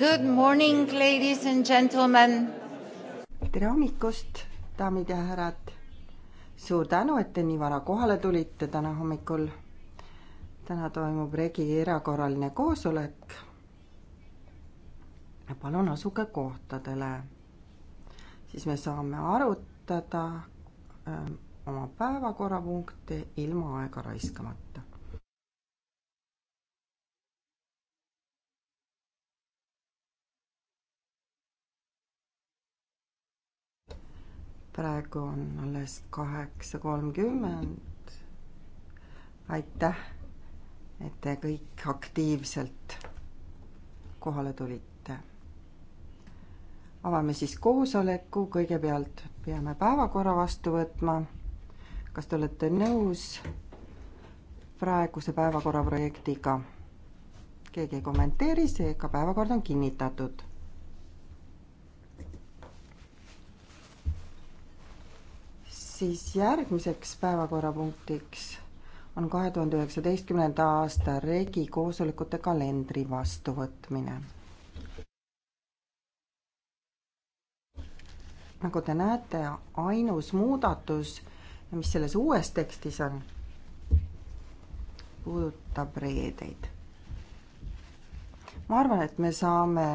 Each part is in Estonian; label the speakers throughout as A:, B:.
A: Good morning, ladies and gentlemen.
B: tere hommikust, daamid ja härrad. suur tänu, et te nii vara kohale tulite täna hommikul. täna toimub Regi erakorraline koosolek. palun asuge kohtadele. siis me saame arutada öö, ähm, oma päevakorrapunkte ilma aega raiskamata praegu on alles kaheksa kolmkümmend. aitäh, et te kõik aktiivselt kohale tulite. avame siis koosoleku, kõigepealt peame päevakorra vastu võtma. kas te olete nõus praeguse päevakorra projektiga? keegi ei kommenteeri, seega päevakord on kinnitatud siis järgmiseks päevakorrapunktiks on kahe tuhande üheksateistkümnenda aasta regi koosolekute kalendri vastuvõtmine. nagu te näete, ainus muudatus, mis selles uues tekstis on, puudutab reedeid ma arvan, et me saame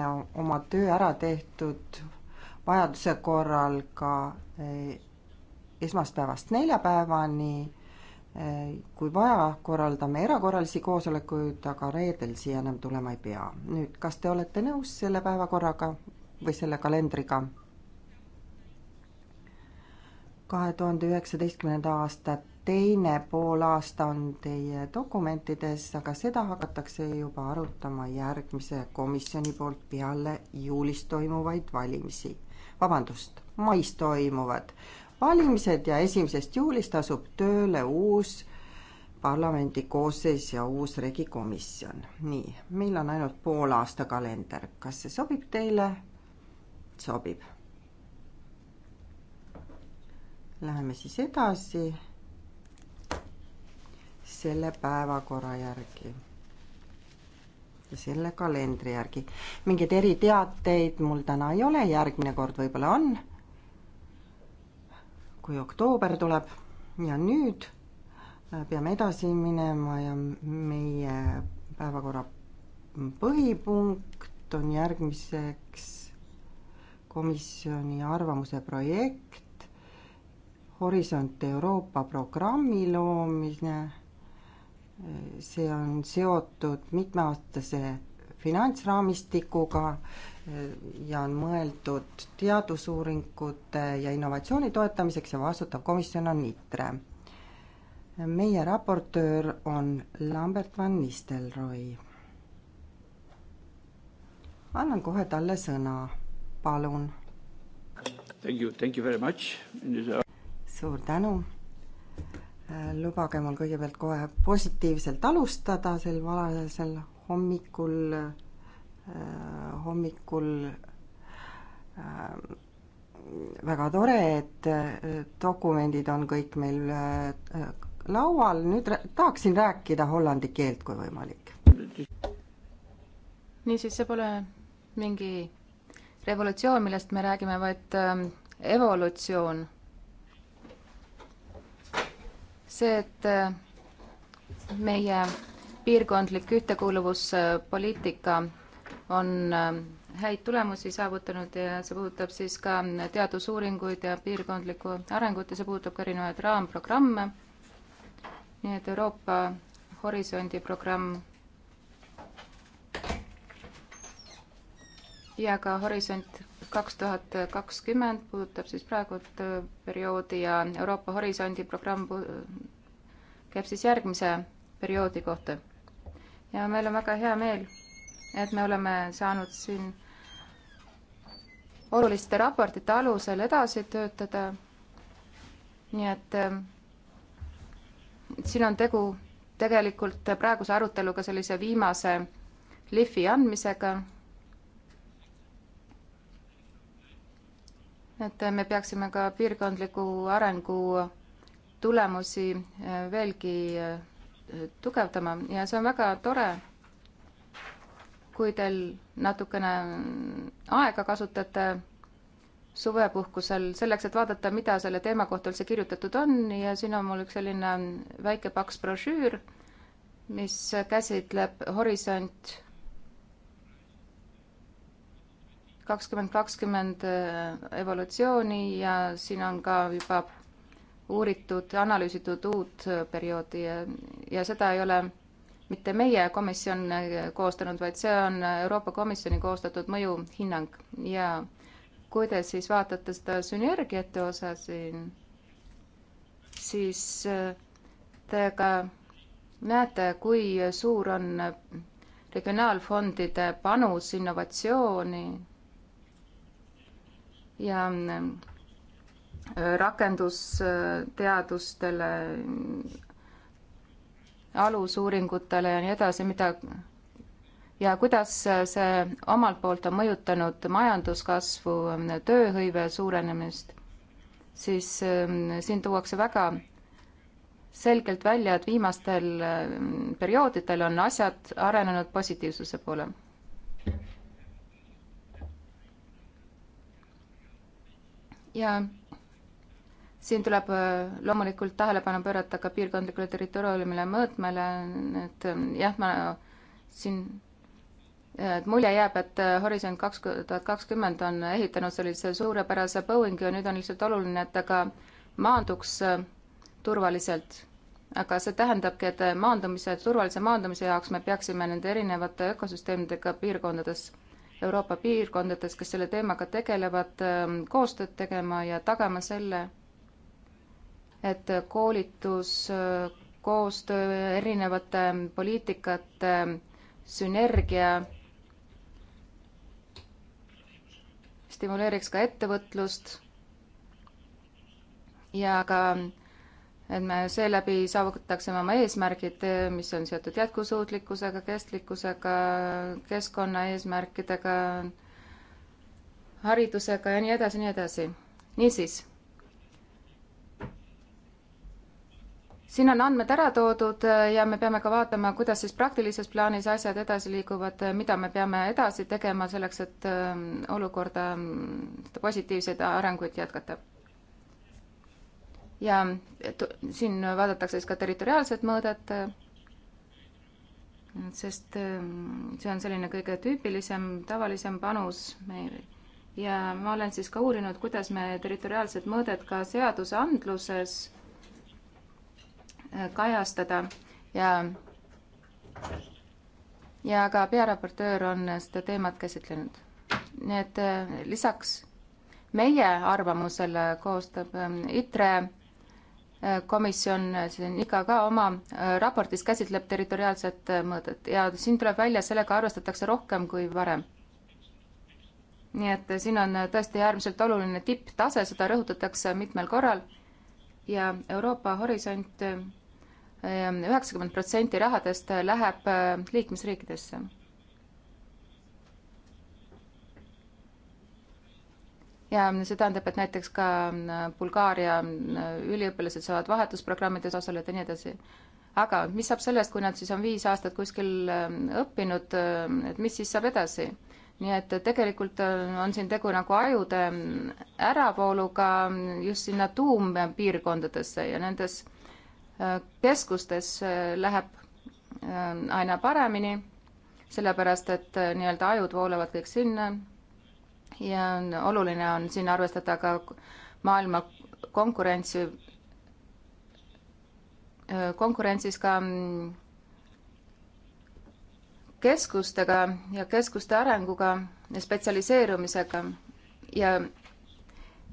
B: oma töö ära tehtud vajaduse korral ka eh, esmaspäevast neljapäevani. Eh, kui vaja, korraldame erakorralisi koosolekuid, aga reedel siia enam tulema ei pea. nüüd, kas te olete nõus selle päevakorraga või selle kalendriga? kahe tuhande üheksateistkümnenda aasta teine poolaasta on teie dokumentides, aga seda hakatakse juba arutama järgmise komisjoni poolt peale juulis toimuvaid valimisi. vabandust, mais toimuvad valimised ja esimesest juulist asub tööle uus parlamendi koosseis ja uus regikomisjon. nii, meil on ainult poole aasta kalender, kas see sobib teile? sobib. Läheme siis edasi selle päevakorra järgi ja selle kalendri järgi. mingeid eriteateid mul täna ei ole, järgmine kord võib-olla on kui oktoober tuleb ja nüüd äh, peame edasi minema ja meie päevakorra põhipunkt on järgmiseks komisjoni arvamuse projekt Horisont Euroopa programmi loomine. Äh, see on seotud mitmeaastase finantsraamistikuga ja on mõeldud teadusuuringute ja innovatsiooni toetamiseks ja vastutav komisjon on ITRE. meie raportöör on Lambert van Nistelrooy. annan kohe talle sõna, palun.
A: Thank you, thank you very much.
B: suur tänu. Äh, lubage mul kõigepealt kohe positiivselt alustada sel varasel hommikul äh, Äh, hommikul äh, väga tore, et äh, dokumendid on kõik meil laual, nüüd tahaksin rääkida hollandi keelt, kui võimalik.
C: niisiis, see pole mingi revolutsioon, millest me räägime, vaid evolutsioon. see, et meie piirkondlik ühtekuuluvuspoliitika on ähm, häid tulemusi saavutanud ja see puudutab siis ka teadusuuringuid ja piirkondlikku arengut ja see puudutab ka erinevaid raamprogramme. nii et Euroopa Horisondi programm ja ka Horisont kaks tuhat kakskümmend puudutab siis praegult äh, perioodi ja Euroopa Horisondi programm käib siis järgmise perioodi kohta. ja meil on väga hea meel et me oleme saanud siin oluliste raportite alusel edasi töötada. nii et siin on tegu tegelikult praeguse aruteluga sellise viimase lihvi andmisega. et me peaksime ka piirkondliku arengu tulemusi veelgi tugevdama ja see on väga tore kui teil natukene aega kasutate suvepuhkusel selleks, et vaadata, mida selle teema kohta üldse kirjutatud on ja siin on mul üks selline väike paks brošüür, mis käsitleb Horisont kakskümmend kakskümmend äh, evolutsiooni ja siin on ka juba uuritud, analüüsitud uut äh, perioodi ja, ja seda ei ole mitte meie komisjon äh, koostanud, vaid see on Euroopa Komisjoni koostatud mõjuhinnang ja kui te siis vaatate seda sünergiate osa siin, siis äh, te ka näete, kui suur on regionaalfondide panus innovatsiooni ja äh, rakendusteadustele, alusuuringutele ja nii edasi, mida ja kuidas see omalt poolt on mõjutanud majanduskasvu, tööhõive suurenemist, siis ähm, siin tuuakse väga selgelt välja, et viimastel ähm, perioodidel on asjad arenenud positiivsuse poole. ja siin tuleb äh, loomulikult tähelepanu pöörata ka piirkondlikule territooriumile mõõtmele, et ähm, jah, ma siin, äh, et mulje jääb, et äh, Horisont kaks tuhat kakskümmend on ehitanud sellise suurepärase Boeingi ja nüüd on lihtsalt oluline, et ta ka maanduks turvaliselt. aga see tähendabki, et maandumise, turvalise maandumise jaoks me peaksime nende erinevate ökosüsteemidega piirkondades Euroopa piirkondades, kes selle teemaga tegelevad, ähm, koostööd tegema ja tagama selle, et koolitus, koostöö, erinevate poliitikate sünergia stimuleeriks ka ettevõtlust ja ka et me seeläbi saavutaksime oma eesmärgid, mis on seotud jätkusuutlikkusega, kestlikkusega, keskkonnaeesmärkidega, haridusega ja nii edasi, nii edasi. niisiis, siin on andmed ära toodud äh, ja me peame ka vaatama, kuidas siis praktilises plaanis asjad edasi liiguvad, äh, mida me peame edasi tegema selleks, et ähm, olukorda, ähm, seda positiivseid arenguid jätkata. ja äh, siin vaadatakse siis ka territoriaalset mõõdet, sest ähm, see on selline kõige tüüpilisem, tavalisem panus meil ja ma olen siis ka uurinud, kuidas me territoriaalset mõõdet ka seadusandluses kajastada ja ja ka pearaportöör on seda teemat käsitlenud. nii et eh, lisaks meie arvamusele koostab eh, ITRE eh, komisjon siin iga ka oma raportis käsitleb territoriaalset mõõdet ja siin tuleb välja, sellega arvestatakse rohkem kui varem. nii et siin on tõesti äärmiselt oluline tipptase, seda rõhutatakse mitmel korral ja Euroopa Horisont Ehm, üheksakümmend protsenti rahadest läheb ehm, liikmesriikidesse. ja see tähendab, et näiteks ka ehm, Bulgaaria üliõpilased saavad vahetusprogrammides osaleda ja nii edasi. aga mis saab sellest, kui nad siis on viis aastat kuskil õppinud, et mis siis saab edasi? nii et tegelikult on siin tegu nagu ajude äravooluga just sinna tuumpiirkondadesse ja nendes äh, keskustes äh, läheb äh, aina paremini, sellepärast et äh, nii-öelda ajud voolavad kõik sinna ja on, oluline on siin arvestada ka maailma konkurentsi, konkurentsis ka mm, keskustega ja keskuste arenguga ja spetsialiseerumisega ja,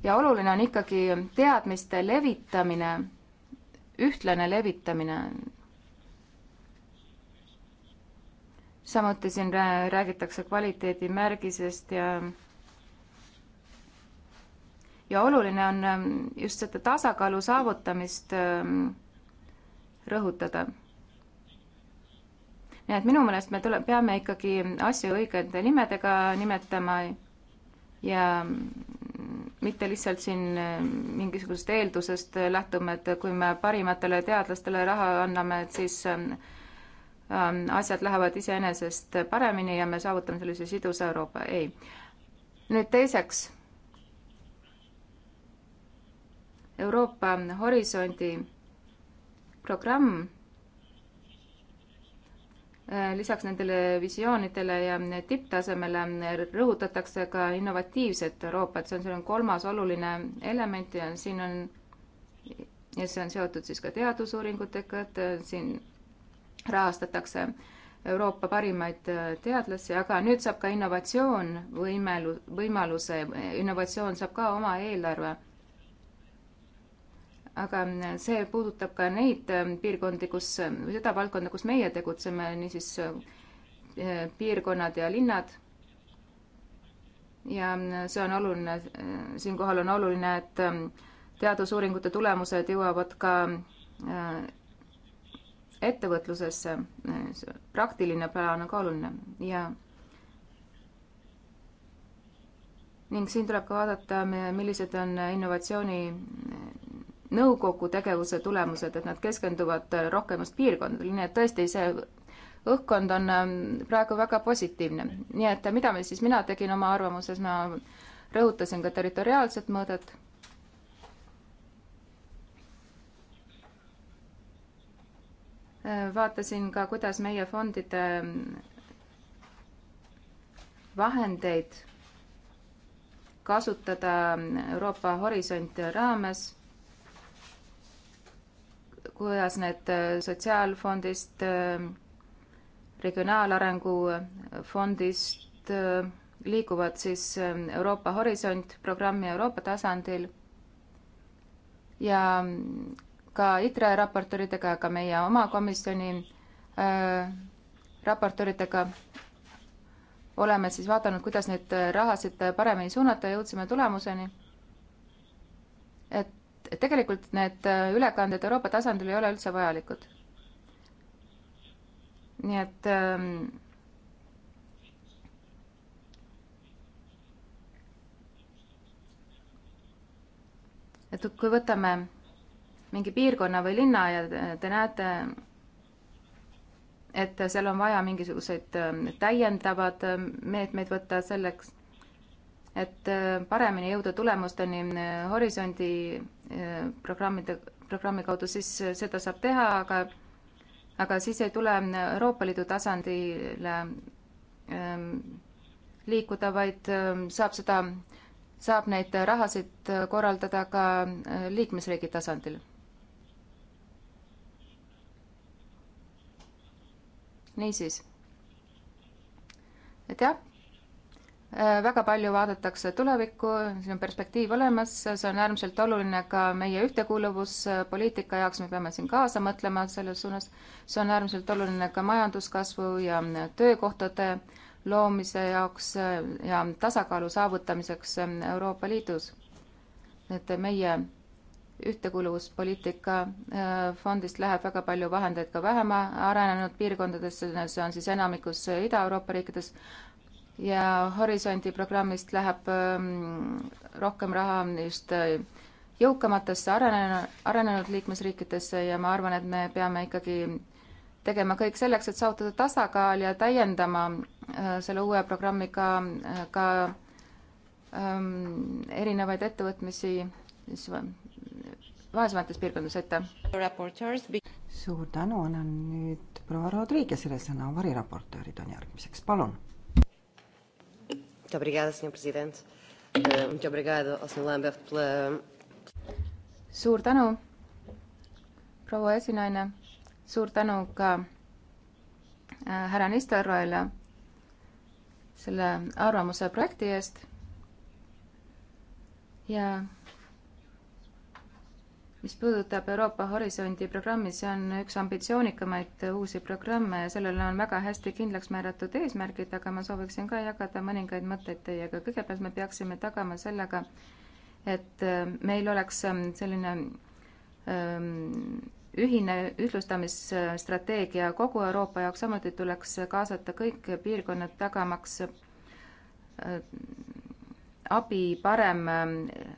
C: ja oluline on ikkagi teadmiste levitamine ühtlane levitamine. samuti siin räägitakse kvaliteedimärgisest ja ja oluline on ähm, just seda tasakaalu saavutamist ähm, rõhutada. nii et minu meelest me tule-, peame ikkagi asju õigete nimedega nimetama ja mitte lihtsalt siin eh, mingisugusest eeldusest lähtume, et kui me parimatele teadlastele raha anname, et siis eh, eh, asjad lähevad iseenesest paremini ja me saavutame sellise sidusa Euroopa, ei. nüüd teiseks, Euroopa Horisondi programm Äh, lisaks nendele visioonidele ja äh, tipptasemele äh, rõhutatakse ka innovatiivset Euroopat, see on selline kolmas oluline element ja siin on, ja see on seotud siis ka teadusuuringutega, et siin rahastatakse Euroopa parimaid teadlasi, aga nüüd saab ka innovatsioon võimelu, võimaluse, innovatsioon saab ka oma eelarve aga mm, see puudutab ka neid mm, piirkondi, kus, mm, või seda valdkonda, kus meie tegutseme, niisiis eh, piirkonnad ja linnad. ja see on oluline, eh, siinkohal on oluline, et teadusuuringute tulemused jõuavad ka eh, ettevõtlusesse, praktiline plaan on ka oluline ja ning siin tuleb ka vaadata, millised on innovatsiooni nõukogu tegevuse tulemused, et nad keskenduvad rohkem just piirkondadele, nii et tõesti see õhkkond on ähm, praegu väga positiivne. nii et mida me siis, mina tegin oma arvamuses, ma rõhutasin ka territoriaalset mõõdet. Äh, vaatasin ka, kuidas meie fondide ähm, vahendeid kasutada ähm, Euroopa Horisont raames kuidas need äh, sotsiaalfondist, äh, regionaalarengu äh, fondist liiguvad siis Euroopa Horisont programmi Euroopa tasandil ja mm, ka ITRE raportööridega, ka meie oma komisjoni äh, raportööridega oleme siis vaadanud, kuidas neid rahasid paremini suunata ja jõudsime tulemuseni, et tegelikult need äh, ülekanded Euroopa tasandil ei ole üldse vajalikud. nii et ähm, et kui võtame mingi piirkonna või linna ja te näete, et seal on vaja mingisuguseid ähm, täiendavad ähm, meetmeid võtta selleks, et äh, paremini jõuda tulemusteni äh, Horisondi äh, programmide, programmi kaudu, siis seda saab teha, aga aga siis ei tule Euroopa Liidu tasandile ähm, liikuda, vaid ähm, saab seda, saab neid rahasid korraldada ka liikmesriigi tasandil. niisiis, et jah Äh, väga palju vaadatakse tulevikku, siin on perspektiiv olemas, see on äärmiselt oluline ka meie ühtekuuluvuspoliitika äh, jaoks, me peame siin kaasa mõtlema selles suunas. see on äärmiselt oluline ka majanduskasvu ja äh, töökohtade loomise jaoks ja tasakaalu saavutamiseks Euroopa Liidus. et meie ühtekuuluvuspoliitika fondist läheb väga palju vahendeid ka vähem arenenud piirkondadesse, see on siis enamikus Ida-Euroopa riikides, ja Horisondi programmist läheb ähm, rohkem raha just äh, jõukamatesse arenenud, arenenud liikmesriikidesse ja ma arvan, et me peame ikkagi tegema kõik selleks, et saavutada tasakaal ja täiendama äh, selle uue programmiga ka, äh, ka ähm, erinevaid ettevõtmisi siis vaesemates piirkondades ette.
B: suur tänu, annan nüüd proua Rodriguezile sõna, variraportöörid on järgmiseks, palun Muito obrigada, senhor president. Eh, muito obrigada ao senhor Lambert pela...
C: suur tänu, proua esinaine. suur tänu ka eh, härra Nistelrooile selle arvamuse projekti eest ja mis puudutab Euroopa Horisondi programmi, see on üks ambitsioonikamaid uusi programme ja sellel on väga hästi kindlaks määratud eesmärgid, aga ma sooviksin ka jagada mõningaid mõtteid teiega. kõigepealt me peaksime tagama sellega, et ähm, meil oleks ähm, selline ähm, ühine ühtlustamisstrateegia kogu Euroopa jaoks, samuti tuleks kaasata kõik piirkonnad, tagamaks äh, abi parem äh,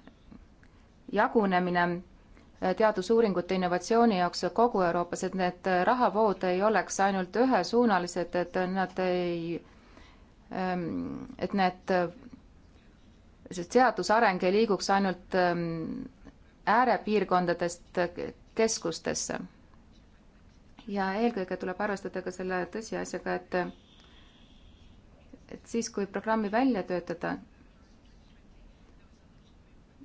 C: jagunemine teadusuuringute innovatsiooni jaoks kogu Euroopas, et need rahavood ei oleks ainult ühesuunalised, et nad ei, ähm, et need, see teadusareng ei liiguks ainult ähm, äärepiirkondadest keskustesse. ja eelkõige tuleb arvestada ka selle tõsiasjaga, et et siis, kui programmi välja töötada,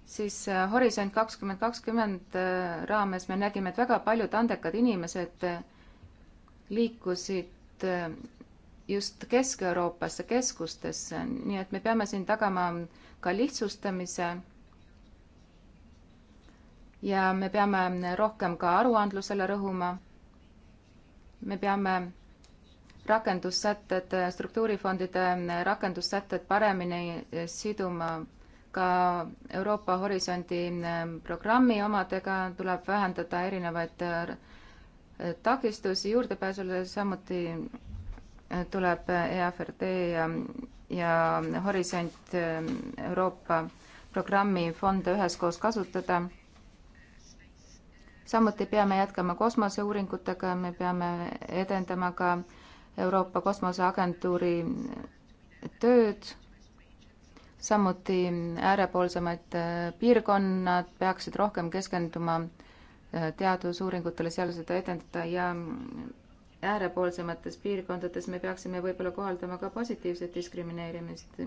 C: siis äh, Horisont kakskümmend kakskümmend äh, raames me nägime, et väga paljud andekad inimesed äh, liikusid just Kesk-Euroopasse keskustesse, nii et me peame siin tagama ka lihtsustamise. ja me peame rohkem ka aruandlusele rõhuma. me peame rakendussätted, struktuurifondide rakendussätted paremini siduma ka Euroopa Horisondi ähm, programmi omadega, tuleb vähendada erinevaid äh, takistusi juurdepääsule, samuti äh, tuleb äh, EFRD ja, ja Horisont ähm, Euroopa programmi fonde üheskoos kasutada. samuti peame jätkama kosmoseuuringutega, me peame edendama ka Euroopa Kosmoseagentuuri tööd samuti äärepoolsemad äh, piirkonnad peaksid rohkem keskenduma äh, teadusuuringutele, seal seda edendada ja mm, äärepoolsemates piirkondades me peaksime võib-olla kohaldama ka positiivset diskrimineerimist,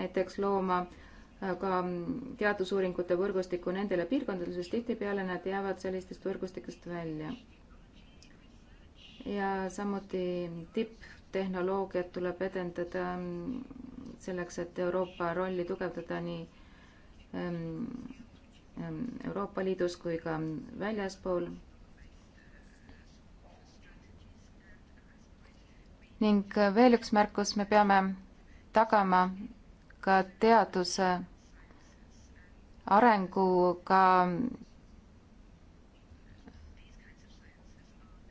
C: näiteks looma äh, ka mm, teadusuuringute võrgustiku nendele piirkondadele, sest tihtipeale nad jäävad sellistest võrgustikest välja. ja samuti tipptehnoloogiat tuleb edendada mm, selleks, et Euroopa rolli tugevdada nii ähm, ähm, Euroopa Liidus kui ka väljaspool. ning äh, veel üks märkus, me peame tagama ka teaduse arenguga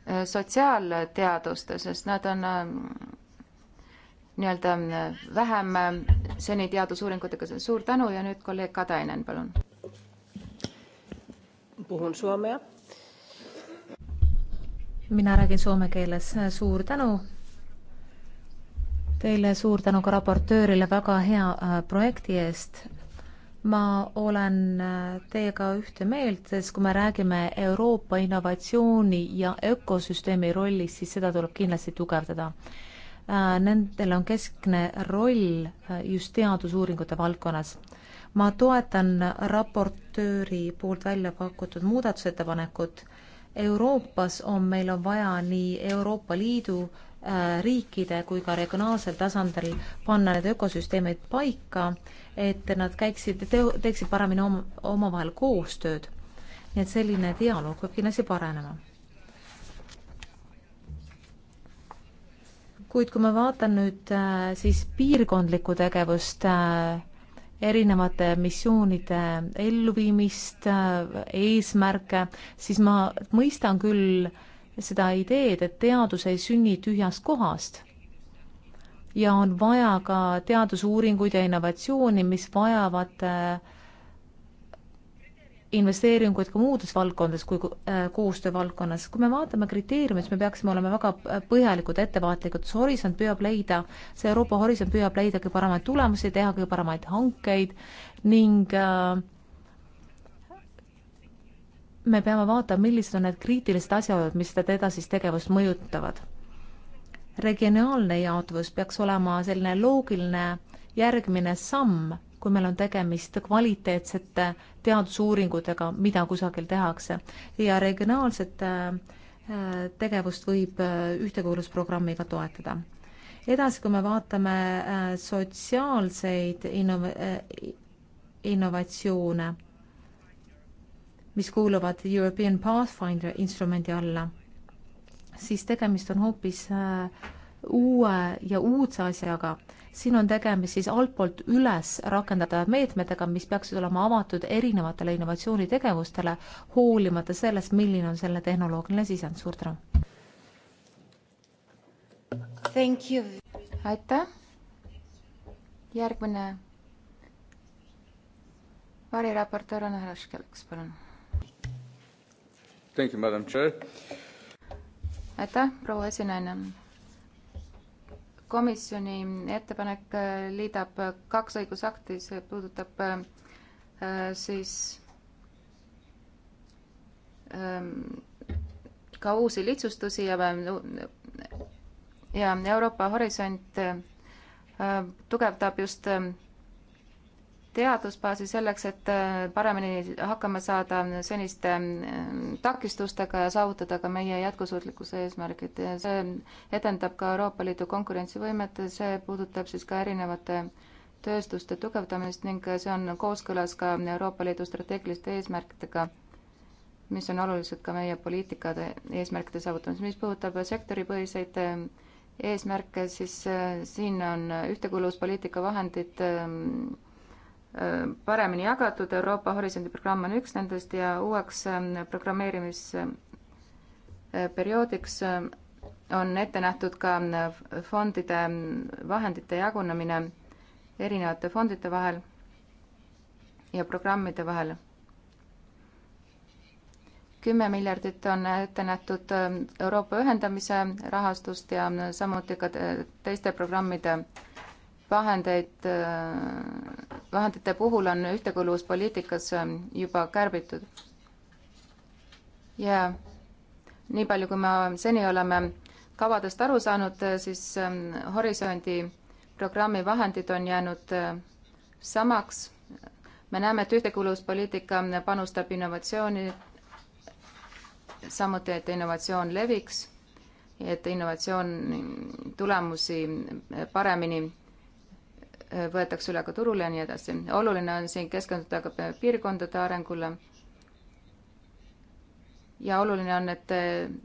C: äh, sotsiaalteadustes, sest nad on ähm, nii-öelda mm, vähem mm, seni teadusuuringutega, suur tänu ja nüüd kolleeg Katainen, palun.
A: puhun soome. mina räägin soome keeles, suur tänu. Teile suur tänu ka raportöörile väga hea äh, projekti eest. ma olen äh, teiega ühte meelt, sest kui me räägime Euroopa innovatsiooni ja ökosüsteemi rollist, siis seda tuleb kindlasti tugevdada Äh, nendel on keskne roll äh, just teadusuuringute valdkonnas. ma toetan raportööri poolt välja pakutud muudatusettepanekut. Euroopas on, meil on vaja nii Euroopa Liidu äh, riikide kui ka regionaalsel tasandil panna need ökosüsteemid paika, et nad käiksid, teeksid paremini oma, omavahel koostööd. nii et selline dialoog peab kindlasti paranema kuid kui ma vaatan nüüd äh, siis piirkondlikku tegevust, äh, erinevate missioonide elluviimist, äh, eesmärke, siis ma mõistan küll seda ideed, et teadus ei sünni tühjast kohast ja on vaja ka teadusuuringuid ja innovatsiooni, mis vajavad äh, investeeringuid ka muudes valdkondades kui äh, koostöö valdkonnas. kui me vaatame kriteeriume, siis me peaksime olema väga äh, põhjalikud, ettevaatlikud, see Horisont püüab leida, see Euroopa Horisont püüab leida kõige paremaid tulemusi, teha kõige paremaid hankeid ning äh, me peame vaatama, millised on need kriitilised asjaolud, mis seda edasist tegevust mõjutavad. regionaalne jaotus peaks olema selline loogiline järgmine samm kui meil on tegemist kvaliteetsete teadusuuringutega, mida kusagil tehakse. ja regionaalset äh, tegevust võib äh, ühtekuuluvusprogrammiga toetada. edasi, kui me vaatame äh, sotsiaalseid innov-, innovatsioone, mis kuuluvad European Pathfinder instrumendi alla, siis tegemist on hoopis äh, uue ja uudse asjaga. siin on tegemist siis altpoolt üles rakendatavad meetmetega, mis peaksid olema avatud erinevatele innovatsioonitegevustele, hoolimata sellest, milline on selle tehnoloogiline sisend. suur tänu!
C: aitäh! järgmine variraportöör on härra Škelks, palun. aitäh, proua esinaine komisjoni ettepanek äh, liidab äh, kaks õigusakti, see puudutab äh, siis ähm, ka uusi lihtsustusi ja, ja Euroopa Horisont tugevdab just ähm, teadusbaasi selleks, et äh, paremini hakkama saada seniste äh, takistustega ja saavutada ka meie jätkusuutlikkuse eesmärgid. see edendab ka Euroopa Liidu konkurentsivõimet, see puudutab siis ka erinevate tööstuste tugevdamist ning see on kooskõlas ka Euroopa Liidu strateegiliste eesmärkidega, mis on olulised ka meie poliitikade eesmärkide saavutamisel. mis puudutab sektoripõhiseid äh, eesmärke, siis siin on ühtekuuluvuspoliitika vahendid ähm, Äh, paremini jagatud, Euroopa Horisondi programm on üks nendest ja uueks ähm, programmeerimisperioodiks äh, on ette nähtud ka äh, fondide ähm, vahendite jagunemine erinevate fondide vahel ja programmide vahel. kümme miljardit on ette nähtud ähm, Euroopa ühendamise rahastust ja samuti ka teiste programmide vahendeid, vahendite puhul on ühtekuuluvuspoliitikas äh, juba kärbitud. ja nii palju, kui me seni oleme kavadest aru saanud, äh, siis ähm, Horisondi programmi vahendid on jäänud äh, samaks. me näeme, et ühtekuuluvuspoliitika panustab innovatsiooni, samuti, et innovatsioon leviks, et innovatsioon tulemusi paremini võetakse üle ka turule ja nii edasi. oluline on siin keskenduda ka piirkondade arengule. ja oluline on, et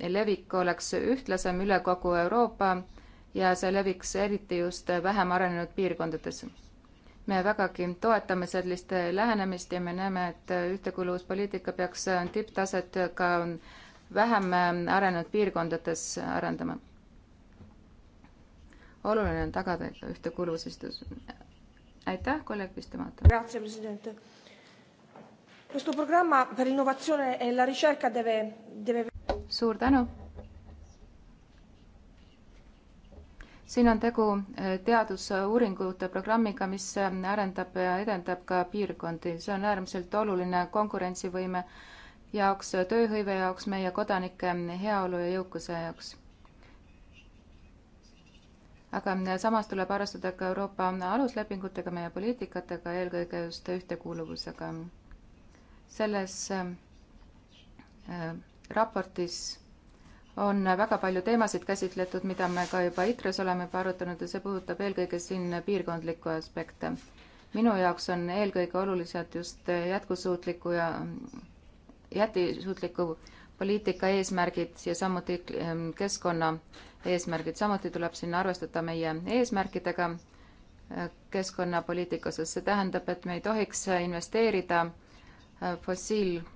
C: levik oleks ühtlasem üle kogu Euroopa ja see leviks eriti just vähem arenenud piirkondades. me vägagi toetame sellist lähenemist ja me näeme, et ühtekuuluvuspoliitika peaks tipptaset ka vähem arenenud piirkondades arendama oluline on tagada ühtekuuluvusestus. aitäh, kolleeg Pistemata.
A: Grazie, president. Questo programma per l'innovazione e la ricerca deve, deve...
C: suur tänu. siin on tegu eh, teadusuuringute programmiga, mis eh, arendab ja edendab ka piirkondi, see on äärmiselt oluline konkurentsivõime jaoks, tööhõive jaoks, meie kodanike heaolu ja jõukuse jaoks aga samas tuleb arvestada ka Euroopa aluslepingutega, meie poliitikatega, eelkõige just ühtekuuluvusega. selles äh, raportis on väga palju teemasid käsitletud, mida me ka juba ITRE-s oleme juba arutanud ja see puudutab eelkõige siin piirkondlikku aspekte. minu jaoks on eelkõige olulised just jätkusuutliku ja jätkusuutliku poliitika eesmärgid ja samuti äh, keskkonna eesmärgid, samuti tuleb siin arvestada meie eesmärkidega keskkonnapoliitika osas, see tähendab, et me ei tohiks investeerida äh, fossiilkütuse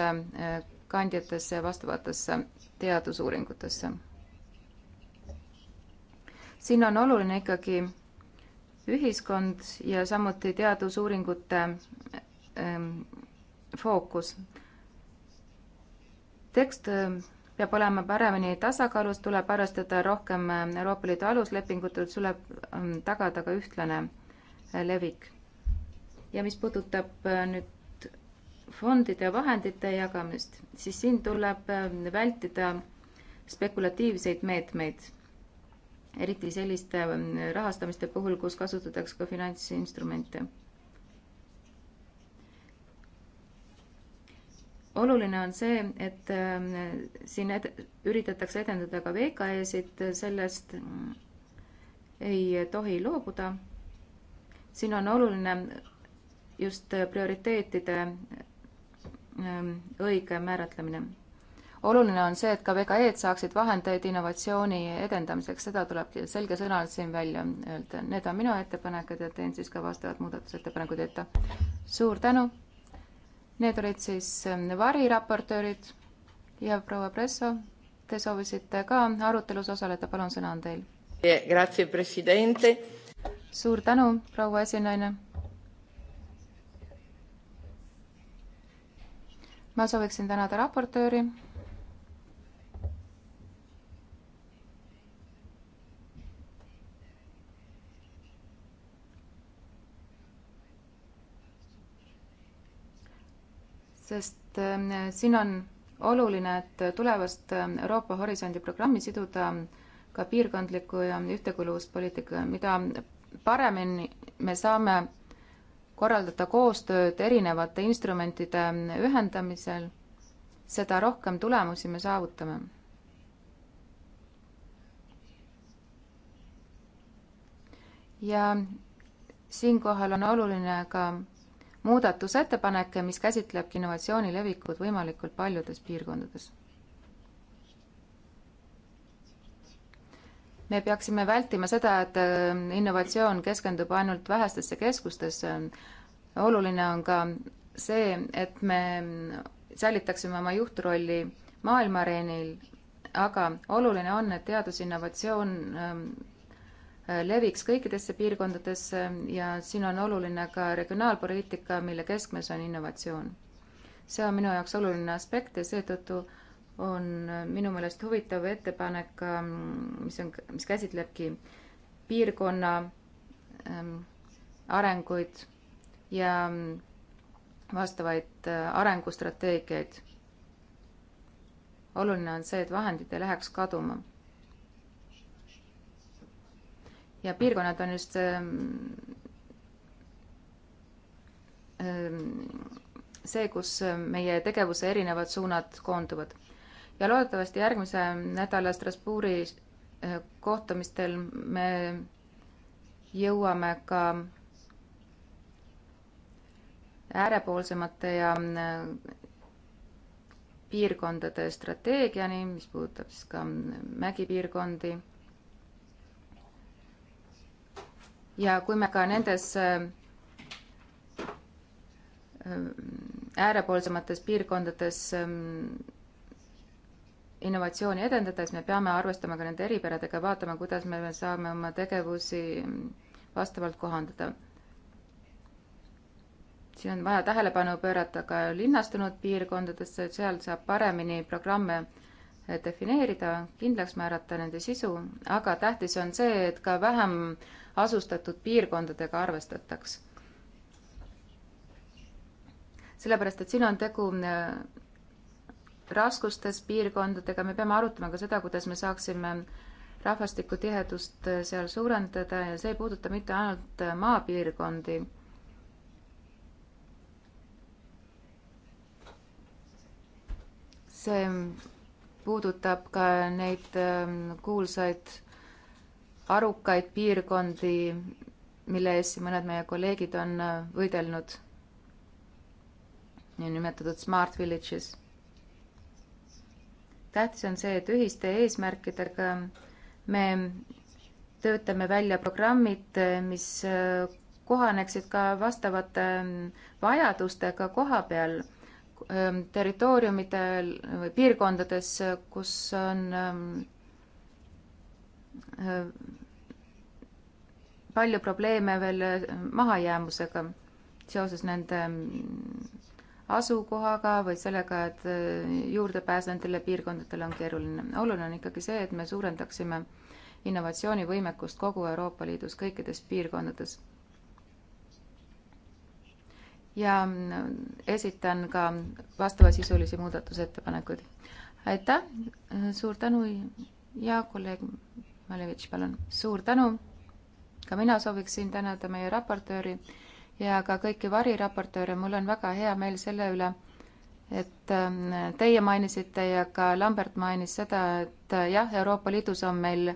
C: äh, kandjatesse ja vastavatesse teadusuuringutesse. siin on oluline ikkagi ühiskond ja samuti teadusuuringute ähm, fookus. tekst ähm, peab olema paremini tasakaalus, tuleb arvestada rohkem Euroopa Liidu aluslepingutelt, tuleb ähm, tagada ka ühtlane äh, levik. ja mis puudutab äh, nüüd fondide ja vahendite jagamist, siis siin tuleb ähm, vältida spekulatiivseid meetmeid, eriti selliste ähm, rahastamiste puhul, kus kasutatakse ka finantsinstrumente oluline on see, et ähm, siin ed-, üritatakse edendada ka VKE-sid, sellest mm, ei tohi loobuda. siin on oluline just prioriteetide ähm, õige määratlemine. oluline on see, et ka VKE-d saaksid vahendeid innovatsiooni edendamiseks, seda tuleb selgesõnaliselt siin välja öelda. Need on minu ettepanekud ja teen siis ka vastavad muudatusettepanekud ette. suur tänu! Need olid siis ähm, variraportöörid ja proua Presso, te soovisite ka arutelus osaleda, palun, sõna on teil.
A: Eh,
C: suur tänu, proua esinaine. ma sooviksin tänada raportööri sest ähm, siin on oluline, et tulevast ähm, Euroopa Horisondi programmi siduda ka piirkondliku ja ühtekuuluvuspoliitikaga, mida paremini me saame korraldada koostööd erinevate instrumentide ähm, ühendamisel, seda rohkem tulemusi me saavutame. ja siinkohal on oluline ka muudatusettepanek, mis käsitlebki innovatsiooni levikut võimalikult paljudes piirkondades. me peaksime vältima seda, et äh, innovatsioon keskendub ainult vähestesse keskustesse. oluline on ka see, et me säilitaksime oma juhtrolli maailma areenil, aga oluline on, et teadusinnovatsioon ähm, Äh, leviks kõikidesse piirkondadesse ja siin on oluline ka regionaalpoliitika, mille keskmes on innovatsioon. see on minu jaoks oluline aspekt ja seetõttu on äh, minu meelest huvitav ettepanek, ähm, mis on, mis käsitlebki piirkonna ähm, arenguid ja ähm, vastavaid äh, arengustrateegiaid. oluline on see, et vahendid ei läheks kaduma ja piirkonnad on just ähm, ähm, see, kus äh, meie tegevuse erinevad suunad koonduvad. ja loodetavasti järgmise nädala Strasbourgi äh, kohtumistel me jõuame ka äärepoolsemate ja äh, piirkondade strateegiani, mis puudutab siis ka mägipiirkondi ja kui me ka nendes äh, äh, äärepoolsemates piirkondades ähm, innovatsiooni edendada, siis me peame arvestama ka nende eripäradega ja vaatama, kuidas me saame oma tegevusi ähm, vastavalt kohandada. siin on vaja tähelepanu pöörata ka linnastunud piirkondadesse, seal saab paremini programme äh, defineerida, kindlaks määrata nende sisu, aga tähtis on see, et ka vähem asustatud piirkondadega arvestataks. sellepärast, et siin on tegu äh, raskustes piirkondadega, me peame arutama ka seda, kuidas me saaksime rahvastikutihedust äh, seal suurendada ja see ei puuduta mitte ainult äh, maapiirkondi see puudutab ka neid kuulsaid arukaid piirkondi, mille eest siin mõned meie kolleegid on äh, võidelnud, niinimetatud smart villages. tähtis on see, et ühiste eesmärkidega me töötame välja programmid, äh, mis äh, kohaneksid ka vastavate vajadustega koha peal, territooriumidel või piirkondades, kus on ähm, Äh, palju probleeme veel äh, mahajäämusega seoses nende mm, asukohaga või sellega, et äh, juurdepääs nendele piirkondadele on keeruline. oluline on ikkagi see, et me suurendaksime innovatsioonivõimekust kogu Euroopa Liidus kõikides piirkondades. ja mm, esitan ka vastavasisulisi muudatusettepanekuid. aitäh, suur tänu ja kolleeg Malevitš, palun. suur tänu. ka mina sooviksin tänada meie raportööri ja ka kõiki variraportööre, mul on väga hea meel selle üle, et ähm, teie mainisite ja ka Lambert mainis seda, et äh, jah, Euroopa Liidus on meil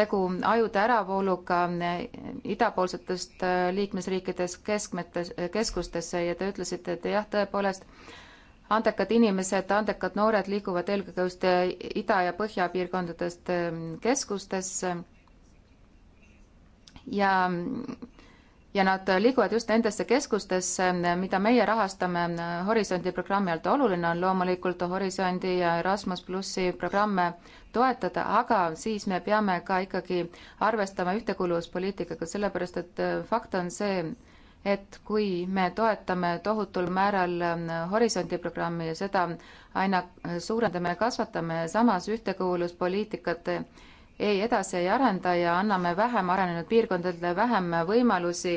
C: tegu ajude äravooluga äh, idapoolsetest äh, liikmesriikides keskmetes, keskustesse ja te ütlesite, et jah, tõepoolest andekad inimesed, andekad noored liiguvad eelkõige just eh, ida- ja põhjapiirkondadest eh, keskustesse ja, ja nad liiguvad just nendesse keskustesse, mida meie rahastame Horisondi programmi alt. oluline on loomulikult Horisondi ja Erasmus plussi programme toetada, aga siis me peame ka ikkagi arvestama ühtekuuluvuspoliitikaga, sellepärast et eh, fakt on see, et kui me toetame tohutul määral ähm, Horisondi programmi ja seda aina äh, suurendame ja kasvatame, samas ühtekuuluvuspoliitikat äh, ei edasi ei arenda ja anname vähem arenenud piirkondadele vähem võimalusi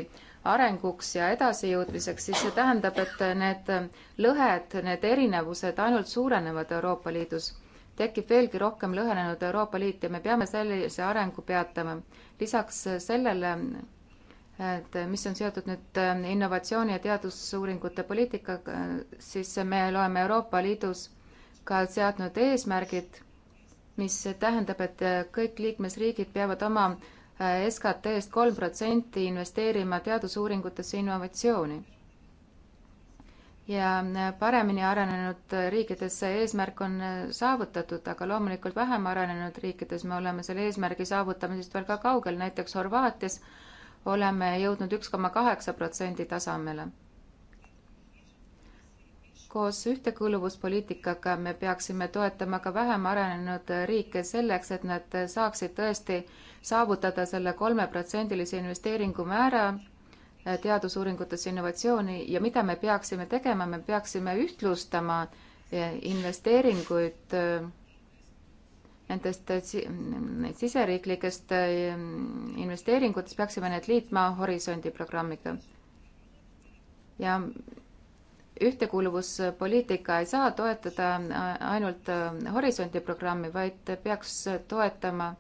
C: arenguks ja edasijõudmiseks, siis see tähendab, et äh, need lõhed, need erinevused ainult suurenevad Euroopa Liidus tekib veelgi rohkem lõhenenud Euroopa Liit ja me peame sellise arengu peatama. lisaks sellele et mis on seotud nüüd äh, innovatsiooni ja teadusuuringute poliitikaga, siis me loeme Euroopa Liidus ka seadnud eesmärgid, mis tähendab, et äh, kõik liikmesriigid peavad oma äh, SKT-st kolm protsenti investeerima teadusuuringutesse innovatsiooni. ja paremini arenenud riikides see eesmärk on saavutatud, aga loomulikult vähem arenenud riikides me oleme selle eesmärgi saavutamisest veel ka kaugel, näiteks Horvaatias äh, oleme jõudnud üks koma kaheksa protsendi tasemele. koos ühtekuuluvuspoliitikaga me peaksime toetama ka vähem arenenud riike selleks, et nad saaksid tõesti saavutada selle kolmeprotsendilise investeeringumäära teadusuuringutes innovatsiooni ja mida me peaksime tegema, me peaksime ühtlustama investeeringuid nendest äh, siseriiklikest äh, investeeringutest peaksime need liitma Horisondi programmiga. ja ühtekuuluvuspoliitika ei saa toetada ainult äh, Horisondi programmi, vaid peaks toetama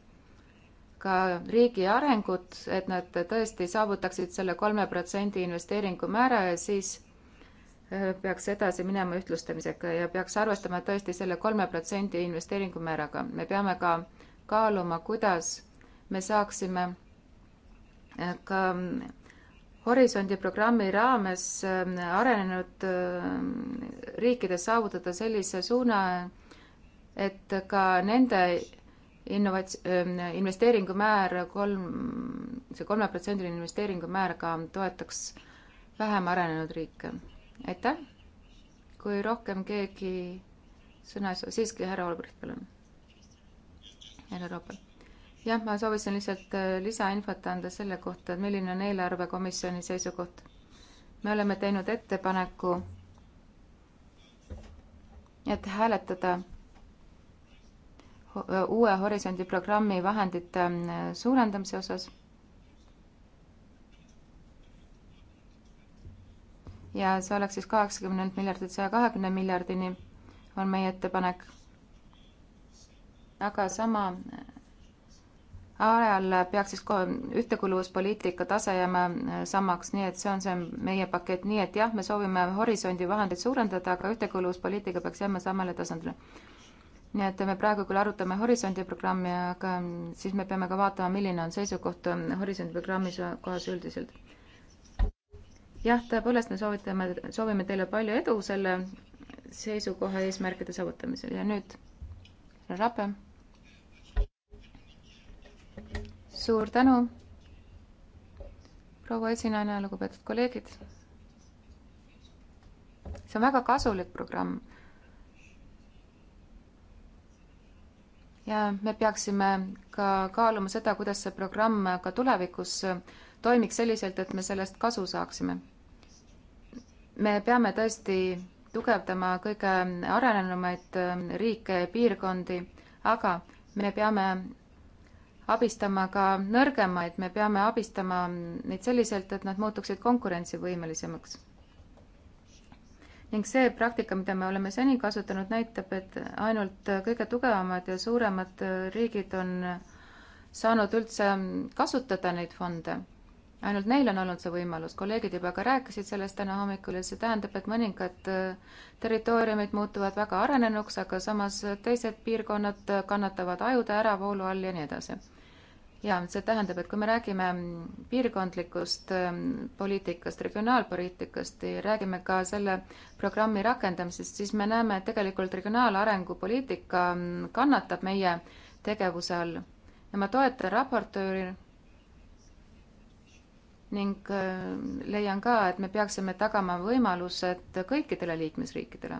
C: ka riigi arengut, et nad tõesti saavutaksid selle kolme protsendi investeeringu määra ja siis Äh, peaks edasi minema ühtlustamisega ja peaks arvestama tõesti selle kolme protsendi investeeringumääraga. me peame ka kaaluma, kuidas me saaksime äh, ka mm, Horisondi programmi raames ähm, arenenud ähm, riikides saavutada sellise suuna, et ka nende innovats-, ähm, investeeringumäär kolm, see kolmeprotsendiline investeeringumäär ka toetaks vähem arenenud riike aitäh. kui rohkem keegi sõna ei saa, siiski härra Olbrecht, palun. härra Roopel. jah, ma soovisin lihtsalt äh, lisainfot anda selle kohta, et milline on eelarvekomisjoni seisukoht. me oleme teinud ettepaneku, et hääletada äh, uue Horisondi programmi vahendite äh, suurendamise osas ja see oleks siis kaheksakümnelt miljardilt saja kahekümne miljardini, on meie ettepanek. aga sama ajal peaks siis ühtekuluvuspoliitika tase jääma äh, samaks, nii et see on see meie pakett, nii et jah, me soovime horisondi vahendeid suurendada, aga ühtekuluvuspoliitika peaks jääma samale tasandile. nii et me praegu küll arutame Horisondi programmi, aga mm, siis me peame ka vaatama, milline on seisukoht mm, Horisondi programmi kohas üldiselt jah, tõepoolest me soovitame, soovime teile palju edu selle seisukoha eesmärkide saavutamisel ja nüüd härra Rape. suur tänu, proua esinaine, lugupeetud kolleegid. see on väga kasulik programm. ja me peaksime ka kaaluma seda, kuidas see programm ka tulevikus äh, toimiks selliselt, et me sellest kasu saaksime. me peame tõesti tugevdama kõige arenenumaid äh, riike ja piirkondi, aga me peame abistama ka nõrgemaid, me peame abistama neid selliselt, et nad muutuksid konkurentsivõimelisemaks. ning see praktika, mida me oleme seni kasutanud, näitab, et ainult kõige tugevamad ja suuremad äh, riigid on saanud üldse kasutada neid fonde ainult neil on olnud see võimalus, kolleegid juba ka rääkisid sellest täna hommikul ja see tähendab, et mõningad äh, territooriumid muutuvad väga arenenuks, aga samas teised piirkonnad äh, kannatavad ajude äravoolu all ja nii edasi. ja see tähendab, et kui me räägime mm, piirkondlikust ähm, poliitikast, regionaalpoliitikast ja räägime ka selle programmi rakendamisest, siis me näeme, et tegelikult regionaalarengu poliitika mm, kannatab meie tegevuse all ja ma toetan raportööri ning äh, leian ka, et me peaksime tagama võimalused kõikidele liikmesriikidele.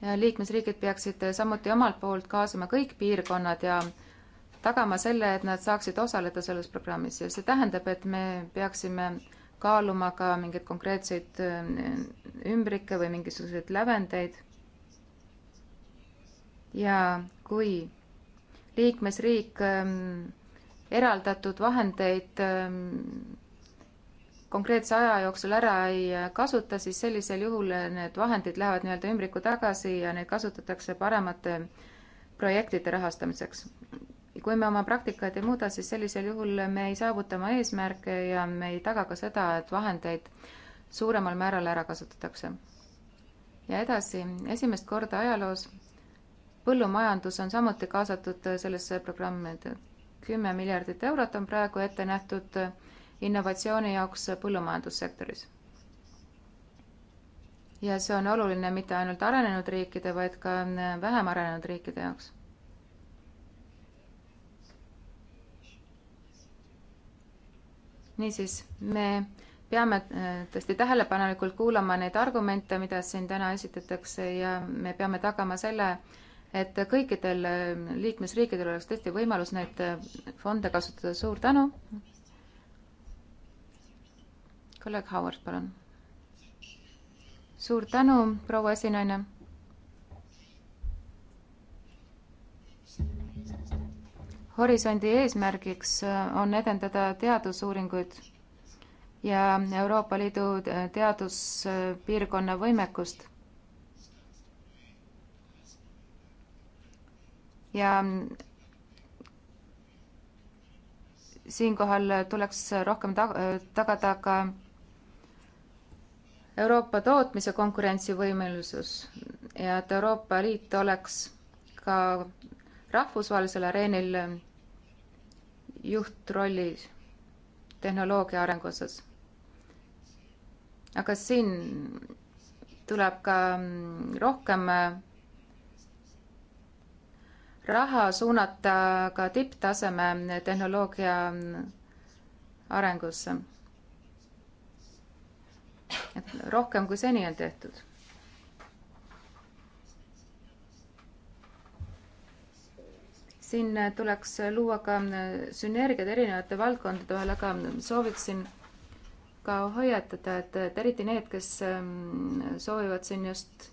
C: ja liikmesriigid peaksid samuti omalt poolt kaasama kõik piirkonnad ja tagama selle, et nad saaksid osaleda selles programmis ja see tähendab, et me peaksime kaaluma ka mingeid konkreetseid äh, ümbrikke või mingisuguseid lävendeid. ja kui liikmesriik ähm, eraldatud vahendeid ähm, konkreetse aja jooksul ära ei äh, kasuta, siis sellisel juhul äh, need vahendid lähevad nii-öelda ümbriku tagasi ja neid kasutatakse paremate projektide rahastamiseks. kui me oma praktikaid ei muuda, siis sellisel juhul me ei saavuta oma eesmärke ja me ei taga ka seda, et vahendeid suuremal määral ära kasutatakse. ja edasi, esimest korda ajaloos põllumajandus on samuti kaasatud äh, sellesse programmi, et kümme miljardit eurot on praegu ette nähtud äh, innovatsiooni jaoks äh, põllumajandussektoris. ja see on oluline mitte ainult arenenud riikide, vaid ka vähem arenenud riikide jaoks niisiis, me peame tõesti tähelepanelikult kuulama neid argumente, mida siin täna esitatakse ja me peame tagama selle, et kõikidel äh, liikmesriikidel oleks tõesti võimalus neid äh, fonde kasutada. suur tänu. kolleeg Howard, palun. suur tänu, proua esinaine. horisondi eesmärgiks äh, on edendada teadusuuringuid ja Euroopa Liidu teaduspiirkonna võimekust ja siinkohal tuleks rohkem tag tagada ka Euroopa tootmise konkurentsivõimelisus ja et Euroopa Liit oleks ka rahvusvahelisel areenil juhtrolli tehnoloogia arengu osas. aga siin tuleb ka rohkem raha suunata ka tipptaseme tehnoloogia arengusse. et rohkem kui seni on tehtud. siin tuleks luua ka sünergiad erinevate valdkondade vahel, aga sooviksin ka hoiatada, et, et eriti need, kes mm, soovivad siin just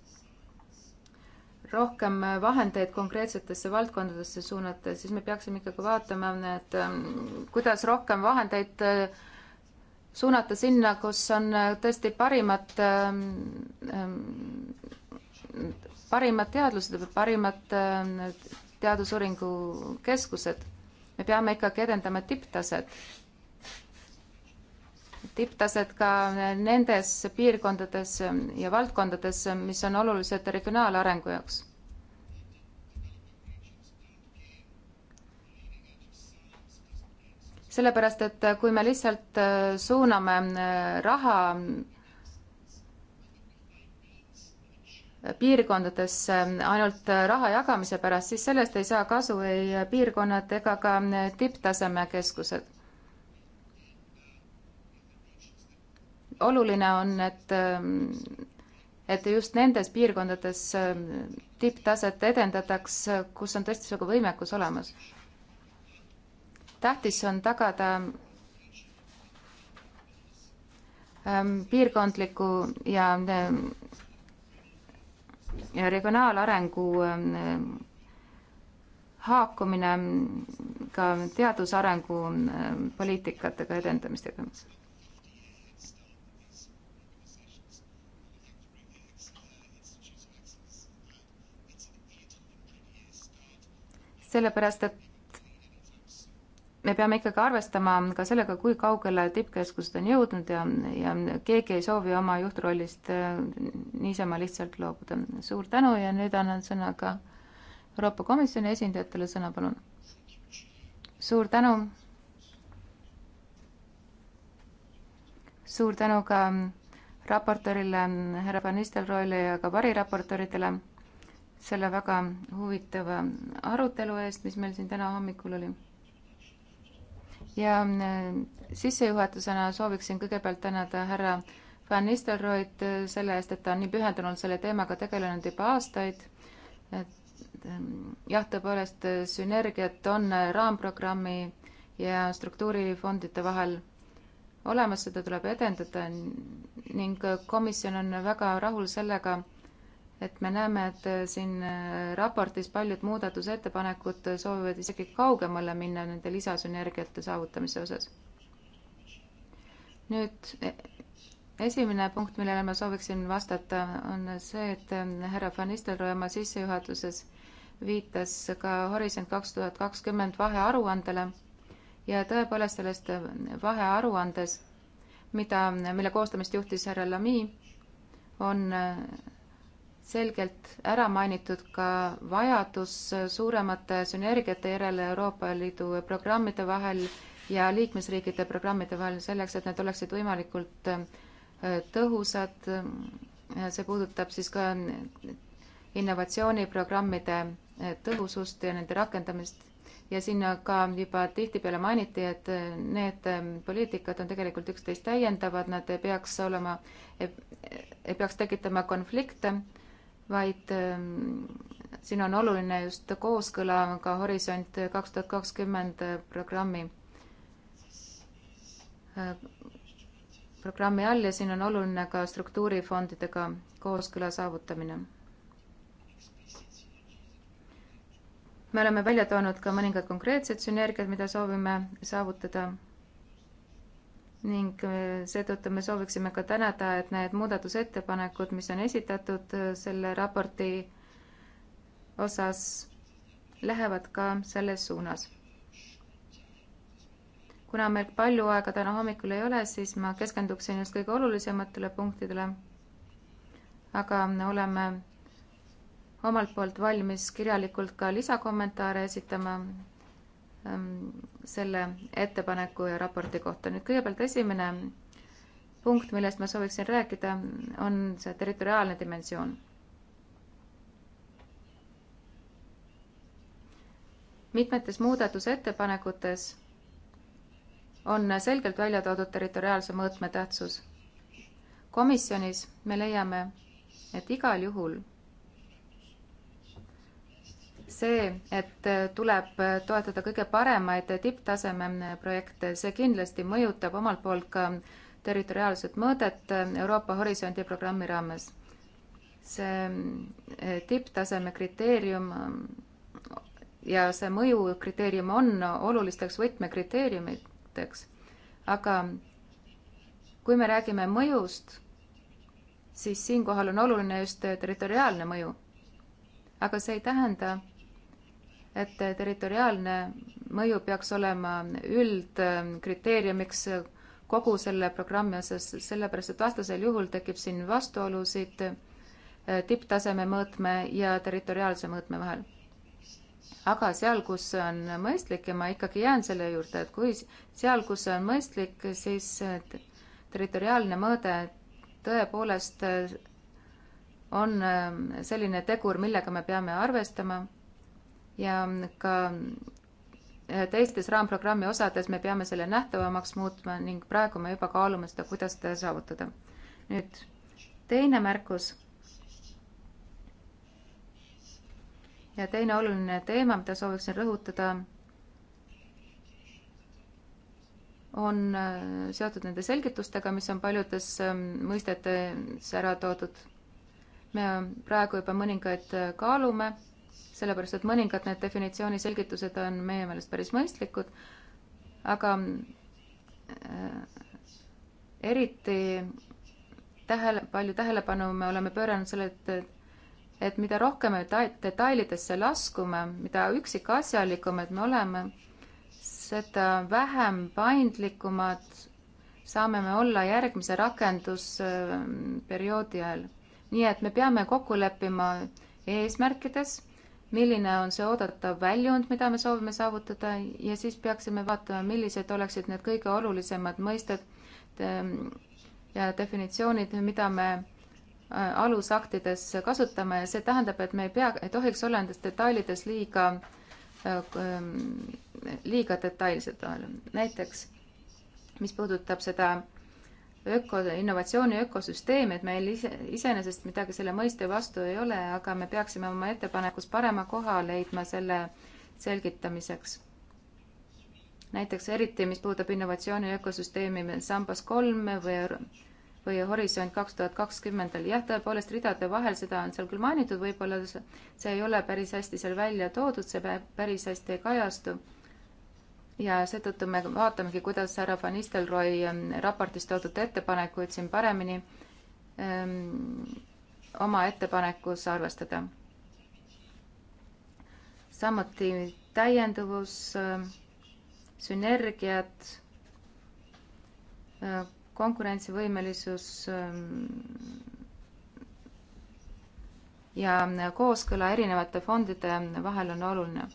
C: rohkem vahendeid konkreetsetesse valdkondadesse suunata, siis me peaksime ikkagi vaatama, et ähm, kuidas rohkem vahendeid äh, suunata sinna, kus on äh, tõesti parimad, ähm, ähm, parimad teadlased või parimad äh, teadusuuringu keskused. me peame ikkagi edendama tipptaset tipptaset ka nendes piirkondades ja valdkondades, mis on olulised regionaalarengu jaoks. sellepärast, et kui me lihtsalt suuname raha piirkondadesse ainult raha jagamise pärast, siis sellest ei saa kasu ei piirkonnad ega ka tipptasemekeskused oluline on, et, ähm, et just nendes piirkondades ähm, tipptaset edendataks, kus on tõesti niisugune võimekus olemas. tähtis on tagada ähm, piirkondliku ja, ja regionaalarengu haakumine ka teadusarengu poliitikatega edendamistega sellepärast et me peame ikkagi arvestama ka sellega, kui kaugele tippkeskused on jõudnud ja, ja keegi ei soovi oma juhtrollist äh, niisama lihtsalt loobuda. suur tänu ja nüüd annan sõna ka Euroopa Komisjoni esindajatele, sõna palun. suur tänu. suur tänu ka raportöörile härra Van Nistelrooile ja ka variraportööridele selle väga huvitava arutelu eest, mis meil siin täna hommikul oli. ja äh, sissejuhatusena sooviksin kõigepealt tänada härra Van Nistelrooid äh, selle eest, et ta on nii pühendunult selle teemaga tegelenud juba aastaid. et äh, jah, tõepoolest sünergiat on raamprogrammi ja struktuurifondide vahel olemas, seda tuleb edendada ning komisjon on väga rahul sellega et me näeme, et äh, siin äh, raportis paljud muudatusettepanekud äh, soovivad isegi kaugemale minna nende lisasünergiate saavutamise osas. nüüd e, esimene punkt, millele ma sooviksin vastata, on see, et ähm, härra Van Nistelrooy oma sissejuhatuses viitas ka Horisont kaks tuhat kakskümmend vahearuandele ja tõepoolest sellest vahearuandes, mida, mille koostamist juhtis härra Lami, on selgelt ära mainitud ka vajadus suuremate sünergiate järele Euroopa Liidu programmide vahel ja liikmesriikide programmide vahel selleks, et need oleksid võimalikult äh, tõhusad. see puudutab siis ka innovatsiooniprogrammide äh, tõhusust ja nende rakendamist ja siin ka juba tihtipeale mainiti, et äh, need poliitikad on tegelikult üksteist täiendavad, nad ei peaks olema, ei peaks tekitama konflikte vaid ähm, siin on oluline just kooskõla ka Horisont kaks tuhat kakskümmend äh, programmi, äh, programmi all ja siin on oluline ka struktuurifondidega kooskõla saavutamine. me oleme välja toonud ka mõningad konkreetsed sünergiad, mida soovime saavutada ning äh, seetõttu me sooviksime ka tänada, et need muudatusettepanekud, mis on esitatud äh, selle raporti osas, lähevad ka selles suunas. kuna meil palju aega täna hommikul ei ole, siis ma keskenduksin just kõige olulisematele punktidele. aga oleme omalt poolt valmis kirjalikult ka lisakommentaare esitama Ähm, selle ettepaneku ja raporti kohta. nüüd kõigepealt esimene punkt, millest ma sooviksin rääkida, on see territoriaalne dimensioon. mitmetes muudatusettepanekutes on selgelt välja toodud territoriaalse mõõtme tähtsus. komisjonis me leiame, et igal juhul see, et tuleb toetada kõige paremaid tipptaseme projekte, see kindlasti mõjutab omalt poolt ka territoriaalset mõõdet Euroopa Horisondi programmi raames. see eh, tipptaseme kriteerium eh, ja see mõjukriteerium on olulisteks võtmekriteeriumiteks, aga kui me räägime mõjust, siis siinkohal on oluline just territoriaalne mõju. aga see ei tähenda, et territoriaalne mõju peaks olema üldkriteeriumiks kogu selle programmi osas, sellepärast et vastasel juhul tekib siin vastuolusid eh, tipptaseme mõõtme ja territoriaalse mõõtme vahel. aga seal, kus on mõistlik ja ma ikkagi jään selle juurde, et kui seal, kus on mõistlik, siis eh, territoriaalne mõõde tõepoolest eh, on selline tegur, millega me peame arvestama ja ka äh, teistes raamprogrammi osades me peame selle nähtavamaks muutma ning praegu me juba kaalume seda, kuidas seda saavutada. nüüd teine märkus. ja teine oluline teema, mida sooviksin rõhutada, on äh, seotud nende selgitustega, mis on paljudes ähm, mõistetes ära toodud. me praegu juba mõningaid äh, kaalume sellepärast et mõningad need definitsiooni selgitused on meie meelest päris mõistlikud, aga äh, eriti tähele, palju tähelepanu me oleme pööranud sellele, et et mida rohkem me detailidesse laskume, mida üksikasjalikumad me oleme, seda vähem paindlikumad saame me olla järgmise rakendusperioodi ajal. nii et me peame kokku leppima eesmärkides milline on see oodatav väljund, mida me soovime saavutada ja siis peaksime vaatama, millised oleksid need kõige olulisemad mõisted ehm, ja definitsioonid, mida me äh, alusaktides kasutame. see tähendab, et me ei pea, ei tohiks olla nendes detailides liiga, äh, ehm, liiga detailsed. näiteks, mis puudutab seda öko, innovatsiooni ökosüsteem, et meil ise, iseenesest midagi selle mõiste vastu ei ole, aga me peaksime oma ettepanekus parema koha leidma selle selgitamiseks. näiteks eriti, mis puudutab innovatsiooni ökosüsteemi sambas kolm või, või Horisont kaks tuhat kakskümmendal. jah, tõepoolest ridade vahel, seda on seal küll mainitud, võib-olla see ei ole päris hästi seal välja toodud, see päris hästi ei kajastu ja seetõttu me vaatamegi, kuidas härra Van Nistelrooy ähm, raportis toodud ettepanekuid siin paremini öö, ähm, oma ettepanekus arvestada. samuti täienduvus, ähm, sünergiad, äh, konkurentsivõimelisus ja äh, kooskõla erinevate fondide vahel on oluline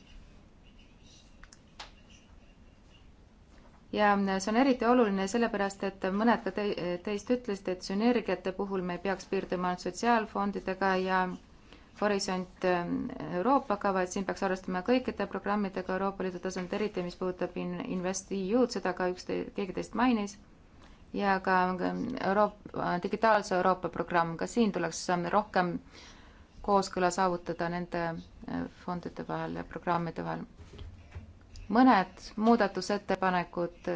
C: ja see on eriti oluline sellepärast, et mõned ka te teist ütlesid, et sünergiate puhul me ei peaks piirduma ainult sotsiaalfondidega ja Horisont ähm, Euroopaga, vaid siin peaks arvestama kõikide programmidega Euroopa Liidu tasandil, eriti mis puudutab InvestEU-d, seda ka üks te, keegi teist mainis, ja ka ähm, Euroopa, digitaalse Euroopa programm, ka siin tuleks ähm, rohkem kooskõla saavutada nende äh, fondide vahel ja programmide vahel mõned muudatusettepanekud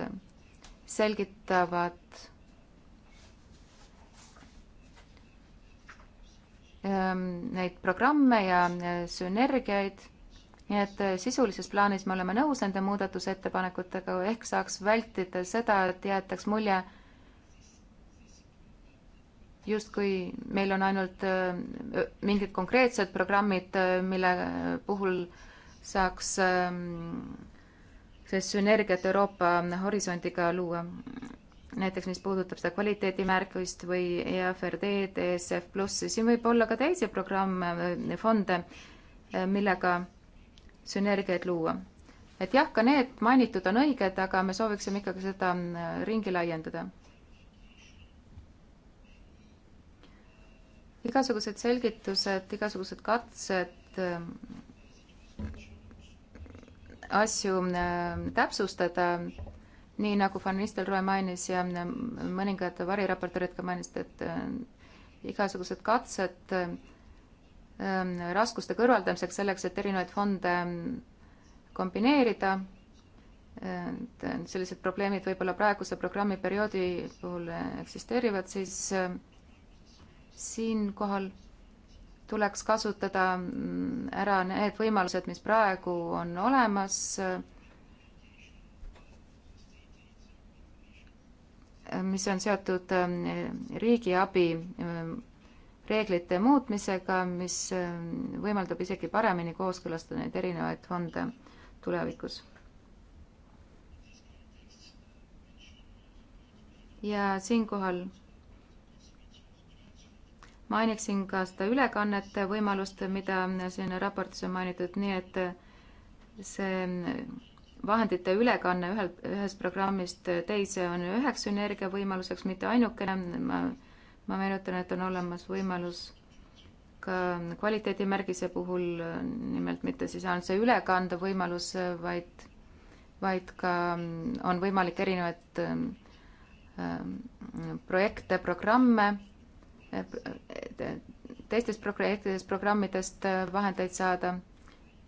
C: selgitavad ähm, neid programme ja äh, sünergiaid, nii et äh, sisulises plaanis me oleme nõus nende muudatusettepanekutega, ehk saaks vältida seda, et jäetaks mulje, justkui meil on ainult äh, mingid konkreetsed programmid, mille puhul saaks ähm, sellist sünergiat Euroopa horisondiga luua. näiteks, mis puudutab seda kvaliteedimärkust või EFRD-d, ESF pluss, siin võib olla ka teisi programme, fonde, millega sünergiaid luua. et jah, ka need mainitud on õiged, aga me sooviksime ikkagi seda ringi laiendada. igasugused selgitused, igasugused katsed asju äh, täpsustada, nii nagu Van Nistelrooy mainis ja äh, mõningad variraportorid ka mainisid, et äh, igasugused katsed raskuste kõrvaldamiseks, selleks et erinevaid fonde kombineerida, et sellised probleemid võib-olla praeguse programmiperioodi puhul eksisteerivad, siis siinkohal tuleks kasutada mm, ära need võimalused, mis praegu on olemas. mis on seotud mm, riigiabi mm, reeglite muutmisega, mis võimaldab isegi paremini kooskõlastada neid erinevaid fonde tulevikus. ja siinkohal mainiksin ka seda ülekannete võimalust, mida siin raportis on mainitud, nii et see vahendite ülekanne ühelt, ühest programmist teise on üheks sünergiavõimaluseks, mitte ainukene. ma, ma meenutan, et on olemas võimalus ka kvaliteedimärgise puhul, nimelt mitte siis ainult see ülekande võimalus, vaid, vaid ka on võimalik erinevaid ähm, projekte, programme teistest projektidest, programmidest äh, vahendeid saada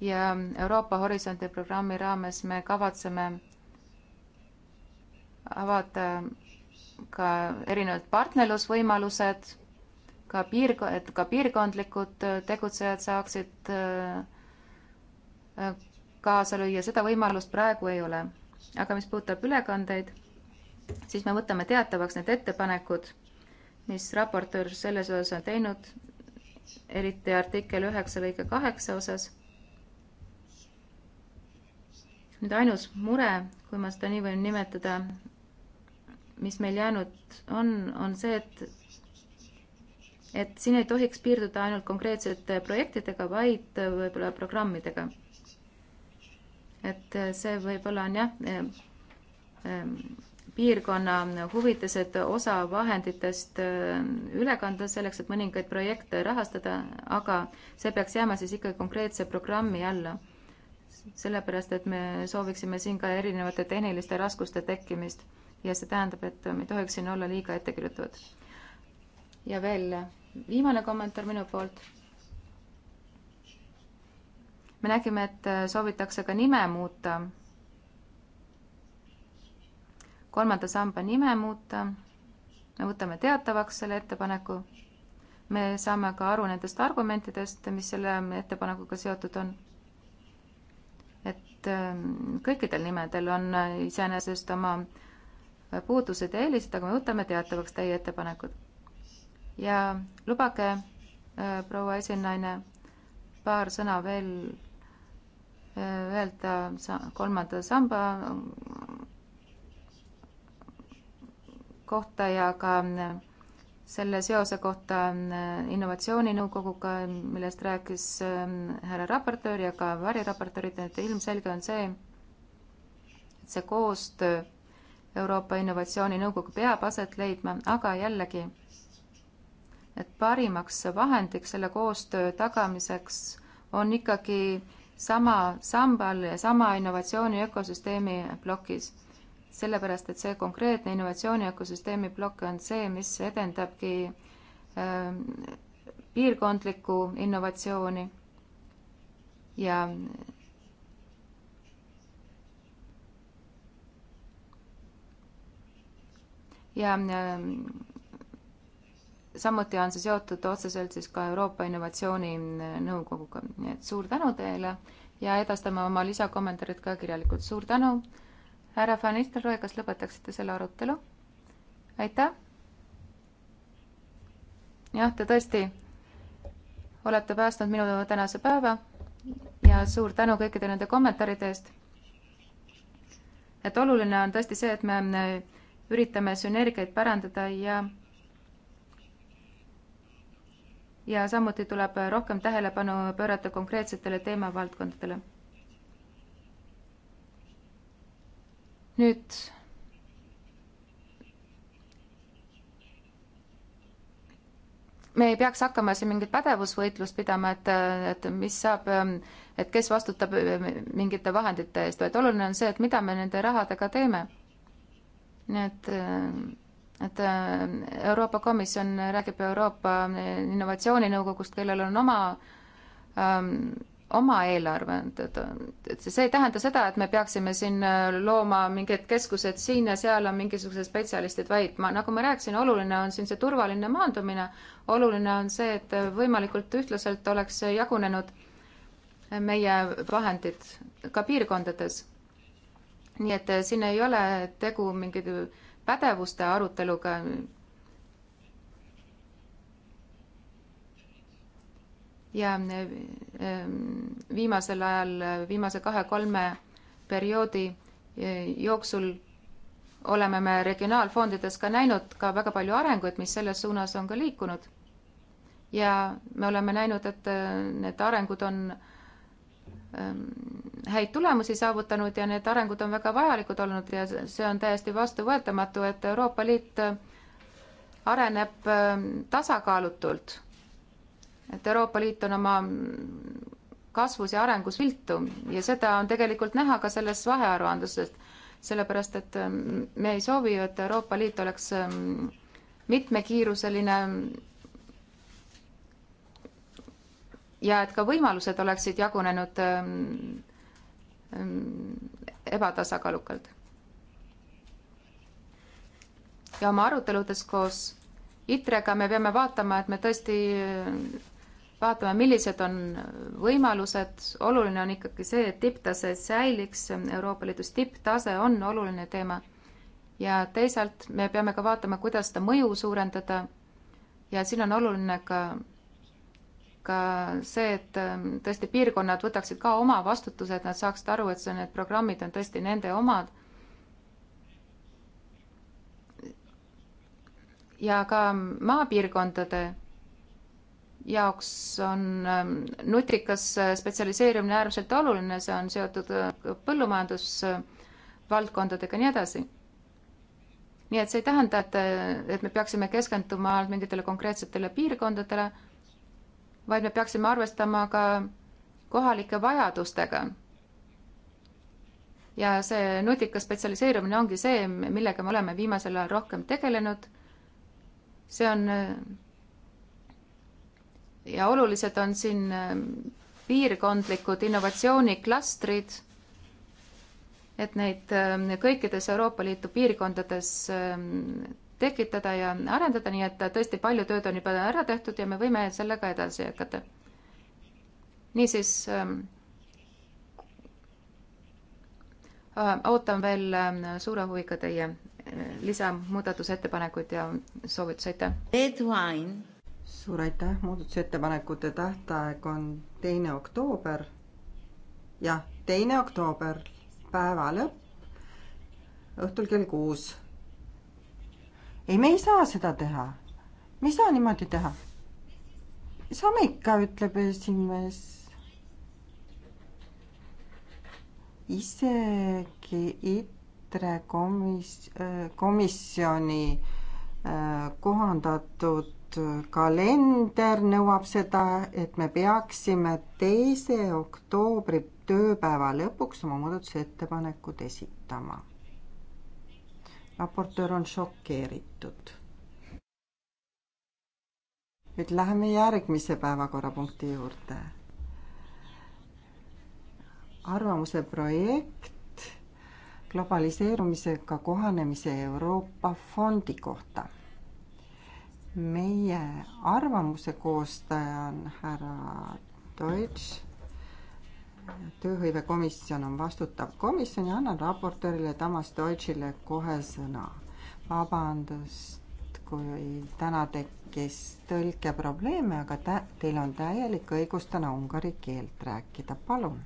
C: ja Euroopa Horisondi programmi raames me kavatseme avada ka erinevad partnerlusvõimalused, ka piirk-, et ka piirkondlikud äh, tegutsejad saaksid äh, kaasa lüüa, seda võimalust praegu ei ole. aga mis puudutab ülekandeid, siis me võtame teatavaks need ettepanekud mis raportöör selles osas on teinud, eriti artikkel üheksa lõike kaheksa osas. nüüd ainus mure, kui ma seda nii võin nimetada, mis meil jäänud on, on see, et et siin ei tohiks piirduda ainult konkreetsete projektidega, vaid võib-olla programmidega. et see võib-olla on jah, piirkonna huvides, et osa vahenditest äh, üle kanda selleks, et mõningaid projekte rahastada, aga see peaks jääma siis ikka konkreetse programmi alla. sellepärast, et me sooviksime siin ka erinevate tehniliste raskuste tekkimist ja see tähendab, et me ei tohiks siin olla liiga ettekirjutavad. ja veel viimane kommentaar minu poolt. me nägime, et soovitakse ka nime muuta kolmanda samba nime muuta. me võtame teatavaks selle ettepaneku. me saame ka aru nendest argumentidest, mis selle ettepanekuga seotud on. et ähm, kõikidel nimedel on äh, iseenesest oma äh, puudused ja eelised, aga me võtame teatavaks teie ettepanekud. ja lubage äh,, proua esinaine, paar sõna veel äh, öelda kolmanda samba kohta ja ka mm, selle seose kohta mm, innovatsiooninõukoguga, millest rääkis mm, härra raportöör ja ka variraportöörid, et ilmselge on see, et see koostöö Euroopa Innovatsiooninõukogu peab aset leidma, aga jällegi, et parimaks vahendiks selle koostöö tagamiseks on ikkagi sama samba all ja sama innovatsiooni ökosüsteemi plokis sellepärast et see konkreetne innovatsiooni ökosüsteemi plokk on see, mis edendabki äh, piirkondlikku innovatsiooni ja ja äh, samuti on see seotud otseselt siis ka Euroopa Innovatsiooninõukoguga, äh, nii et suur tänu teile ja edastame oma lisakommentaarid ka kirjalikult. suur tänu härra Van Nistelrooy, kas lõpetaksite selle arutelu? aitäh. jah, te tõesti olete päästnud minu tänase päeva ja suur tänu kõikide nende kommentaaride eest. et oluline on tõesti see, et me üritame sünergiaid pärandada ja ja samuti tuleb rohkem tähelepanu pöörata konkreetsetele teemavaldkondadele nüüd me ei peaks hakkama siin mingit pädevusvõitlust pidama, et, et mis saab, et kes vastutab mingite vahendite eest, vaid oluline on see, et mida me nende rahadega teeme. nii et, et Euroopa Komisjon räägib Euroopa Innovatsiooninõukogust, kellel on oma ähm, oma eelarve, et, et see ei tähenda seda, et me peaksime siin äh, looma mingid keskused siin ja seal on mingisugused spetsialistid, vaid ma, nagu ma rääkisin, oluline on siin see turvaline maandumine, oluline on see, et võimalikult ühtlaselt oleks jagunenud meie vahendid ka piirkondades. nii et äh, siin ei ole tegu mingi pädevuste aruteluga, ja eh, eh, viimasel ajal, viimase kahe-kolme perioodi eh, jooksul oleme me regionaalfondides ka näinud ka väga palju arenguid, mis selles suunas on ka liikunud. ja me oleme näinud, et need arengud on ehm, häid tulemusi saavutanud ja need arengud on väga vajalikud olnud ja see on täiesti vastuvõetamatu, et Euroopa Liit areneb tasakaalutult et Euroopa Liit on oma kasvus ja arengus viltu ja seda on tegelikult näha ka selles vahearuandes, et sellepärast, et ähm, me ei soovi ju, et Euroopa Liit oleks ähm, mitmekiiruseline ja et ka võimalused oleksid jagunenud ähm, ebatasakaalukalt. ja oma aruteludes koos ITRE-ga me peame vaatama, et me tõesti vaatame, millised on võimalused, oluline on ikkagi see, et tipptase säiliks Euroopa Liidus, tipptase on oluline teema. ja teisalt me peame ka vaatama, kuidas seda mõju suurendada ja siin on oluline ka, ka see, et ähm, tõesti piirkonnad võtaksid ka oma vastutuse, et nad saaksid aru, et see, need programmid on tõesti nende omad. ja ka maapiirkondade jaoks on ähm, nutikas äh, spetsialiseerumine äärmiselt oluline, see on seotud äh, põllumajandusvaldkondadega ja nii edasi. nii et see ei tähenda, et, äh, et me peaksime keskenduma ainult mingitele konkreetsetele piirkondadele, vaid me peaksime arvestama ka kohalike vajadustega. ja see nutikas spetsialiseerumine ongi see, millega me oleme viimasel ajal rohkem tegelenud. see on ja olulised on siin ähm, piirkondlikud innovatsiooniklastrid, et neid ähm, kõikides Euroopa Liidu piirkondades ähm, tekitada ja arendada, nii et tõesti palju tööd on juba ära tehtud ja me võime sellega edasi jätkata. niisiis äh, ootan veel suure huviga teie äh, lisamuudatusettepanekuid ja
B: soovitusi, aitäh! suur aitäh, muudatusettepanekute tähtaeg on teine oktoober. jah, teine oktoober, päeva lõpp, õhtul kell kuus. ei, me ei saa seda teha. me ei saa niimoodi teha. saame ikka, ütleb esimees. isegi ITRE komis-, äh, komisjoni äh, kohandatud kalender nõuab seda, et me peaksime teise oktoobri tööpäeva lõpuks oma muudatusettepanekud esitama. raportöör on šokeeritud. nüüd läheme järgmise päevakorrapunkti juurde. arvamuse projekt globaliseerumisega kohanemise Euroopa fondi kohta meie arvamuse koostaja on härra Deutsch. tööhõivekomisjon on vastutav komisjon ja annan raportöörile Tamas Deutschile kohe sõna. vabandust, kui täna tekkis tõlkeprobleeme, aga tä-, teil on täielik õigus täna ungari keelt rääkida, palun.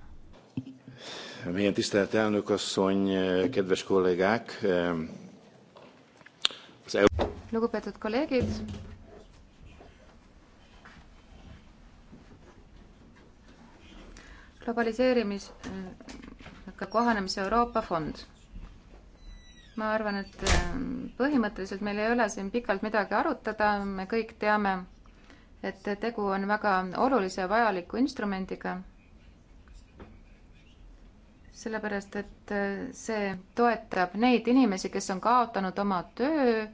B: meie tistajad, Jaanuk Kassonj, Kedves kolleeg Äkk
C: lugupeetud kolleegid. globaliseerimis, kohanemise Euroopa fond. ma arvan, et ähm, põhimõtteliselt meil ei ole siin pikalt midagi arutada, me kõik teame, et tegu on väga olulise ja vajaliku instrumendiga sellepärast, et äh, see toetab neid inimesi, kes on kaotanud oma töö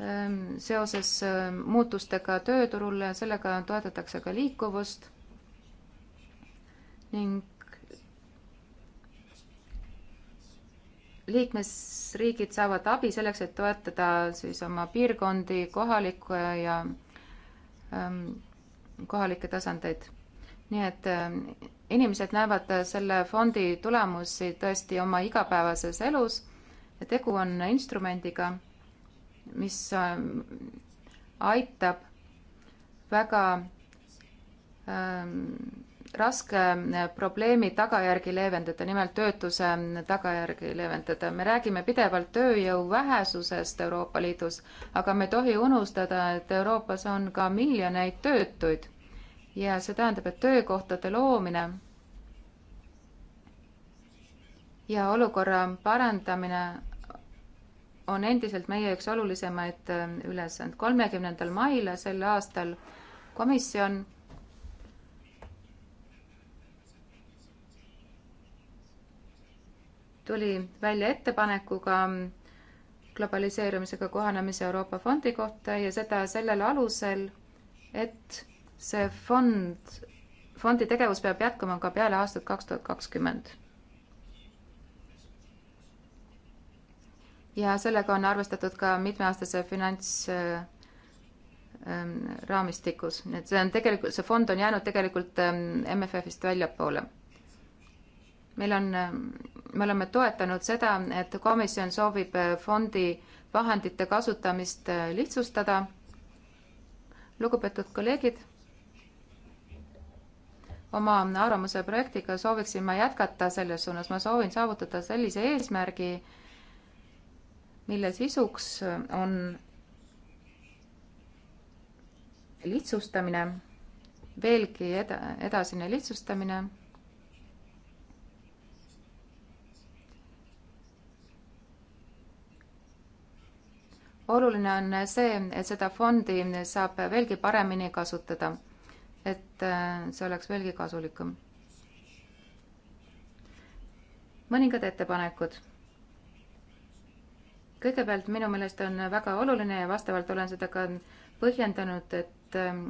C: Ehm, seoses ehm, muutustega tööturul, sellega toetatakse ka liikuvust ning liikmesriigid saavad abi selleks, et toetada siis oma piirkondi, kohalikke ja ähm, kohalikke tasandeid. nii et äh, inimesed näevad selle fondi tulemusi tõesti oma igapäevases elus ja tegu on instrumendiga, mis äh, aitab väga ähm, raske äh, probleemi tagajärgi leevendada, nimelt töötuse äh, tagajärgi leevendada. me räägime pidevalt tööjõu vähesusest Euroopa Liidus, aga me ei tohi unustada, et Euroopas on ka miljoneid töötuid ja see tähendab, et töökohtade loomine ja olukorra parandamine on endiselt meie üks olulisemaid äh, ülesand. kolmekümnendal mail sel aastal komisjon tuli välja ettepanekuga globaliseerumisega kohanemise Euroopa fondi kohta ja seda sellel alusel, et see fond, fondi tegevus peab jätkuma ka peale aastat kaks tuhat kakskümmend ja sellega on arvestatud ka mitmeaastase finantsraamistikus äh, ähm,, et see on tegelikult, see fond on jäänud tegelikult ähm, MFF-ist väljapoole. meil on ähm,, me oleme toetanud seda, et komisjon soovib äh, fondi vahendite kasutamist äh, lihtsustada. lugupeetud kolleegid, oma arvamuse projektiga sooviksin ma jätkata selles suunas, ma soovin saavutada sellise eesmärgi, mille sisuks on lihtsustamine, veelgi eda-, edasine lihtsustamine oluline on see, et seda fondi saab veelgi paremini kasutada, et see oleks veelgi kasulikum. mõningad ettepanekud kõigepealt minu meelest on väga oluline ja vastavalt olen seda ka põhjendanud, et ähm,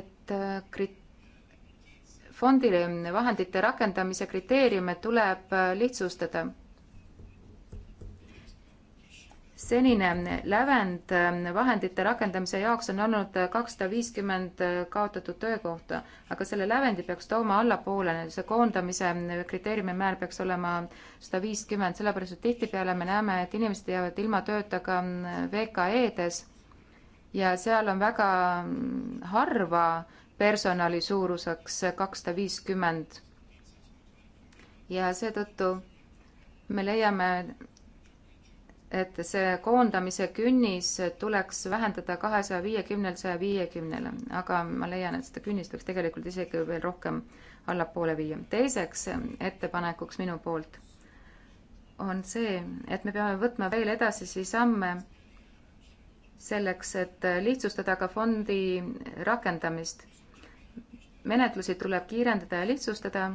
C: et äh, krit-, fondi vahendite rakendamise kriteeriume tuleb äh, lihtsustada senine lävend ähm, vahendite rakendamise jaoks on olnud äh, kakssada viiskümmend äh, kaotatud töökohta, aga selle lävendi peaks tooma allapoole, see koondamise äh, kriteeriumi määr peaks olema sada viiskümmend, sellepärast et tihtipeale me näeme, et inimesed jäävad ilma tööta ka mm, VKE-des ja seal on väga mm, harva personali suuruseks kakssada viiskümmend. ja seetõttu me leiame, et see koondamise künnis tuleks vähendada kahesaja viiekümnel saja viiekümnele, aga ma leian, et seda künnist võiks tegelikult isegi veel rohkem allapoole viia. teiseks ettepanekuks minu poolt on see, et me peame võtma veel edasisi samme selleks, et lihtsustada ka fondi rakendamist. menetlusi tuleb kiirendada ja lihtsustada.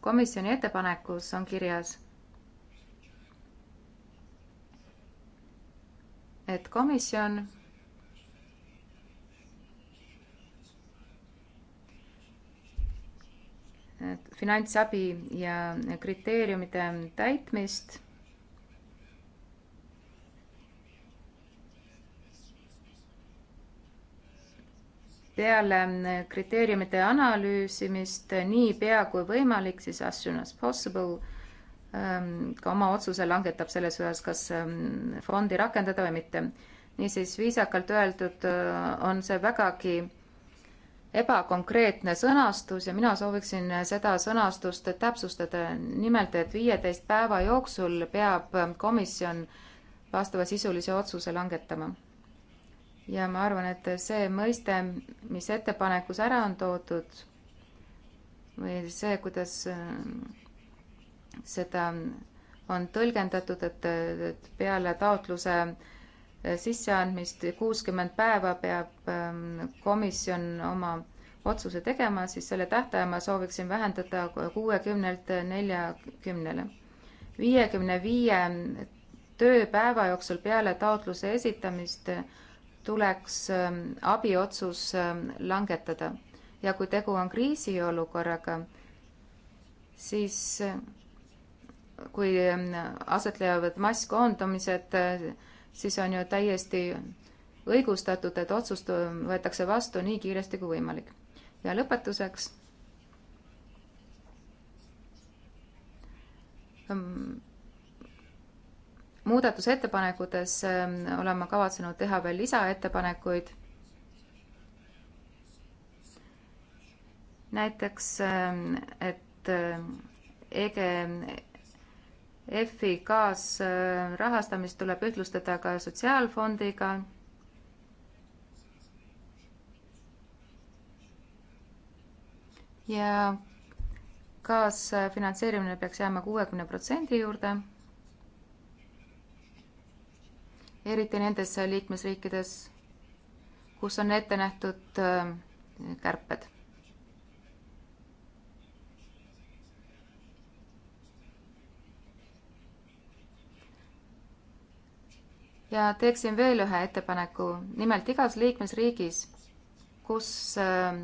C: komisjoni ettepanekus on kirjas et komisjon finantsabi ja kriteeriumide täitmist peale kriteeriumide analüüsimist niipea kui võimalik, siis as soon as possible Ehm, ka oma otsuse langetab selles osas, kas ehm, fondi rakendada või mitte. niisiis viisakalt öeldud eh, on see vägagi ebakonkreetne sõnastus ja mina sooviksin seda sõnastust täpsustada. nimelt, et viieteist päeva jooksul peab komisjon vastavasisulise otsuse langetama. ja ma arvan, et see mõiste, mis ettepanekus ära on toodud või see, kuidas ehm, seda on tõlgendatud, et, et peale taotluse eh, sisseandmist kuuskümmend päeva peab ehm, komisjon oma otsuse tegema, siis selle tähtaja ma sooviksin vähendada kuuekümnelt neljakümnele. viiekümne viie tööpäeva jooksul peale taotluse esitamist tuleks ehm, abiotsus ehm, langetada ja kui tegu on kriisiolukorraga, siis kui aset leiavad masskoondumised, siis on ju täiesti õigustatud, et otsust võetakse vastu nii kiiresti kui võimalik. ja lõpetuseks. muudatusettepanekutes olen ma kavatsenud teha veel lisaettepanekuid. näiteks, et EG EFI kaasrahastamist tuleb ühtlustada ka sotsiaalfondiga. ja kaasfinantseerimine peaks jääma kuuekümne protsendi juurde. eriti nendes liikmesriikides, kus on ette nähtud äh, kärped ja teeksin veel ühe ettepaneku, nimelt igas liikmesriigis, kus ähm,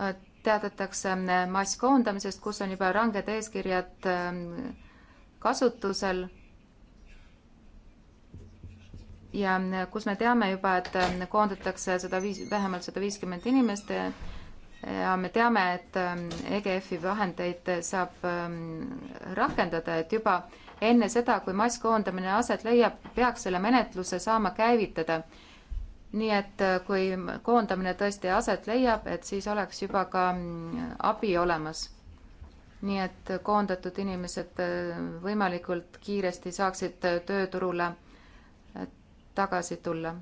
C: äh, teatatakse ähm, masskoondamisest, kus on juba ranged eeskirjad ähm, kasutusel ja kus me teame juba, et koondatakse sada viis, vähemalt sada viiskümmend inimest ja me teame, et EGF-i vahendeid saab rakendada, et juba äh, enne seda, kui masskoondamine aset leiab, peaks selle menetluse saama käivitada. nii et äh, kui koondamine tõesti aset leiab, et siis oleks juba ka mm, abi olemas. nii et koondatud inimesed äh, võimalikult kiiresti saaksid äh, tööturule tagasi tulla.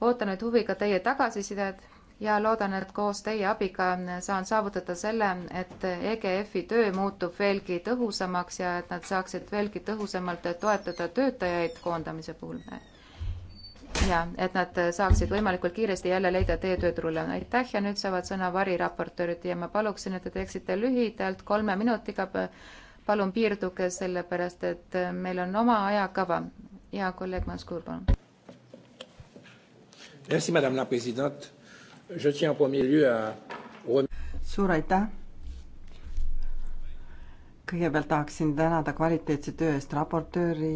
C: ootan nüüd huviga teie tagasisidet ja loodan, et koos teie abiga saan saavutada selle, et EGF-i töö muutub veelgi tõhusamaks ja et nad saaksid veelgi tõhusamalt toetada töötajaid koondamise puhul. ja et nad saaksid võimalikult kiiresti jälle leida tee tööturule. aitäh ja nüüd saavad sõna variraportöörid ja ma paluksin, et te teeksite lühidalt kolme minutiga. palun piirduge, sellepärast et meil on oma ajakava ja kolleeg Manskur, palun.
B: Merci, madame la présidente suur aitäh! kõigepealt tahaksin tänada kvaliteetse töö eest raportööri.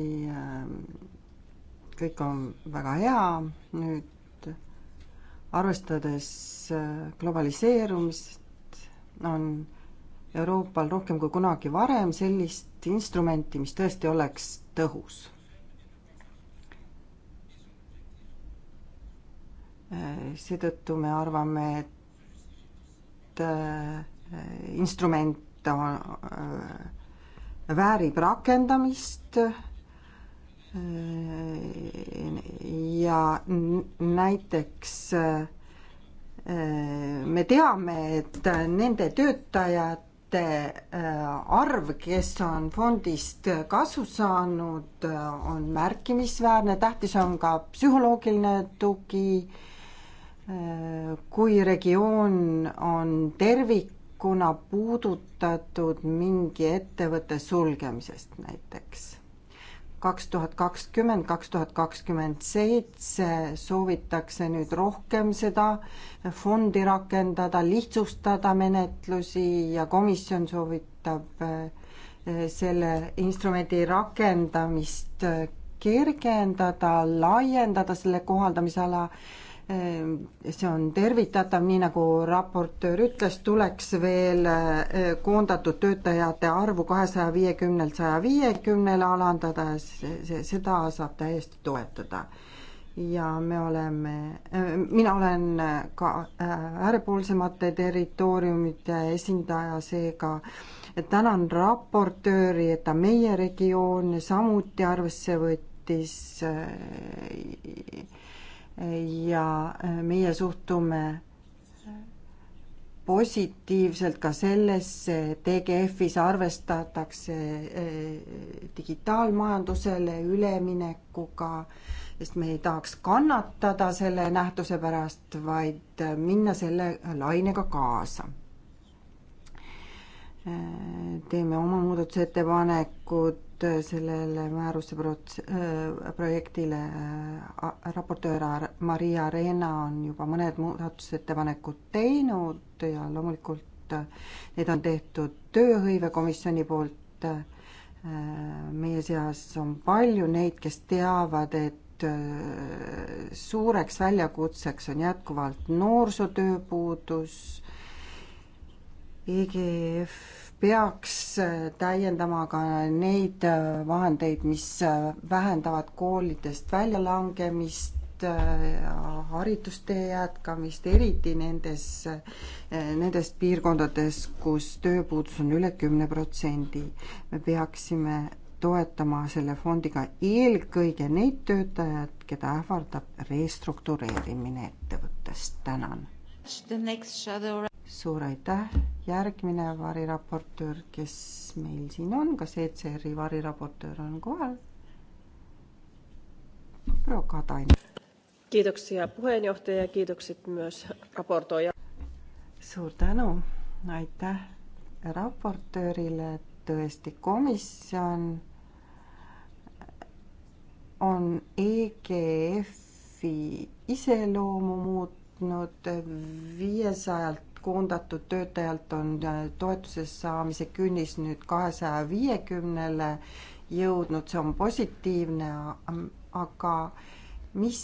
B: kõik on väga hea nüüd, arvestades globaliseerumist, on Euroopal rohkem kui kunagi varem sellist instrumenti, mis tõesti oleks tõhus seetõttu me arvame, et äh, instrument äh, väärib rakendamist äh, ja näiteks me teame, et nende töötajad inimeste arv, kes on fondist kasu saanud, on märkimisväärne, tähtis on ka psühholoogiline tugi kui regioon on tervikuna puudutatud mingi ettevõtte sulgemisest näiteks. kaks tuhat kakskümmend, kaks tuhat kakskümmend seitse soovitakse nüüd rohkem seda fondi rakendada, lihtsustada menetlusi ja komisjon soovitab eh, selle instrumendi rakendamist kergendada, laiendada selle kohaldamisala Ehm, see on tervitatav, nii nagu raportöör ütles, tuleks veel eh, koondatud töötajate arvu kahesaja viiekümnelt saja viiekümnele alandada, seda saab täiesti toetada. ja me oleme, eh, mina olen ka eh, äärepoolsemate territooriumite esindaja, seega tänan raportööri, et ta meie regiooni samuti arvesse võttis ja äh, meie suhtume positiivselt ka sellesse, et EGF-is arvestatakse äh, digitaalmajandusele üleminekuga, sest me ei tahaks kannatada selle nähtuse pärast, vaid äh, minna selle lainega kaasa. teeme oma muudatusettepanekud andnud äh, sellele määruse prots-, äh, projektile äh, raportöör Maria Arena on juba mõned muudatusettepanekud teinud ja loomulikult need on tehtud tööhõivekomisjoni poolt. meie seas on palju neid, kes teavad, et suureks väljakutseks on jätkuvalt noorsootööpuudus, EGF peaks äh, täiendama ka neid äh, vahendeid, mis äh, vähendavad koolidest väljalangemist, haridustee jätkamist, eriti nendes, nendes piirkondades, kus tööpuudus on üle kümne protsendi. me peaksime toetama selle fondiga eelkõige neid töötajaid, keda ähvardab restruktureerimine ettevõttest. tänan suur aitäh, järgmine variraportöör, kes meil siin on, kas ECR-i variraportöör on kohal? proua Kadain. kiitoksia puheenjohtaja, kiitokset myös raportoija. suur tänu, aitäh raportöörile, tõesti komisjon on EGF-i iseloomu muutnud viiesajalt koondatud töötajalt on äh, toetuse saamise künnis nüüd kahesaja viiekümnele jõudnud, see on positiivne, aga mis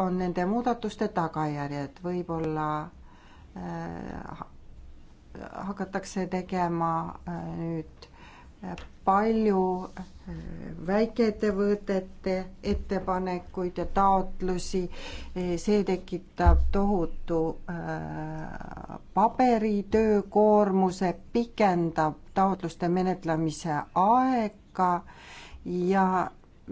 B: on nende muudatuste tagajärjed, võib-olla äh, hakatakse tegema äh, nüüd äh, palju äh, väikeettevõtete ettepanekuid ja taotlusi, äh, see tekitab tohutu äh, paberitöökoormuse, pikendab taotluste menetlemise aega ja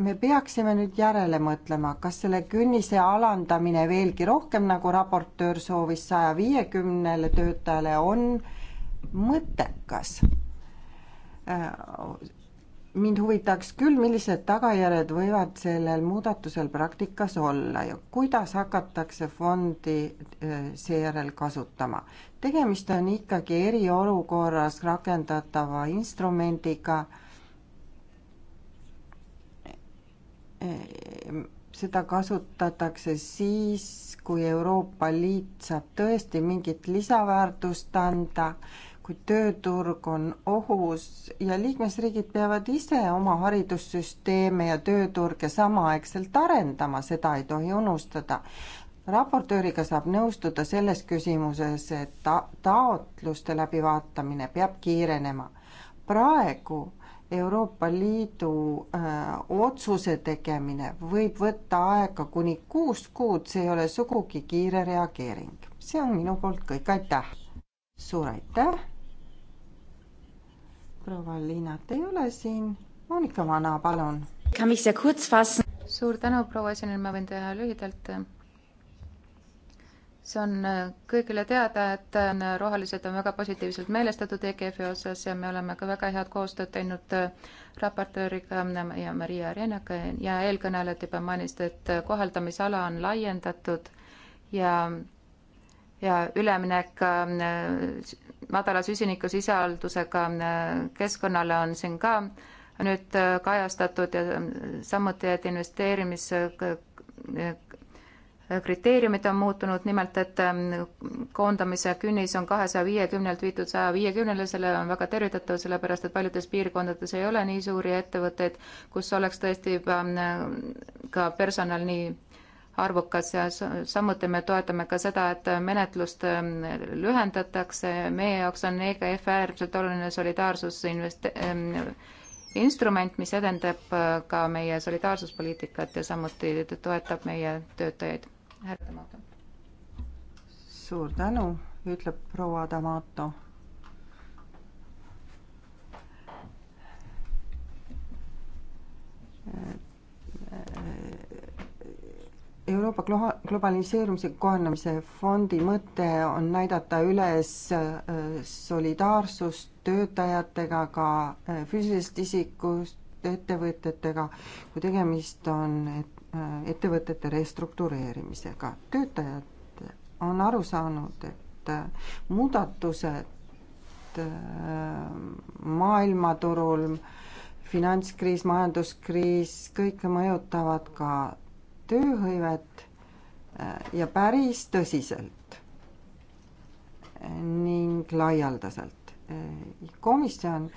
B: me peaksime nüüd järele mõtlema, kas selle künnise alandamine veelgi rohkem, nagu raportöör soovis, saja viiekümnele töötajale on mõttekas Äh, mind huvitaks küll, millised tagajärjed võivad sellel muudatusel praktikas olla ja kuidas hakatakse fondi äh, seejärel kasutama. tegemist on ikkagi eriolukorras rakendatava instrumendiga. Äh, seda kasutatakse siis, kui Euroopa Liit saab tõesti mingit lisaväärtust anda kui tööturg on ohus ja liikmesriigid peavad ise oma haridussüsteeme ja tööturge samaaegselt arendama, seda ei tohi unustada. raportööriga saab nõustuda selles küsimuses, et ta-, taotluste läbivaatamine peab kiirenema. praegu Euroopa Liidu öö, äh, otsuse tegemine võib võtta aega kuni kuus kuud, see ei ole sugugi kiire reageering. see on minu poolt kõik, aitäh! suur aitäh! proua Liinat ei ole siin. Monika Vana, palun.
C: suur tänu, proua esineja, ma võin teha lühidalt see on äh, kõigile teada, et äh, rohelised on väga positiivselt meelestatud EGF-i osas ja me oleme ka väga head koostööd teinud äh, raportööriga ja Maria Arenaga ja eelkõnelejad juba mainisid, et kohaldamisala on laiendatud ja, ja üleminek madala süsinikusisaldusega äh, keskkonnale on siin ka nüüd äh, kajastatud ja äh, samuti, et investeerimiskriteeriumid on muutunud, nimelt et ähm, koondamise künnis on kahesaja viiekümnelt viidud saja viiekümnele, selle on väga tervitatav, sellepärast et paljudes piirkondades ei ole nii suuri ettevõtteid, kus oleks tõesti juba ka personal nii arvukas ja samuti me toetame ka seda, et menetlust ähm, lühendatakse. meie jaoks on EGF äärmiselt oluline solidaarsusinvest-, ähm, instrument, mis edendab äh, ka meie solidaarsuspoliitikat ja samuti toetab meie töötajaid. härra
B: Damato. suur tänu, ütleb proua Damato äh, äh, Euroopa globaliseerumise kohanemise fondi mõte on näidata üles äh, solidaarsust töötajatega, ka äh, füüsilisest isikust ettevõtetega, kui tegemist on äh, ettevõtete restruktureerimisega. töötajad on aru saanud, et muudatused maailmaturul, finantskriis, majanduskriis, kõike mõjutavad ka tööhõivet äh, ja päris tõsiselt ning laialdaselt. Äh, komisjon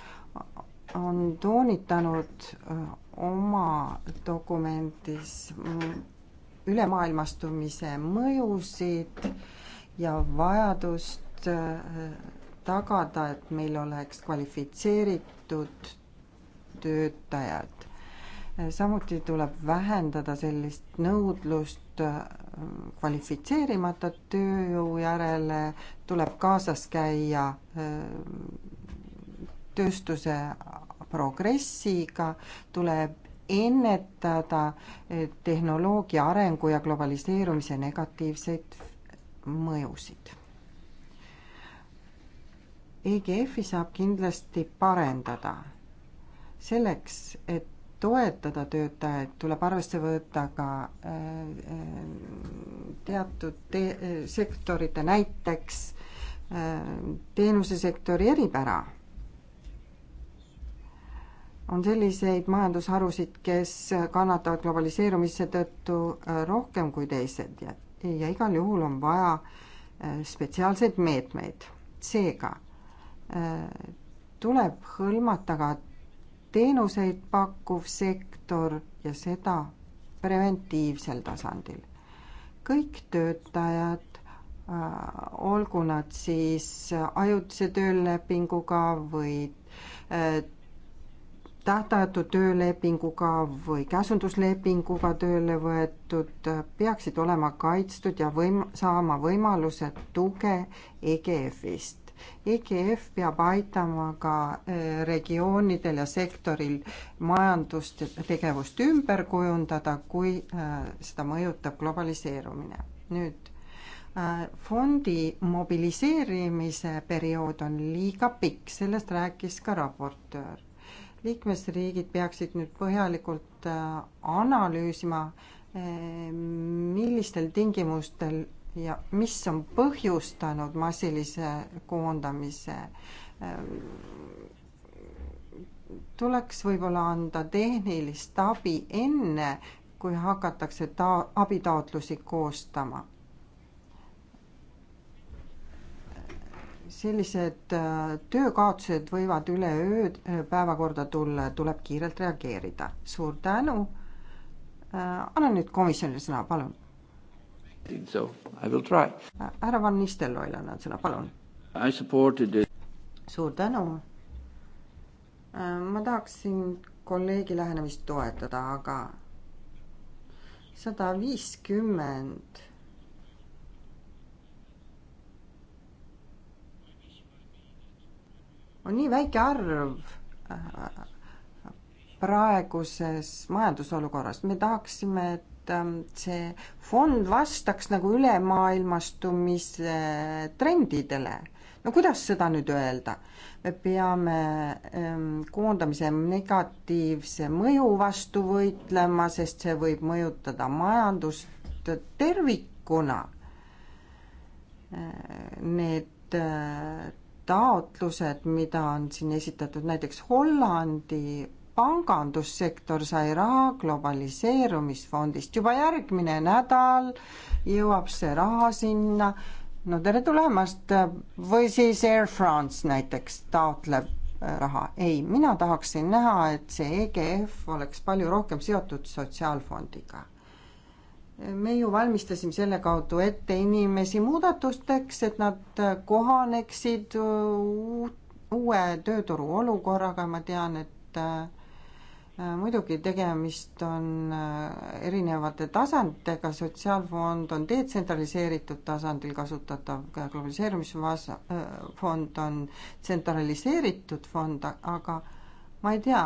B: on toonitanud äh, oma dokumendis ülemaailmastumise mõjusid ja vajadust tagada, et meil oleks kvalifitseeritud töötajad samuti tuleb vähendada sellist nõudlust äh, kvalifitseerimata tööjõu järele, tuleb kaasas käia äh, tööstuse progressiga, tuleb ennetada äh, tehnoloogia arengu ja globaliseerumise negatiivseid mõjusid. EGF-i saab kindlasti parendada selleks, et toetada töötajaid, tuleb arvesse võtta ka äh, äh, teatud te-, äh, sektorite, näiteks teenusesektori eripära. on selliseid majandusharusid, kes kannatavad globaliseerumise tõttu rohkem kui teised ja, ja igal juhul on vaja spetsiaalseid meetmeid. seega tuleb hõlmata ka teenuseid pakkuv sektor ja seda preventiivsel tasandil. kõik töötajad, äh, olgu nad siis ajutise töölepinguga või äh, tähtajatu töölepinguga või käsunduslepinguga tööle võetud, äh, peaksid olema kaitstud ja võim-, saama võimaluse tuge EGF-ist et EGF peab aitama ka äh, regioonidel ja sektoril majandust ja tegevust ümber kujundada, kui äh, seda mõjutab globaliseerumine. nüüd äh, fondi mobiliseerimise periood on liiga pikk, sellest rääkis ka raportöör. liikmesriigid peaksid nüüd põhjalikult analüüsima, millistel tingimustel ja mis on põhjustanud massilise koondamise. tuleks võib-olla anda tehnilist abi enne, kui hakatakse ta-, abitaotlusi koostama. sellised äh, töökaotused võivad üleöö äh, päevakorda tulla, tuleb kiirelt reageerida. suur tänu. Äh, annan nüüd komisjonile sõna, palun So I will try. härra Van Nistelrooil annan sõna, palun. I supported it. suur tänu. ma tahaksin kolleegi lähenemist toetada, aga sada viiskümmend on nii väike arv praeguses majandusolukorras, me tahaksime, et Ähm, see fond vastaks nagu ülemaailmastumise trendidele. no kuidas seda nüüd öelda? me peame ähm, koondamise negatiivse mõju vastu võitlema, sest see võib mõjutada majandust tervikuna. Äh, need äh, taotlused, mida on siin esitatud näiteks Hollandi pangandussektor sai raha globaliseerumisfondist, juba järgmine nädal jõuab see raha sinna. no tere tulemast või siis Air France näiteks taotleb äh, raha. ei, mina tahaksin näha, et see EGF oleks palju rohkem seotud sotsiaalfondiga. me ju valmistasime selle kaudu ette inimesi muudatusteks, et nad äh, kohaneksid äh, uue tööturu olukorraga, ma tean, et Äh, muidugi tegemist on äh, erinevate tasanditega, sotsiaalfond on detsentraliseeritud tasandil kasutatav, globaliseerumisfond äh, on tsentraliseeritud fond, aga ma ei tea,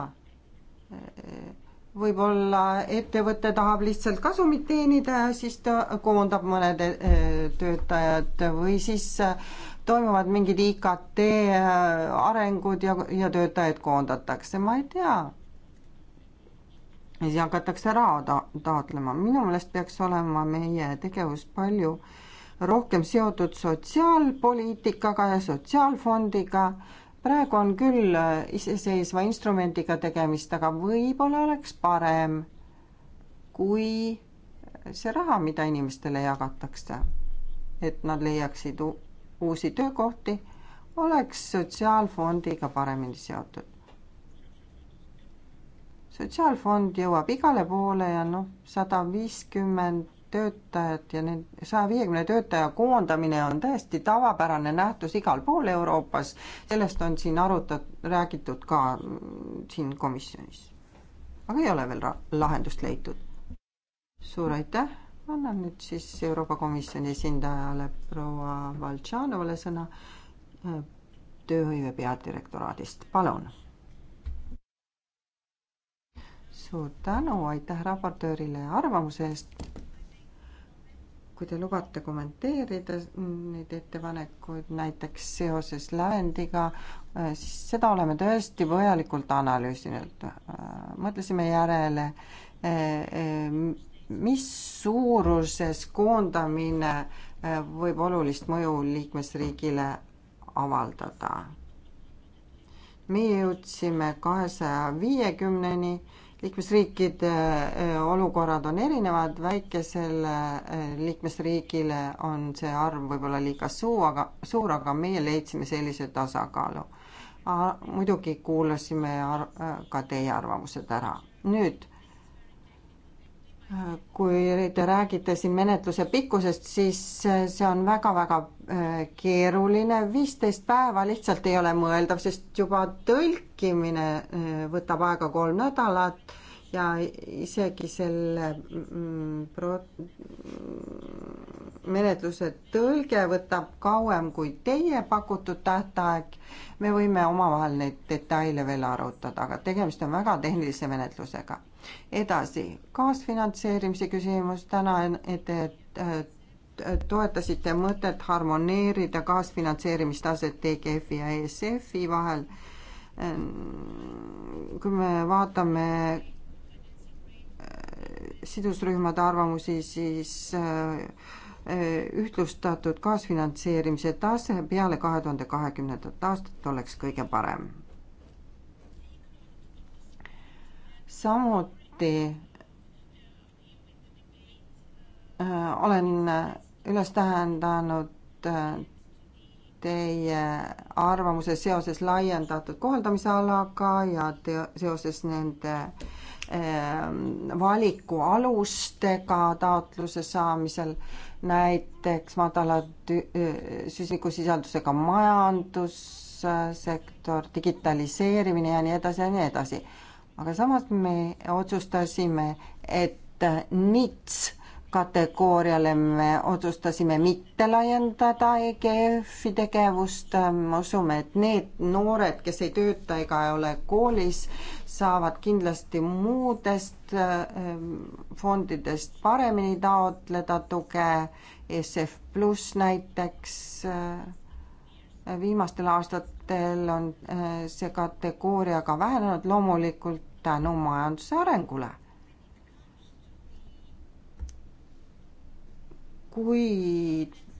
B: võib-olla ettevõte tahab lihtsalt kasumit teenida ja siis ta koondab mõned töötajad või siis toimuvad mingid IKT arengud ja, ja töötajaid koondatakse, ma ei tea ja hakatakse raha ta-, taotlema. minu meelest peaks olema meie tegevus palju rohkem seotud sotsiaalpoliitikaga ja sotsiaalfondiga, praegu on küll iseseisva instrumendiga tegemist, aga võib-olla oleks parem, kui see raha, mida inimestele jagatakse, et nad leiaksid uusi töökohti, oleks sotsiaalfondiga paremini seotud sotsiaalfond jõuab igale poole ja noh, sada viiskümmend töötajat ja need saja viiekümne töötaja koondamine on täiesti tavapärane nähtus igal pool Euroopas. sellest on siin arutat-, räägitud ka mm, siin komisjonis. aga ei ole veel lahendust leitud. suur aitäh, annan nüüd siis Euroopa Komisjoni esindajale proua Valtšanovale sõna äh, tööhõive peadirektoraadist, palun suur tänu, aitäh raportöörile arvamuse eest. kui te lubate kommenteerida neid ettepanekuid näiteks seoses lävendiga, siis seda oleme tõesti põhjalikult analüüsinud. mõtlesime järele, mis suuruses koondamine võib olulist mõju liikmesriigile avaldada. meie jõudsime kahesaja viiekümneni liikmesriikide olukorrad on erinevad, väikesele liikmesriigile on see arv võib-olla liiga suur, aga suur, aga meie leidsime sellise tasakaalu. muidugi kuulasime ka teie arvamused ära. nüüd kui te räägite siin menetluse pikkusest, siis see on väga-väga äh, keeruline, viisteist päeva lihtsalt ei ole mõeldav, sest juba tõlkimine äh, võtab aega kolm nädalat ja isegi selle mm, pro-, menetluse tõlge võtab kauem kui teie pakutud tähtaeg. me võime omavahel neid detaile veel arutada, aga tegemist on väga tehnilise menetlusega edasi, kaasfinantseerimise küsimus täna, et, et toetasite mõtet harmoneerida kaasfinantseerimistaset TGF-i ja ESF-i vahel. kui me vaatame äh, sidusrühmade arvamusi, siis äh, ühtlustatud kaasfinantseerimise tase peale kahe tuhande kahekümnendat aastat oleks kõige parem. samuti samuti äh, olen üles tähendanud äh, teie arvamuse seoses laiendatud kohaldamisalaga ja te-, seoses nende äh, valiku alustega taotluse saamisel, näiteks madala süsinikusisaldusega majandussektor, digitaliseerimine ja nii edasi ja nii edasi aga samas me otsustasime, et NITS kategooriale me otsustasime mitte laiendada EGF-i tegevust, me usume, et need noored, kes ei tööta ega ole koolis, saavad kindlasti muudest ähm, fondidest paremini taotleda tuge, e SF pluss näiteks, äh, viimastel aastatel on äh, see kategooria ka vähenenud, loomulikult tänu majanduse arengule. kui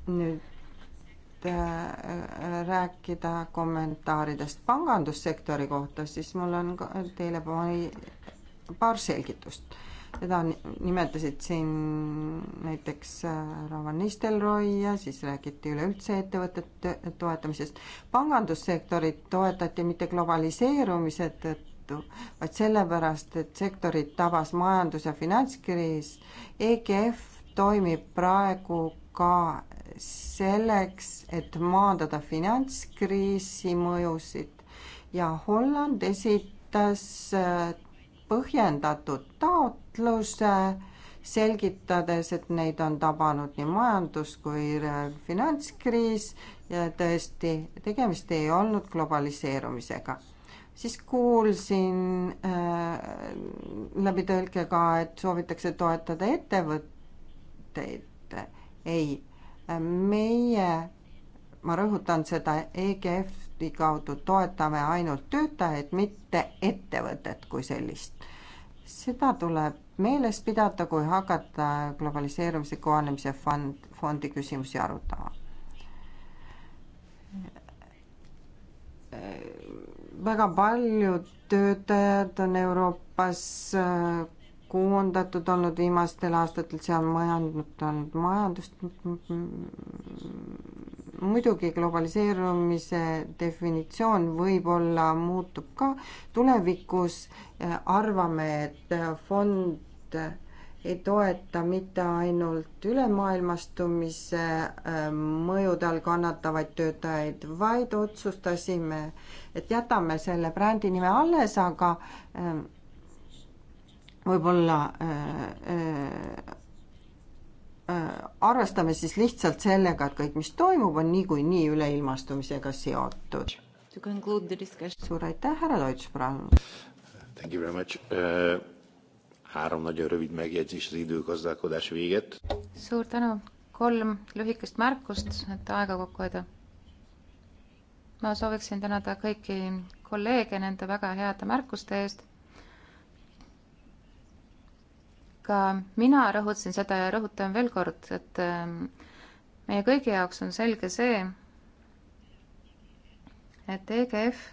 B: nüüd äh, rääkida kommentaaridest pangandussektori kohta, siis mul on teile paar selgitust. teda nimetasid siin näiteks äh, Ravan Nistelrooi ja siis räägiti üleüldse ettevõtete toetamisest. pangandussektorit toetati mitte globaliseerumise tõttu, tõttu, vaid sellepärast, et sektorit tabas majandus- ja finantskriis. EGF toimib praegu ka selleks, et maandada finantskriisi mõjusid ja Holland esitas äh, põhjendatud taotluse, selgitades, et neid on tabanud nii majandus kui finantskriis ja tõesti, tegemist ei olnud globaliseerumisega siis kuulsin äh, läbi tõlke ka, et soovitakse toetada ettevõtteid. ei, äh, meie, ma rõhutan seda, EGF-i kaudu toetame ainult töötajaid, mitte ettevõtet kui sellist. seda tuleb meeles pidada, kui hakata globaliseerumise kohanemise fond, fondi küsimusi arutama äh, väga paljud töötajad on Euroopas äh, koondatud olnud viimastel aastatel, seal majandanud majandust. muidugi globaliseerumise definitsioon võib-olla muutub ka tulevikus. Äh, arvame, et fond ei toeta mitte ainult ülemaailmastumise äh, mõjude all kannatavaid töötajaid, vaid otsustasime, et jätame selle brändi nime alles, aga ähm, võib-olla äh, äh, arvestame siis lihtsalt sellega, et kõik, mis toimub, on niikuinii üleilmastumisega seotud. suur aitäh, härra Deutsch, praegu! Thank you very much uh.... Három nagyon rövid megjegyzés az időgazdálkodás véget. Suur tänu. Kolm
C: lühikest märkust, et aega kokku hoida. ma sooviksin tänada kõiki kolleege nende väga heade märkuste eest ka mina rõhutasin seda ja rõhutan veel kord, et ähm, meie kõigi jaoks on selge see, et EGF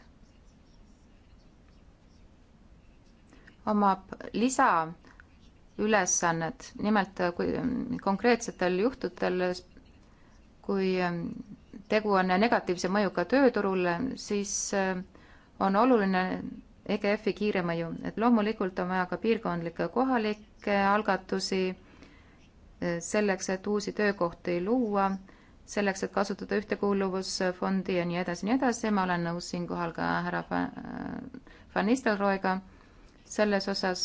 C: omab lisaülesannet, nimelt äh, kui äh, konkreetsetel juhtudel, kui ähm, tegu on negatiivse mõjuga tööturule, siis äh, on oluline EGF-i kiire mõju, et loomulikult on vaja ka piirkondlikke kohalikke algatusi selleks, et uusi töökohti luua, selleks, et kasutada ühtekuuluvusfondi ja nii edasi, nii edasi, ma olen nõus siinkohal ka härra Van Nistelrooiga selles osas,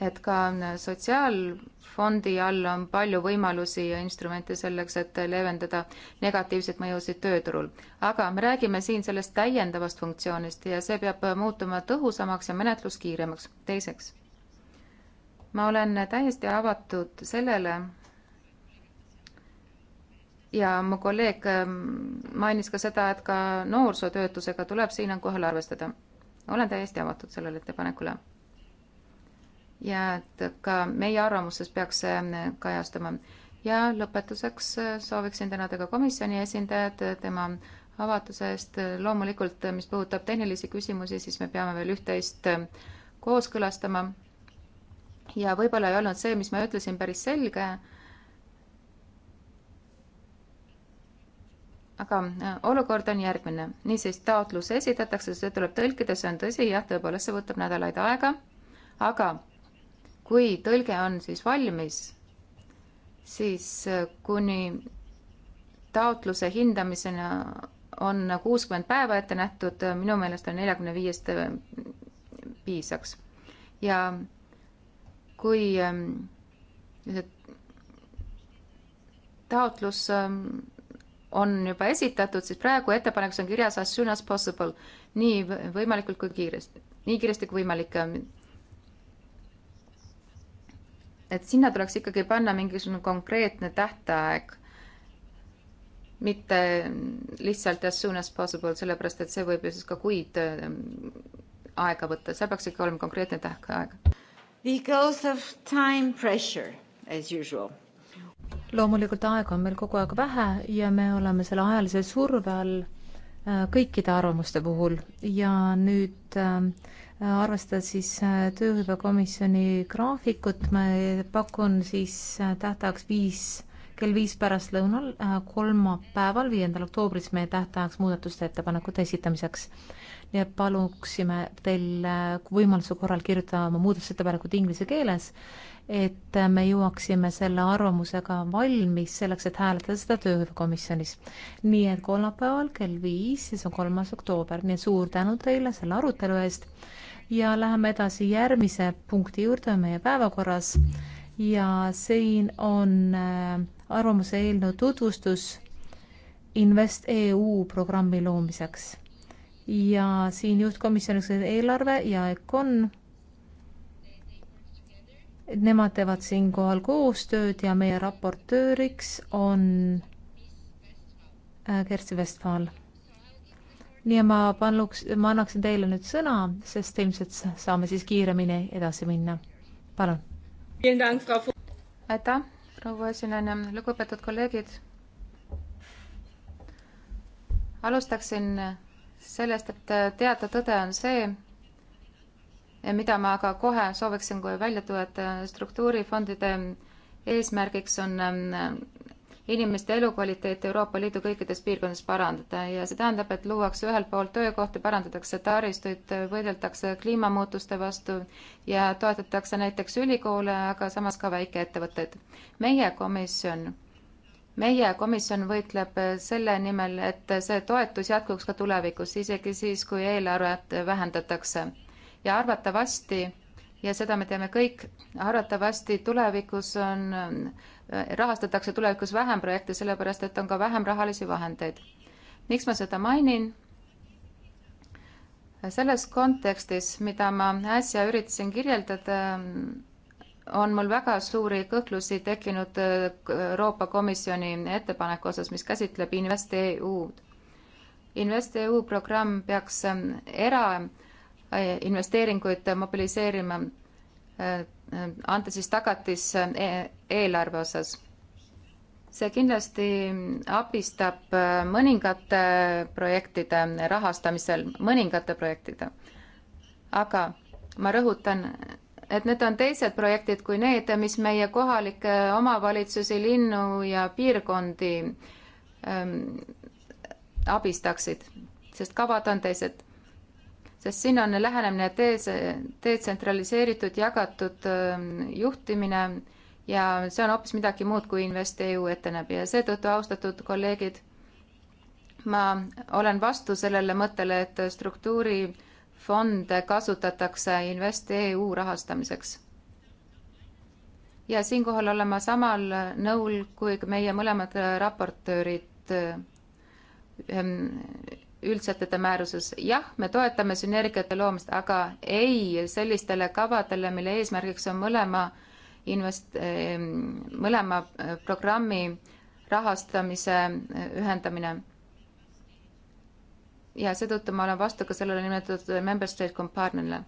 C: et ka sotsiaalfondi all on palju võimalusi ja instrumente selleks, et leevendada negatiivseid mõjusid tööturul. aga me räägime siin sellest täiendavast funktsioonist ja see peab muutuma tõhusamaks ja menetlus kiiremaks. teiseks, ma olen täiesti avatud sellele, ja mu kolleeg mainis ka seda, et ka noorsootöötusega tuleb siinkohal arvestada olen täiesti avatud sellele ettepanekule. ja et ka meie arvamuses peaks see äh, kajastama. ja lõpetuseks äh, sooviksin tänada ka komisjoni esindajat äh, tema avatuse eest. loomulikult, mis puudutab tehnilisi küsimusi, siis me peame veel üht-teist kooskõlastama. ja võib-olla ei olnud see, mis ma ütlesin, päris selge aga äh, olukord on järgmine. niisiis, taotlus esitatakse, see tuleb tõlkida, see on tõsi, jah, tõepoolest, see võtab nädalaid aega, aga kui tõlge on siis valmis, siis äh, kuni taotluse hindamisena on nagu kuuskümmend päeva ette nähtud, äh, minu meelest on neljakümne viiest piisaks. ja kui ähm, taotlus ähm, on juba esitatud, siis praegu ettepanekus on kirjas as soon as possible, nii võimalikult kui kiiresti, nii kiiresti kui võimalik. et sinna tuleks ikkagi panna mingisugune konkreetne tähtaeg, mitte lihtsalt as soon as possible, sellepärast et see võib ju siis ka kuid ähm, aega võtta, seal peaks ikka olema konkreetne
A: tähtaeg. Because of time pressure as usual loomulikult aega on meil kogu aeg vähe ja me oleme selle ajalise surve all äh, kõikide arvamuste puhul ja nüüd äh, arvestades siis äh, tööhõivekomisjoni graafikut, ma pakun siis tähtajaks viis, kell viis pärastlõunal, kolmapäeval, viiendal oktoobril, siis meie tähtajaks muudatuste ettepanekute esitamiseks. nii et paluksime teil võimaluse korral kirjutada oma muudatusettepanekud inglise keeles et me jõuaksime selle arvamusega valmis selleks, et hääletada seda töökomisjonis. nii et kolmapäeval kell viis, siis on kolmas oktoober, nii et suur tänu teile selle arutelu eest ja läheme edasi järgmise punkti juurde meie päevakorras ja siin on äh, arvamuse eelnõu tutvustus InvestEU programmi loomiseks. ja siin juhtkomisjoniks on eelarve ja EKON Nemad teevad siinkohal koostööd ja meie raportööriks on äh, Kersti Vestfaal. nii ja ma paluks, ma annaksin teile nüüd sõna, sest ilmselt saame siis kiiremini edasi minna. palun.
C: aitäh, proua esineja, lugupeetud kolleegid. alustaksin sellest, et teada tõde on see, mida ma aga kohe sooviksin kohe välja tuua, et äh, struktuurifondide eesmärgiks on ähm, inimeste elukvaliteeti Euroopa Liidu kõikides piirkondades parandada ja see tähendab, et luuakse ühelt poolt töökohti, parandatakse taristuid, võideldakse kliimamuutuste vastu ja toetatakse näiteks ülikoole, aga samas ka väikeettevõtteid. meie komisjon, meie komisjon võitleb selle nimel, et see toetus jätkuks ka tulevikus, isegi siis, kui eelarvet vähendatakse ja arvatavasti, ja seda me teame kõik, arvatavasti tulevikus on, äh, rahastatakse tulevikus vähem projekte, sellepärast et on ka vähem rahalisi vahendeid. miks ma seda mainin? selles kontekstis, mida ma äsja üritasin kirjeldada, on mul väga suuri kõhklusi tekkinud äh, Euroopa Komisjoni ettepaneku osas, mis käsitleb InvestEU-d. InvestEU programm peaks äh, era- Äh, investeeringuid mobiliseerima, äh, äh, anda siis tagatis eelarve osas. see kindlasti abistab mõningate projektide rahastamisel, mõningate projektide. aga ma rõhutan, et need on teised projektid kui need, mis meie kohalikke omavalitsusi, linnu ja piirkondi ähm, abistaksid, sest kavad on teised sest siin on lähenemine detsentraliseeritud, jagatud ähm, juhtimine ja see on hoopis midagi muud, kui InvestEU ette näeb ja seetõttu, austatud kolleegid, ma olen vastu sellele mõttele, et struktuurifonde kasutatakse InvestEU rahastamiseks. ja siinkohal olen ma samal nõul kui meie mõlemad raportöörid ähm, üldsätete määruses. jah, me toetame sünergiate loomist, aga ei sellistele kavadele, mille eesmärgiks on mõlema invest-, ehm, mõlema eh, programmi rahastamise eh, ühendamine. ja seetõttu ma olen vastu ka sellele nimetatud member state compartment'ile.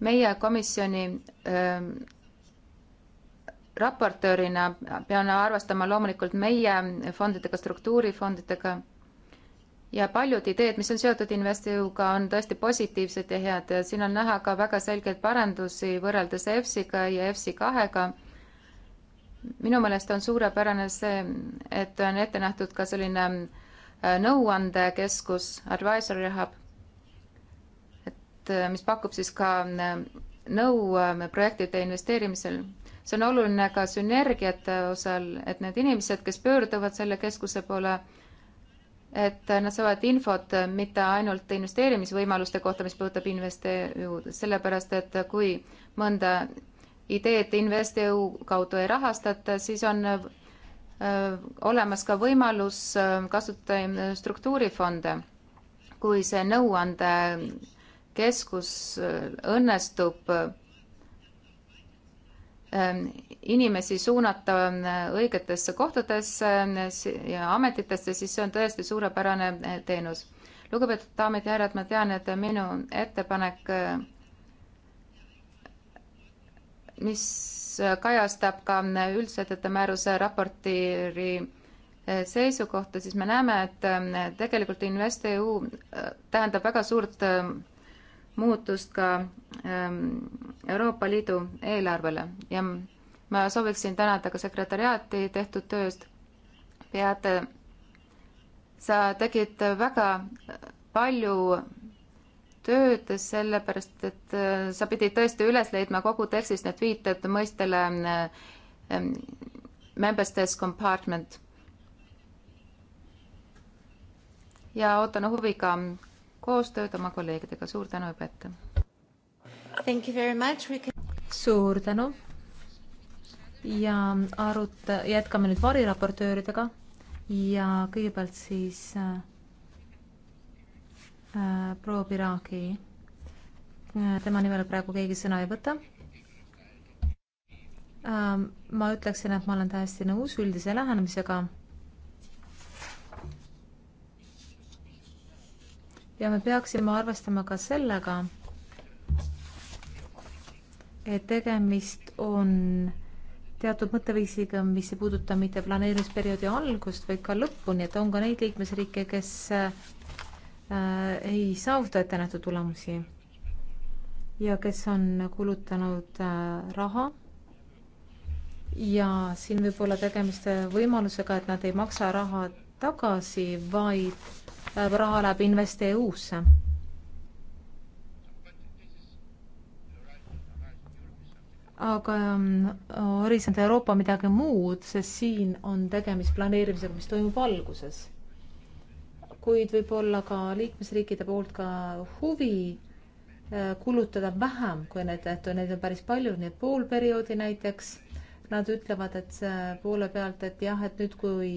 C: meie komisjoni äh, raportöörina peame arvestama loomulikult meie fondidega, struktuurifondidega ja paljud ideed, mis on seotud Investiuga, on tõesti positiivsed ja head. siin on näha ka väga selgeid parandusi võrreldes EFSiga ja EFSi kahega. minu meelest on suurepärane see, et on ette nähtud ka selline äh, nõuandekeskus, advisory hub, et äh, mis pakub siis ka äh, nõu projektide investeerimisel see on oluline ka sünergiate osal, et need inimesed, kes pöörduvad selle keskuse poole, et nad saavad infot mitte ainult investeerimisvõimaluste kohta, mis puudutab investeeringu, sellepärast et kui mõnda ideed investeeringu kaudu ei rahastata, siis on öö, äh, olemas ka võimalus äh, kasutada struktuurifonde. kui see nõuandekeskus äh, õnnestub inimesi suunata ähm, õigetesse kohtadesse ähm, ja ametitesse, siis see on tõesti suurepärane äh, teenus. lugupeetud daamid ja härrad, ma tean, et minu ettepanek, äh, mis kajastab ka äh, üldsätete määruse raportiiri seisukohta, siis me näeme, et ähm, tegelikult InvestEU tähendab väga suurt muutust ka Euroopa Liidu eelarvele ja ma sooviksin tänada ka sekretäriaati tehtud tööst. Beate, sa tegid väga palju tööd, sellepärast et äh, sa pidid tõesti üles leidma kogu tekstis need viited mõistele äh, ähm, member states compartment. ja ootan huviga koostööd oma kolleegidega, suur tänu juba ette!
A: Can... suur tänu, ja arut-, jätkame nüüd variraportööridega ja kõigepealt siis äh, äh proua Piragi äh,. tema nimel praegu keegi sõna ei võta ähm,. ma ütleksin, et ma olen täiesti nõus üldise lähenemisega. ja me peaksime arvestama ka sellega, et tegemist on äh, teatud mõtteviisiga, mis ei puuduta mitte planeerimisperioodi algust, vaid ka lõppu, nii et on ka neid liikmesriike, kes äh, ei saavuta ettenähtud tulemusi ja kes on kulutanud äh, raha ja siin võib olla tegemist äh, võimalusega, et nad ei maksa raha tagasi, vaid raha läheb investeeruusse aga ähm, Horisont Euroopa midagi muud, sest siin on tegemist planeerimisega, mis toimub alguses. kuid võib-olla ka liikmesriikide poolt ka huvi äh, kulutada vähem, kui need, et neid on päris palju, nii et pool perioodi näiteks, nad ütlevad, et äh, poole pealt, et jah, et nüüd, kui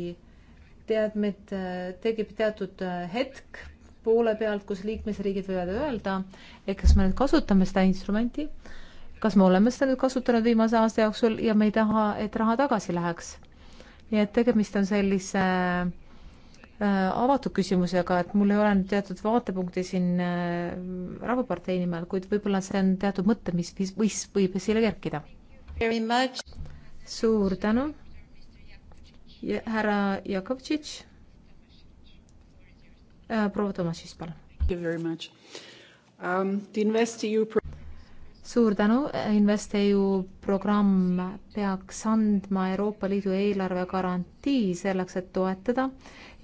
A: teadmed äh, tekib teatud hetk poole pealt, kus liikmesriigid võivad öelda, et kas me nüüd kasutame seda instrumenti äh, kas me oleme seda nüüd kasutanud viimase aasta jooksul ja me ei taha, et raha tagasi läheks. nii et tegemist on sellise äh, avatud küsimusega, et mul ei ole nüüd teatud vaatepunkti siin äh, Rahvapartei nimel, kuid võib-olla see on teatud mõte, mis, mis, mis võib esile kerkida. suur tänu ja,. härra Jakovtšitš äh,. proua Tomašis, palun. Um, the InvestEU suur tänu, InvestEU programm peaks andma Euroopa Liidu eelarve garantii selleks, et toetada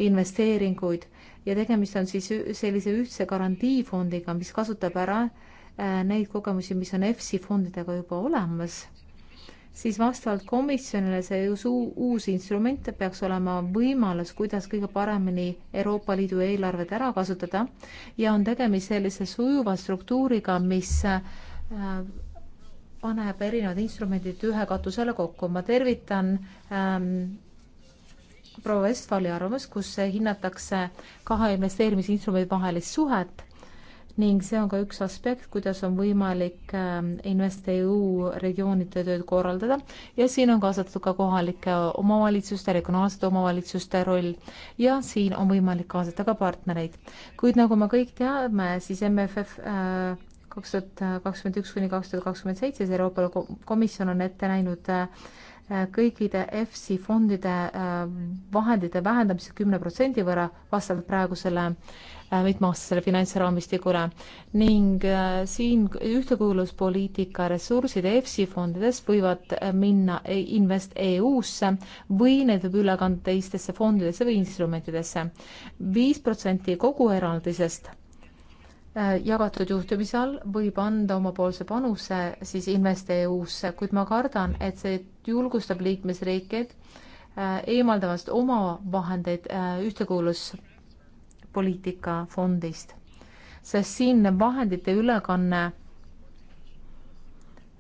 A: investeeringuid ja tegemist on siis sellise ühtse garantiifondiga, mis kasutab ära äh, neid kogemusi, mis on EFSI fondidega juba olemas, siis vastavalt komisjonile see uus, uus instrument peaks olema võimalus, kuidas kõige paremini Euroopa Liidu eelarvet ära kasutada ja on tegemist sellise sujuva struktuuriga, mis äh, Äh, paneb erinevad instrumendid ühe katusele kokku. ma tervitan ähm, proua Vestfali arvamust, kus hinnatakse kahe investeerimisinstrumendi vahelist suhet ning see on ka üks aspekt, kuidas on võimalik ähm, InvestEU regioonide tööd korraldada ja siin on kaasatud ka kohalike omavalitsuste, regionaalsete omavalitsuste roll ja siin on võimalik kaasata ka partnereid. kuid nagu me kõik teame, siis MFF äh, kaks tuhat kakskümmend üks kuni kaks tuhat kakskümmend seitse, siis Euroopa Komisjon on ette näinud äh, kõikide EFSI fondide äh, vahendite vähendamise kümne protsendi võrra vastavalt praegusele äh, mitmeaastasele finantsraamistikule ning siin ühtekuuluvuspoliitika ressursid EFSI fondides võivad minna e-, invest EU-sse või need võib üle kanda teistesse fondidesse või instrumentidesse. viis protsenti kogu eraldisest Äh, jagatud juhtimise all võib anda omapoolse panuse siis InvestEU-sse, kuid ma kardan, et see julgustab liikmesriikeid äh, eemaldamast oma vahendeid äh, ühtekuuluvuspoliitika fondist, sest siin vahendite ülekanne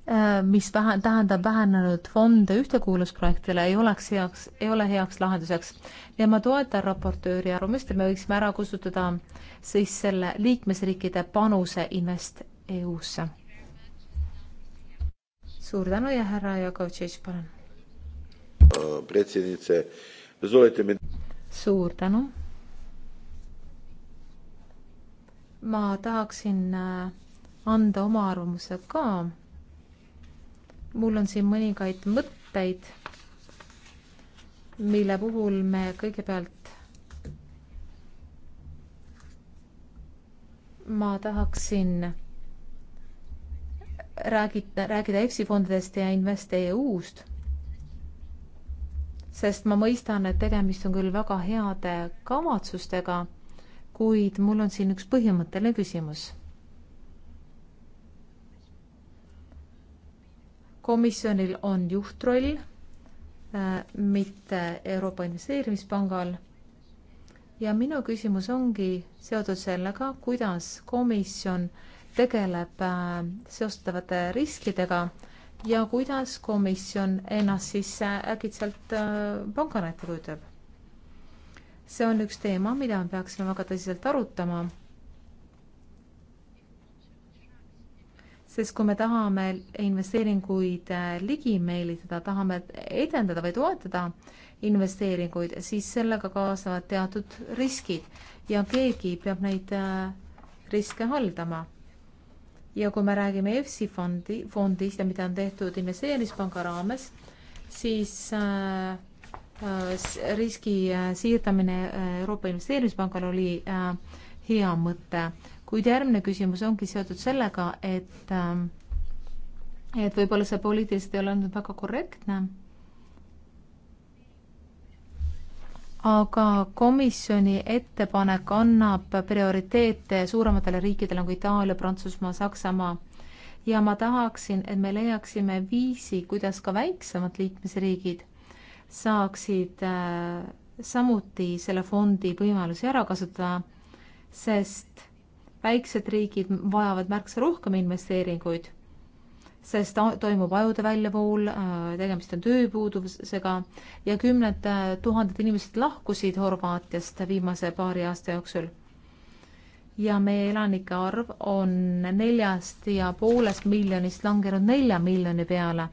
A: Äh, mis vähe, tähendab vähenenud fonde ühtekuuluvusprojektile, ei oleks heaks, ei ole heaks lahenduseks. ja ma toetan raportööri arvamust ja me võiksime ära kustutada siis selle liikmesriikide panuse invest EU-sse. suur tänu ja härra Jakovtšitš, palun. suur tänu. ma tahaksin äh, anda oma arvamuse ka mul on siin mõningaid mõtteid, mille puhul me kõigepealt ma tahaksin räägida, rääkida EFSI-fondidest ja InvestEU-st, sest ma mõistan, et tegemist on küll väga heade kavatsustega, kuid mul on siin üks põhimõtteline küsimus komisjonil on juhtroll, äh, mitte Euroopa Investeerimispangal. ja minu küsimus ongi seotud sellega, kuidas komisjon tegeleb äh, seostatavate riskidega ja kuidas komisjon ennast siis äh, äkitselt pangana ette kujutab. see on üks teema, mida me peaksime väga tõsiselt arutama sest kui me tahame investeeringuid äh, ligi meelitada, tahame edendada või toetada investeeringuid, siis sellega kaasnevad teatud riskid ja keegi peab neid äh, riske haldama. ja kui me räägime EFSI fondi, fondist ja mida on tehtud investeerimispanga raames, siis äh, äh riski siirdamine Euroopa Investeerimispangale oli äh, hea mõte kuid järgmine küsimus ongi seotud sellega, et ähm, et võib-olla see poliitiliselt ei ole olnud väga korrektne, aga komisjoni ettepanek annab prioriteete suurematele riikidele nagu Itaalia, Prantsusmaa, Saksamaa ja ma tahaksin, et me leiaksime viisi, kuidas ka väiksemad liikmesriigid saaksid äh, samuti selle fondi võimalusi ära kasutada, sest väiksed riigid vajavad märksa rohkem investeeringuid, sest toimub ajude väljavool, äh, tegemist on tööpuudusega ja kümned äh, tuhanded inimesed lahkusid Horvaatiast viimase paari aasta jooksul. ja meie elanike arv on neljast ja poolest miljonist langenud nelja miljoni peale.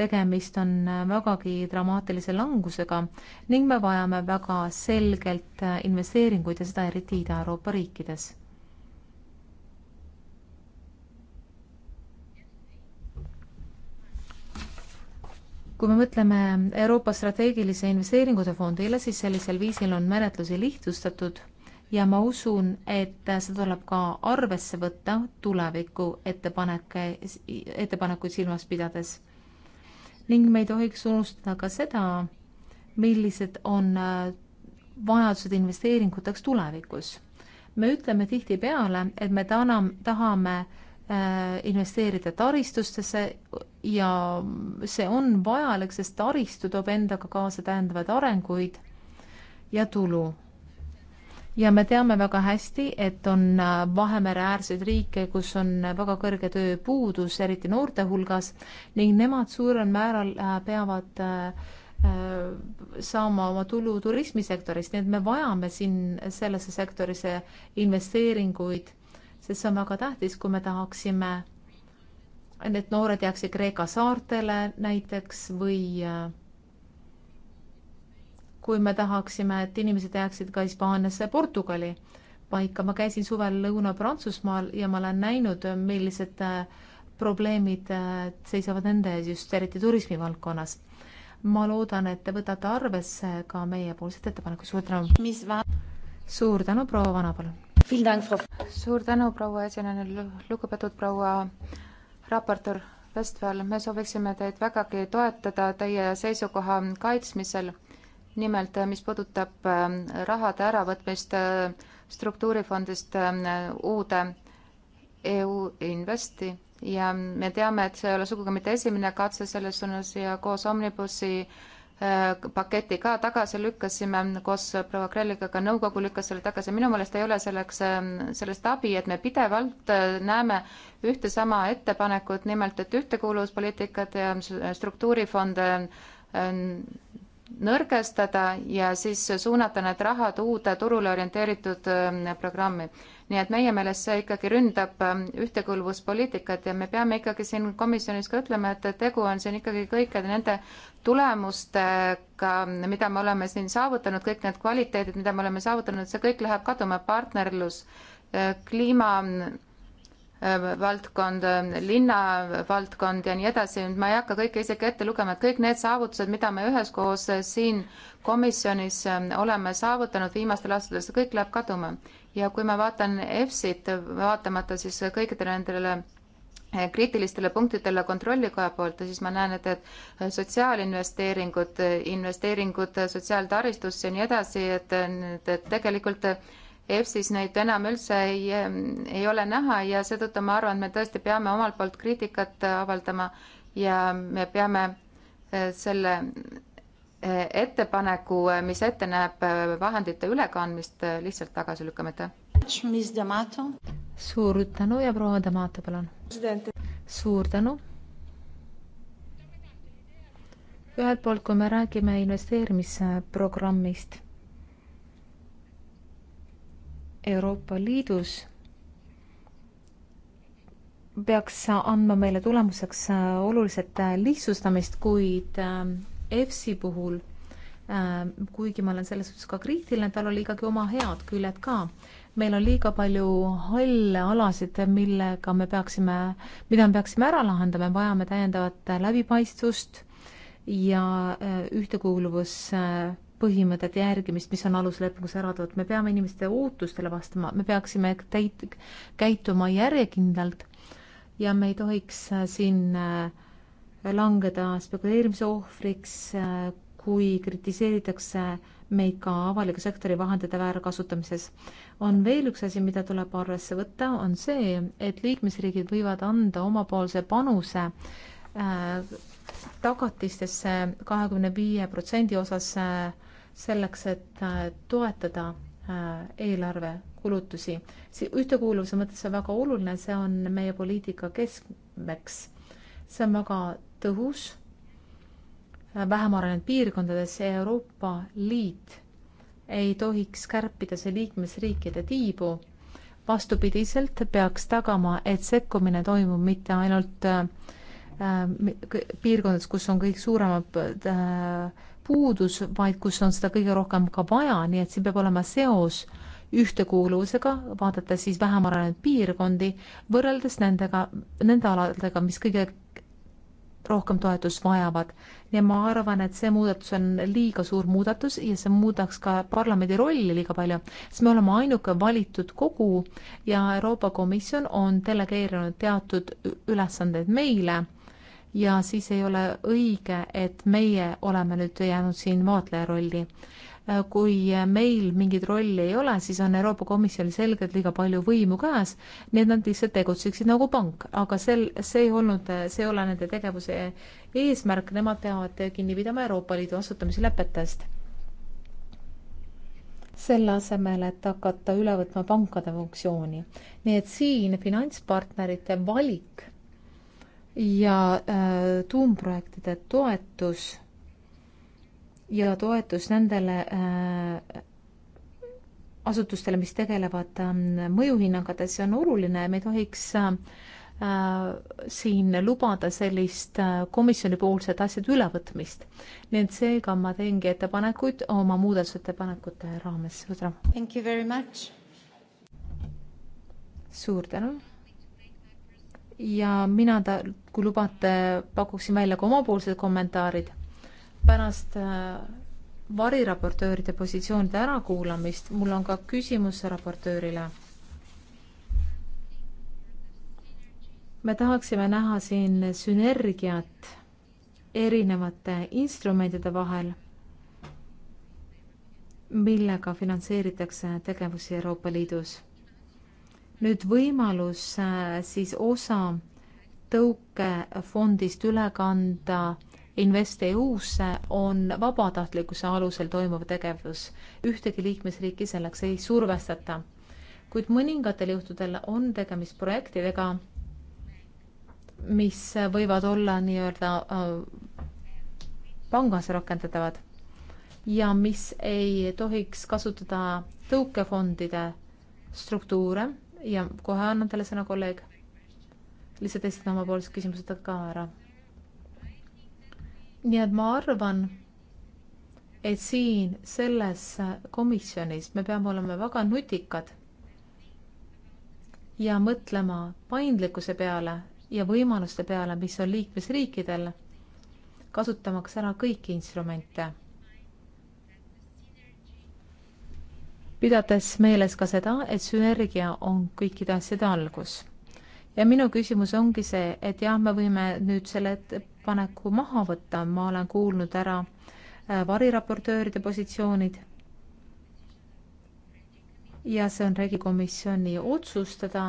A: tegemist on äh, vägagi dramaatilise langusega ning me vajame väga selgelt investeeringuid ja seda eriti Ida-Euroopa riikides kui me mõtleme Euroopa strateegilise investeeringute fondile, siis sellisel viisil on menetlusi lihtsustatud ja ma usun, et seda tuleb ka arvesse võtta tuleviku ettepaneke, ettepanekuid silmas pidades. ning me ei tohiks unustada ka seda, millised on äh, vajadused investeeringuteks tulevikus. me ütleme tihtipeale, et me täna tahame äh, investeerida taristustesse, ja see on vajalik, sest taristu toob endaga kaasa täiendavaid arenguid ja tulu ja me teame väga hästi, et on äh, Vahemere-äärseid riike, kus on äh, väga kõrge tööpuudus, eriti noorte hulgas, ning nemad suurel määral äh, peavad saama oma tulu turismisektorist, nii et me vajame siin sellesse sektorisse investeeringuid, sest see on väga tähtis, kui me tahaksime et noored jääksid Kreeka saartele näiteks või äh, kui me tahaksime, et inimesed jääksid ka Hispaaniasse, Portugali paika. ma käisin suvel Lõuna-Prantsusmaal ja ma olen näinud, millised äh, probleemid äh, seisavad nende ees just eriti turismivaldkonnas. ma loodan, et te võtate arvesse ka meiepoolset ettepanekut, suur tänu. suur tänu, proua Vana, palun.
C: suur tänu, proua esineja, lugupeetud proua raportöör Vestfäl, me sooviksime teid vägagi toetada teie seisukoha kaitsmisel, nimelt äh, mis puudutab äh, rahade äravõtmist äh, struktuurifondist uude EU Investi ja me teame, et see ei ole sugugi mitte esimene katse selles suunas ja koos Omnibussi Äh, paketi ka tagasi lükkasime koos proua Krelliga, ka nõukogu lükkas selle tagasi, minu meelest ei ole selleks, ähm, sellest abi, et me pidevalt äh, näeme ühte sama ettepanekut, nimelt et ühtekuuluvuspoliitikat ja struktuurifonde ähm, nõrgestada ja siis suunata need rahad uude turule orienteeritud ähm, programmi nii et meie meelest see ikkagi ründab ähm, ühtekuuluvuspoliitikat ja me peame ikkagi siin komisjonis ka ütlema, et tegu on siin ikkagi kõikide nende tulemustega, mida me oleme siin saavutanud, kõik need kvaliteedid, mida me oleme saavutanud, see kõik läheb kaduma, partnerlus, äh, kliima äh, valdkond, linnavaldkond ja nii edasi, ma ei hakka kõike isegi ette lugema, et kõik need saavutused, mida me üheskoos siin komisjonis ähm, oleme saavutanud viimastel aastatel, see kõik läheb kaduma ja kui ma vaatan EFSit, vaatamata siis kõikidele nendele eh, kriitilistele punktidele kontrollikoja poolt, siis ma näen, et, et sotsiaalinvesteeringud, investeeringud sotsiaaltaristusse ja nii edasi, et, et tegelikult EFSis neid enam üldse ei, ei ole näha ja seetõttu ma arvan, et me tõesti peame omalt poolt kriitikat avaldama ja me peame eh, selle ettepaneku, mis ette näeb äh, vahendite ülekandmist, äh, lihtsalt tagasi lükkame,
A: aitäh. suur tänu ja proua Damato, palun. suur tänu. ühelt poolt, kui me räägime investeerimisprogrammist Euroopa Liidus, peaks andma meile tulemuseks äh, oluliselt lihtsustamist, kuid EFSi puhul, ähm, kuigi ma olen selles suhtes ka kriitiline, tal oli ikkagi oma head küljed ka. meil on liiga palju halle alasid, millega me peaksime, mida me peaksime ära lahendama, vajame täiendavat läbipaistvust ja äh, ühtekuuluvuspõhimõtete järgimist, mis on aluslepingus ära toodud, me peame inimeste ootustele vastama, me peaksime täit-, käituma järjekindlalt ja me ei tohiks äh, siin äh, langeda spekuleerimise ohvriks, kui kritiseeritakse meid ka avaliku sektori vahendite väärkasutamises. on veel üks asi, mida tuleb arvesse võtta, on see, et liikmesriigid võivad anda omapoolse panuse äh, tagatistesse kahekümne viie protsendi osas äh, selleks, et äh, toetada äh, eelarvekulutusi. ühtekuuluvuse mõttes on väga oluline, see on meie poliitika keskmeks. see on väga tõhus äh, vähem arenenud piirkondades Euroopa Liit ei tohiks kärpida see liikmesriikide tiibu. vastupidiselt peaks tagama, et sekkumine toimub mitte ainult äh, äh piirkondades, kus on kõik suuremad äh, puudus, vaid kus on seda kõige rohkem ka vaja, nii et siin peab olema seos ühtekuuluvusega, vaadates siis vähem arenenud piirkondi, võrreldes nendega, nende aladega, mis kõige rohkem toetust vajavad. ja ma arvan, et see muudatus on liiga suur muudatus ja see muudaks ka parlamendi rolli liiga palju, sest me oleme ainuke valitud kogu ja Euroopa Komisjon on delegeerinud teatud ülesandeid meile ja siis ei ole õige, et meie oleme nüüd jäänud siin vaatleja rolli. Äh, kui meil mingit rolli ei ole, siis on Euroopa Komisjonil selgelt liiga palju võimu käes, nii et nad lihtsalt tegutseksid nagu pank, aga sel, see ei olnud, see ei ole nende tegevuse eesmärk, nemad peavad kinni pidama Euroopa Liidu asutamise lepetest. selle asemel, et hakata üle võtma pankade funktsiooni. nii et siin finantspartnerite valik ja äh, tuumprojektide toetus ja toetus nendele äh, asutustele, mis tegelevad ähm, mõjuhinnangutega, see on oluline, me ei tohiks äh, siin lubada sellist äh, komisjonipoolset asjade ülevõtmist. nii et seega ma teengi ettepanekuid oma muudatusettepanekute raames. suur tänu. ja mina ta, kui lubate, pakuksin välja ka omapoolsed kommentaarid pärast äh, variraportööride positsioonide ärakuulamist mul on ka küsimus raportöörile. me tahaksime näha siin sünergiat erinevate instrumentide vahel, millega finantseeritakse tegevusi Euroopa Liidus. nüüd võimalus äh, siis osa tõukefondist üle kanda InvestEU-sse on vabatahtlikkuse alusel toimuv tegevus. ühtegi liikmesriiki selleks ei survestata. kuid mõningatel juhtudel on tegemist projektidega, mis võivad olla nii-öelda äh, pangas rakendatavad ja mis ei tohiks kasutada tõukefondide struktuure ja kohe annan talle sõna, kolleeg. lihtsalt esitan omapoolsed küsimused ka ära nii et ma arvan, et siin selles komisjonis me peame olema väga nutikad ja mõtlema paindlikkuse peale ja võimaluste peale, mis on liikmesriikidel, kasutamaks ära kõiki instrumente. pidades meeles ka seda, et sünergia on kõikide asjade algus. ja minu küsimus ongi see, et jah, me võime nüüd selle ettepaneku maha võtta, ma olen kuulnud ära äh, variraportööride positsioonid. ja see on regikomisjoni otsustada,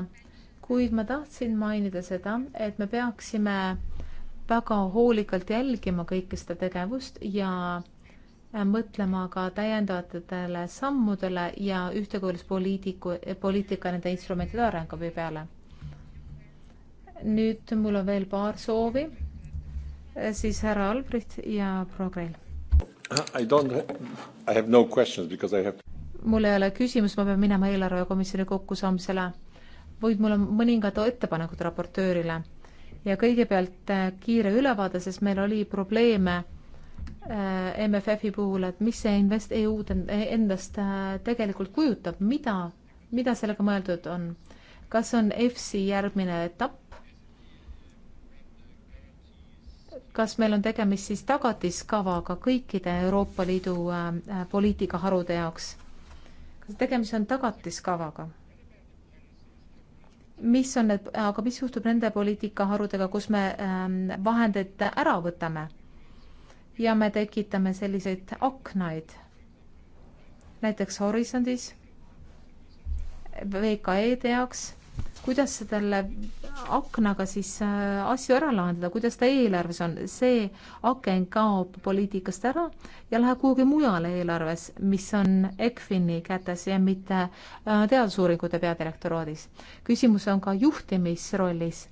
A: kuid ma tahtsin mainida seda, et me peaksime väga hoolikalt jälgima kõike seda tegevust ja äh, mõtlema ka täiendavatele sammudele ja ühtekuuluvuspoliitiku, poliitika nende instrumentide arengu peale. nüüd mul on veel paar soovi Eh, siis härra Albrecht ja proua Kreel.
B: I don't, I have no questions because I have
A: mul ei ole küsimus, ma pean minema eelarvekomisjoni kokkusaamisele, vaid mul on mõningad ettepanekud raportöörile. ja kõigepealt eh, kiire ülevaade, sest meil oli probleeme eh, MFF-i puhul, et mis see invest EU e, endast tegelikult kujutab, mida, mida sellega mõeldud on? kas on EFSI järgmine etapp kas meil on tegemist siis tagatiskavaga kõikide Euroopa Liidu äh, äh, poliitikaharude jaoks? kas tegemist on tagatiskavaga? mis on need, aga mis juhtub nende poliitikaharudega, kus me ähm, vahendeid ära võtame ja me tekitame selliseid aknaid, näiteks Horisondis, VKE-de jaoks kuidas selle aknaga siis äh, asju ära lahendada, kuidas ta eelarves on, see aken kaob poliitikast ära ja läheb kuhugi mujale eelarves, mis on ECFIN-i kätes ja mitte äh, teadusuuringute peadirektoraadis. küsimus on ka juhtimisrollis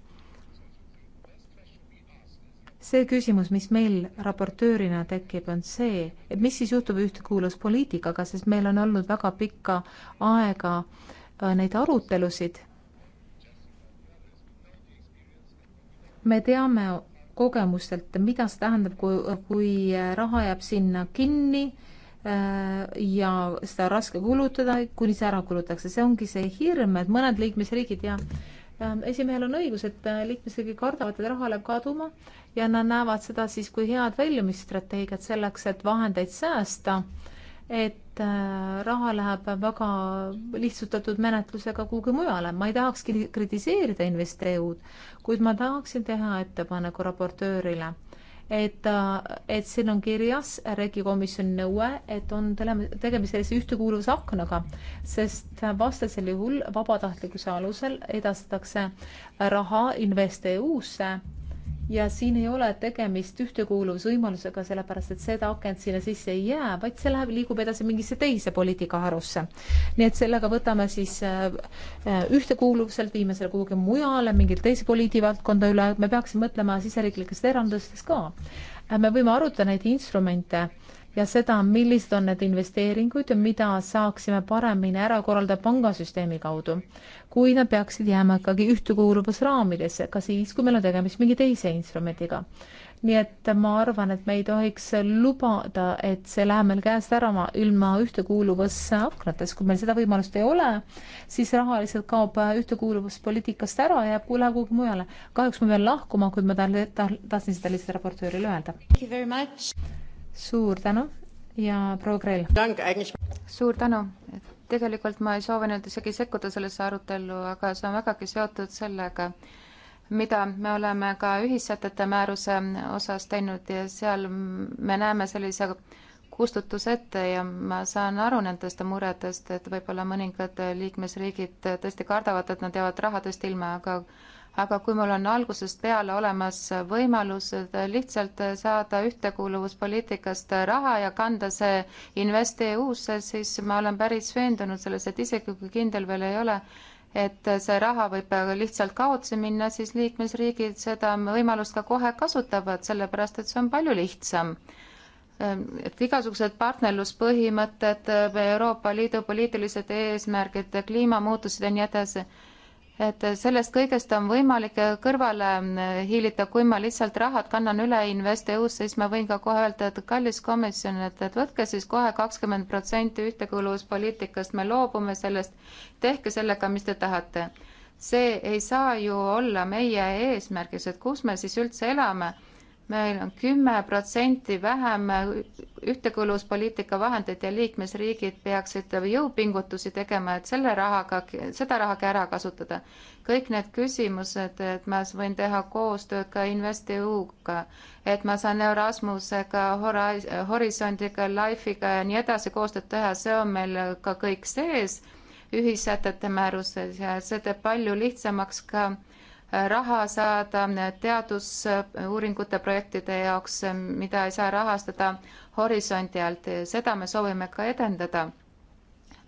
A: see küsimus, mis meil raportöörina tekib, on see, et mis siis juhtub ühtekuuluvuspoliitikaga, sest meil on olnud väga pikka aega äh, neid arutelusid me teame kogemustelt, mida see tähendab, kui, kui äh, raha jääb sinna kinni äh, ja seda on raske kulutada, kuni see ära kulutatakse. see ongi see hirm, et mõned liikmesriigid ja ähm, esimehel on õigus, et äh, liikmesriigid kardavad, et raha läheb kaduma ja nad näevad seda siis kui head väljumisstrateegiat selleks, et vahendeid säästa äh, et äh, raha läheb väga lihtsustatud menetlusega kuhugi mujale. ma ei tahaks kritiseerida investeerud, kuid ma tahaksin teha ettepaneku raportöörile, et, äh, et siin on kirjas REKI komisjoni nõue, et on tegemist sellise ühtekuuluvusaknaga, sest vastasel juhul vabatahtlikkuse alusel edastatakse raha investeeruusse ja siin ei ole tegemist ühtekuuluvusvõimalusega, sellepärast et seda akent sinna sisse ei jää, vaid see läheb, liigub edasi mingisse teise poliitikaharusse. nii et sellega võtame siis äh, ühtekuuluvuselt, viime selle kuhugi mujale, mingil teise poliitivaldkonda üle, me peaksime mõtlema siseriiklikest erandustest ka. Äh, me võime arutada neid instrumente ja seda, millised on need investeeringud ja mida saaksime paremini ära korraldada pangasüsteemi kaudu. kui nad peaksid jääma ikkagi ühtekuuluvusraamidesse, ka siis, kui meil on tegemist mingi teise instrumendiga. nii et ma arvan, et me ei tohiks lubada, et see läheb meil käest ära ilma ühtekuuluvusaknates, kui meil seda võimalust ei ole, siis raha lihtsalt kaob äh, ühtekuuluvuspoliitikast ära ja jääb kuhugi mujale. kahjuks ma pean lahkuma, kuid ma tahtsin seda lihtsalt raportöörile öelda suur tänu ja proua Kreel.
C: suur tänu. tegelikult ma ei soovinud isegi sekkuda sellesse arutellu, aga see on vägagi seotud sellega, mida me oleme ka ühissätete määruse osas teinud ja seal me näeme sellise kustutuse ette ja ma saan aru nendest muredest, et võib-olla mõningad liikmesriigid tõesti kardavad, et nad jäävad rahadest ilma, aga aga kui mul on algusest peale olemas võimalus lihtsalt saada ühtekuuluvuspoliitikast raha ja kanda see InvestEU-sse, siis ma olen päris veendunud selles, et isegi kui kindel veel ei ole, et see raha võib lihtsalt kaotsi minna, siis liikmesriigid seda võimalust ka kohe kasutavad, sellepärast et see on palju lihtsam. et igasugused partnerluspõhimõtted, Euroopa Liidu poliitilised eesmärgid, kliimamuutused ja nii edasi et sellest kõigest on võimalik kõrvale hiilida, kui ma lihtsalt rahad kannan üle InvestEU-sse, siis ma võin ka kohe öelda, et kallis komisjon, et, et võtke siis kohe kakskümmend protsenti ühtekuuluvuspoliitikast, me loobume sellest, tehke sellega, mis te tahate. see ei saa ju olla meie eesmärgis, et kus me siis üldse elame meil on kümme protsenti vähem ühtekuuluvuspoliitika vahendeid ja liikmesriigid peaksid jõupingutusi tegema, et selle rahaga, seda raha ka ära kasutada. kõik need küsimused, et ma võin teha koostööd ka InvestEU-ga, et ma saan Erasmusega, Horisondiga, Life'iga ja nii edasi koostööd teha, see on meil ka kõik sees ühissätete määruses ja see teeb palju lihtsamaks ka raha saada teadusuuringute projektide jaoks, mida ei saa rahastada horisondi alt, seda me soovime ka edendada.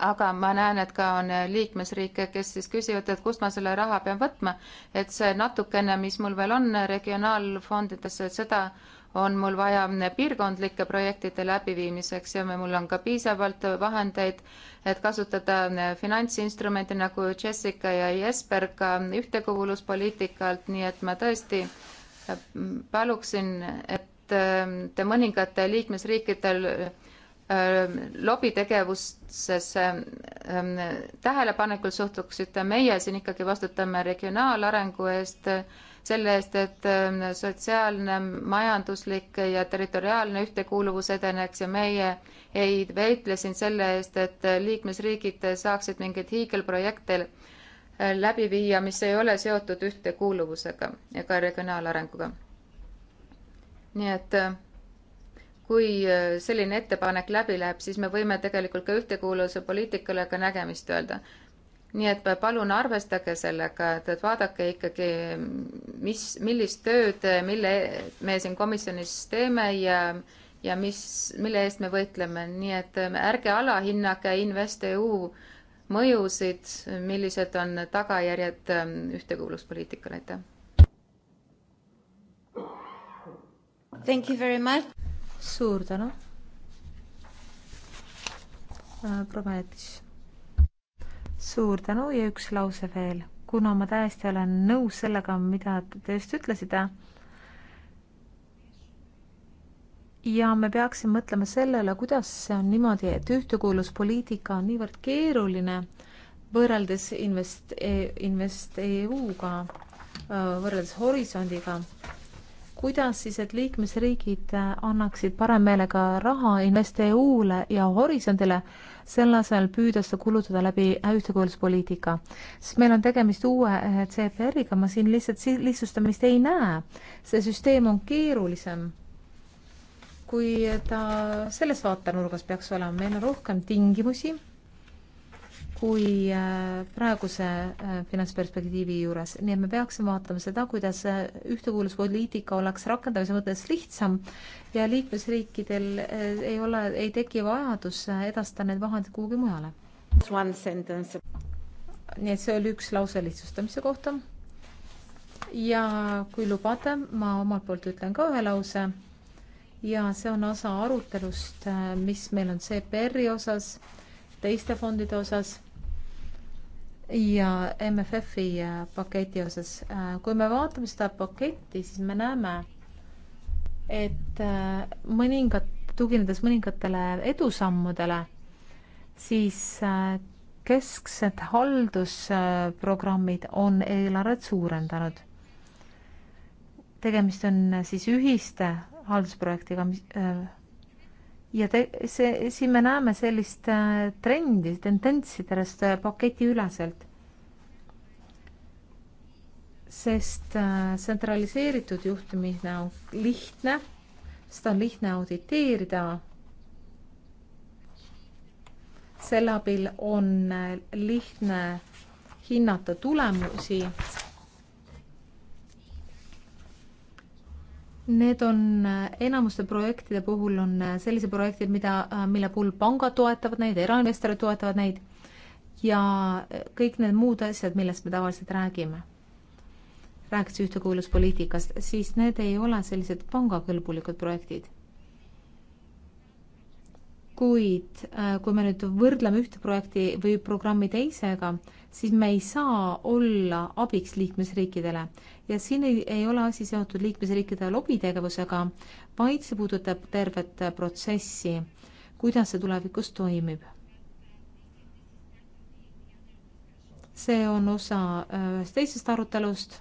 C: aga ma näen, et ka on liikmesriike, kes siis küsivad, et kust ma selle raha pean võtma, et see natukene, mis mul veel on regionaalfondidesse, seda on mul vaja piirkondlike projektide läbiviimiseks ja mul on ka piisavalt vahendeid, et kasutada finantsinstrumente nagu Jessica ja Jesper ka ühtekuuluvuspoliitikalt, nii et ma tõesti paluksin, et ähm, te mõningate liikmesriikidel ähm, lobitegevusesse ähm, tähelepanelikult suhtuksite, meie siin ikkagi vastutame regionaalarengu eest selle eest, et ähm, sotsiaalne, majanduslik ja territoriaalne ühtekuuluvus edeneks ja meie ei väitle siin selle eest, et liikmesriigid saaksid mingeid hiigelprojekte äh, läbi viia, mis ei ole seotud ühtekuuluvusega ega regionaalarenguga. nii et äh, kui äh, selline ettepanek läbi läheb, siis me võime tegelikult ka ühtekuuluvuse poliitikale ka nägemist öelda nii et palun arvestage sellega, et, et vaadake ikkagi, mis, millist tööd, mille me siin komisjonis teeme ja, ja mis, mille eest me võitleme, nii et ärge alahinnake InvestEU mõjusid, millised on tagajärjed ähm, ühtekuuluvuspoliitikale, aitäh.
A: Thank you very much. suur tänu. Äh, proua Mäetis suur tänu ja üks lause veel. kuna ma täiesti olen nõus sellega, mida te just ütlesite, ja me peaksime mõtlema sellele, kuidas see on niimoodi, et ühtekuuluvuspoliitika on niivõrd keeruline võrreldes invest-, investeeruga, võrreldes horisondiga, kuidas siis, et liikmesriigid annaksid parem meelega raha investeeruule ja horisondile, selle asemel püüda seda kulutada läbi äh, ühtekuuluvuspoliitika. sest meil on tegemist uue äh, CPR-iga, ma siin lihtsalt lihtsustamist ei näe. see süsteem on keerulisem, kui ta selles vaatenurgas peaks olema, meil on rohkem tingimusi kui äh, praeguse äh, finantsperspektiivi juures, nii et me peaksime vaatama seda, kuidas äh, ühtekuuluvuspoliitika oleks rakendamise mõttes lihtsam ja liikmesriikidel ei ole, ei teki vajadus edastada need vahendid kuhugi mujale. nii et see oli üks lause lihtsustamise kohta. ja kui lubate, ma omalt poolt ütlen ka ühe lause ja see on osa arutelust, mis meil on CPR-i osas, teiste fondide osas ja MFF-i äh, paketi osas. Äh, kui me vaatame seda paketti, siis me näeme, et äh, mõningad, tuginedes mõningatele edusammudele, siis kesksed haldusprogrammid on eelarvet suurendanud. tegemist on siis ühiste haldusprojektiga, mis äh, ja te, see, siin me näeme sellist äh, trendi, tendentsi sellest äh, paketiüleselt. sest äh, tsentraliseeritud juhtimine on lihtne, seda on lihtne auditeerida. selle abil on lihtne hinnata tulemusi Need on äh, enamuste projektide puhul on äh, sellised projektid, mida, äh, mille puhul pangad toetavad neid, erainvestorid toetavad neid ja kõik need muud asjad, millest me tavaliselt räägime. rääkides ühtekuuluvuspoliitikast, siis need ei ole sellised pangakõlbulikud projektid. kuid kui me nüüd võrdleme ühte projekti või programmi teisega, siis me ei saa olla abiks liikmesriikidele ja siin ei, ei ole asi seotud liikmesriikide lobitegevusega, vaid see puudutab tervet äh, protsessi, kuidas see tulevikus toimib. see on osa ühest äh, teisest arutelust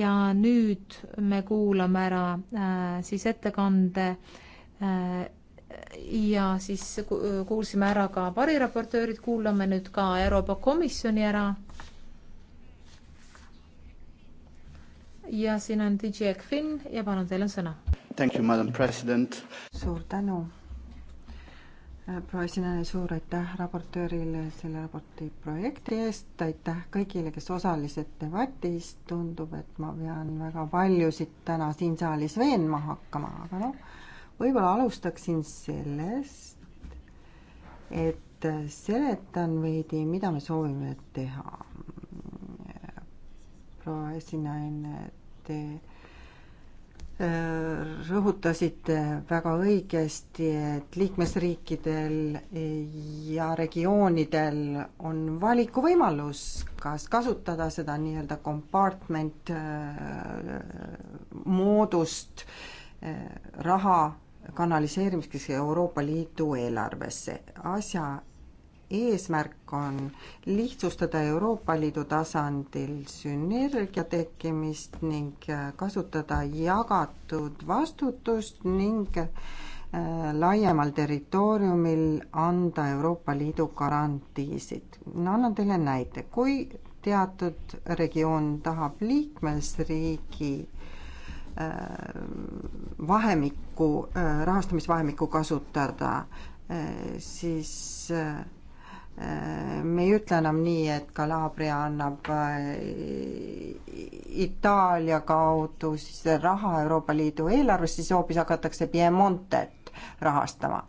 A: ja nüüd me kuulame ära äh, siis ettekande äh, ja siis kuulsime ära ka variraportöörid, kuulame nüüd ka Euroopa Komisjoni ära ja siin on DJ
B: Ekfin ja palun, teil on sõna. Thank you, madam president. suur tänu. Äh, proua esineja, suur aitäh raportöörile selle raporti projekti eest, aitäh kõigile, kes osalesid debatis, tundub, et ma pean väga paljusid täna siin saalis veenma hakkama, aga noh, võib-olla alustaksin sellest, et seletan veidi, mida me soovime teha proua esinaine, te äh, rõhutasite väga õigesti, et liikmesriikidel ja regioonidel on valikuvõimalus, kas kasutada seda nii-öelda compartment äh, moodust äh, raha kanaliseerimiseks Euroopa Liidu eelarvesse. asja eesmärk on lihtsustada Euroopa Liidu tasandil sünergia tekkimist ning äh, kasutada jagatud vastutust ning äh, laiemal territooriumil anda Euroopa Liidu garantiisid. no annan teile näite, kui teatud regioon tahab liikmesriigi äh, vahemikku, rahastamisvahemikku kasutada, siis Äh, me ei ütle enam nii, et Calabria annab äh, Itaalia kaudu siis raha Euroopa Liidu eelarvest, siis hoopis hakatakse Piemontet rahastama.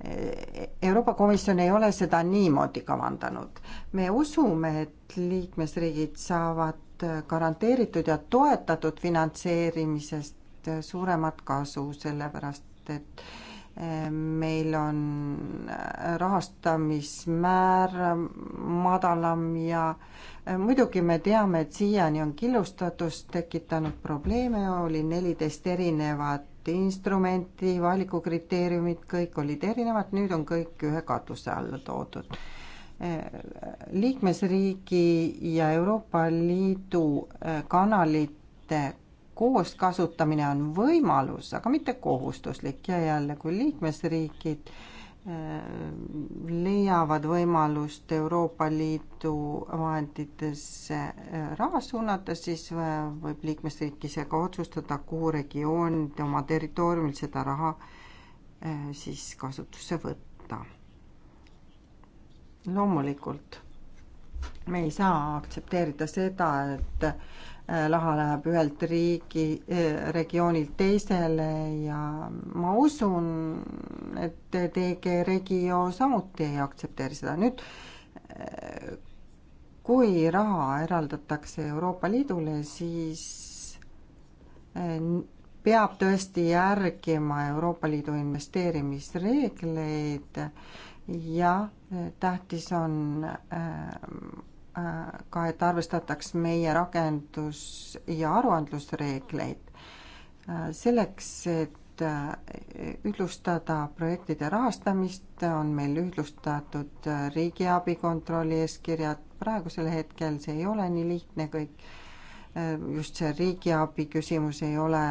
B: Äh, Euroopa Komisjon ei ole seda niimoodi kavandanud. me usume, et liikmesriigid saavad garanteeritud ja toetatud finantseerimisest suuremat kasu, sellepärast et äh, meil on äh, rahastamismäär madalam ja äh, muidugi me teame, et siiani on killustatus tekitanud probleeme, oli neliteist erinevat instrumenti, valikukriteeriumid, kõik olid erinevad, nüüd on kõik ühe katuse alla toodud. Äh, liikmesriigi ja Euroopa Liidu kanalite kooskasutamine on võimalus, aga mitte kohustuslik ja jälle, kui liikmesriigid äh, leiavad võimalust Euroopa Liidu vahenditesse äh, raha suunata, siis äh, võib liikmesriik ise ka otsustada, kuhu regioonide oma territooriumil seda raha siis kasutusse võtta. loomulikult me ei saa aktsepteerida seda, et Äh, raha läheb ühelt riigi, äh, regioonilt teisele ja ma usun, et DG Regio samuti ei aktsepteeri seda. nüüd äh, kui raha eraldatakse Euroopa Liidule, siis peab tõesti järgima Euroopa Liidu investeerimisreegleid ja tähtis on ka, et arvestataks meie rakendus- ja aruandlusreegleid. Äh, selleks, et äh, ühtlustada projektide rahastamist, on meil ühtlustatud äh, riigiabi kontrolli eeskirjad, praegusel hetkel see ei ole nii lihtne kõik, just see riigiabi küsimus ei ole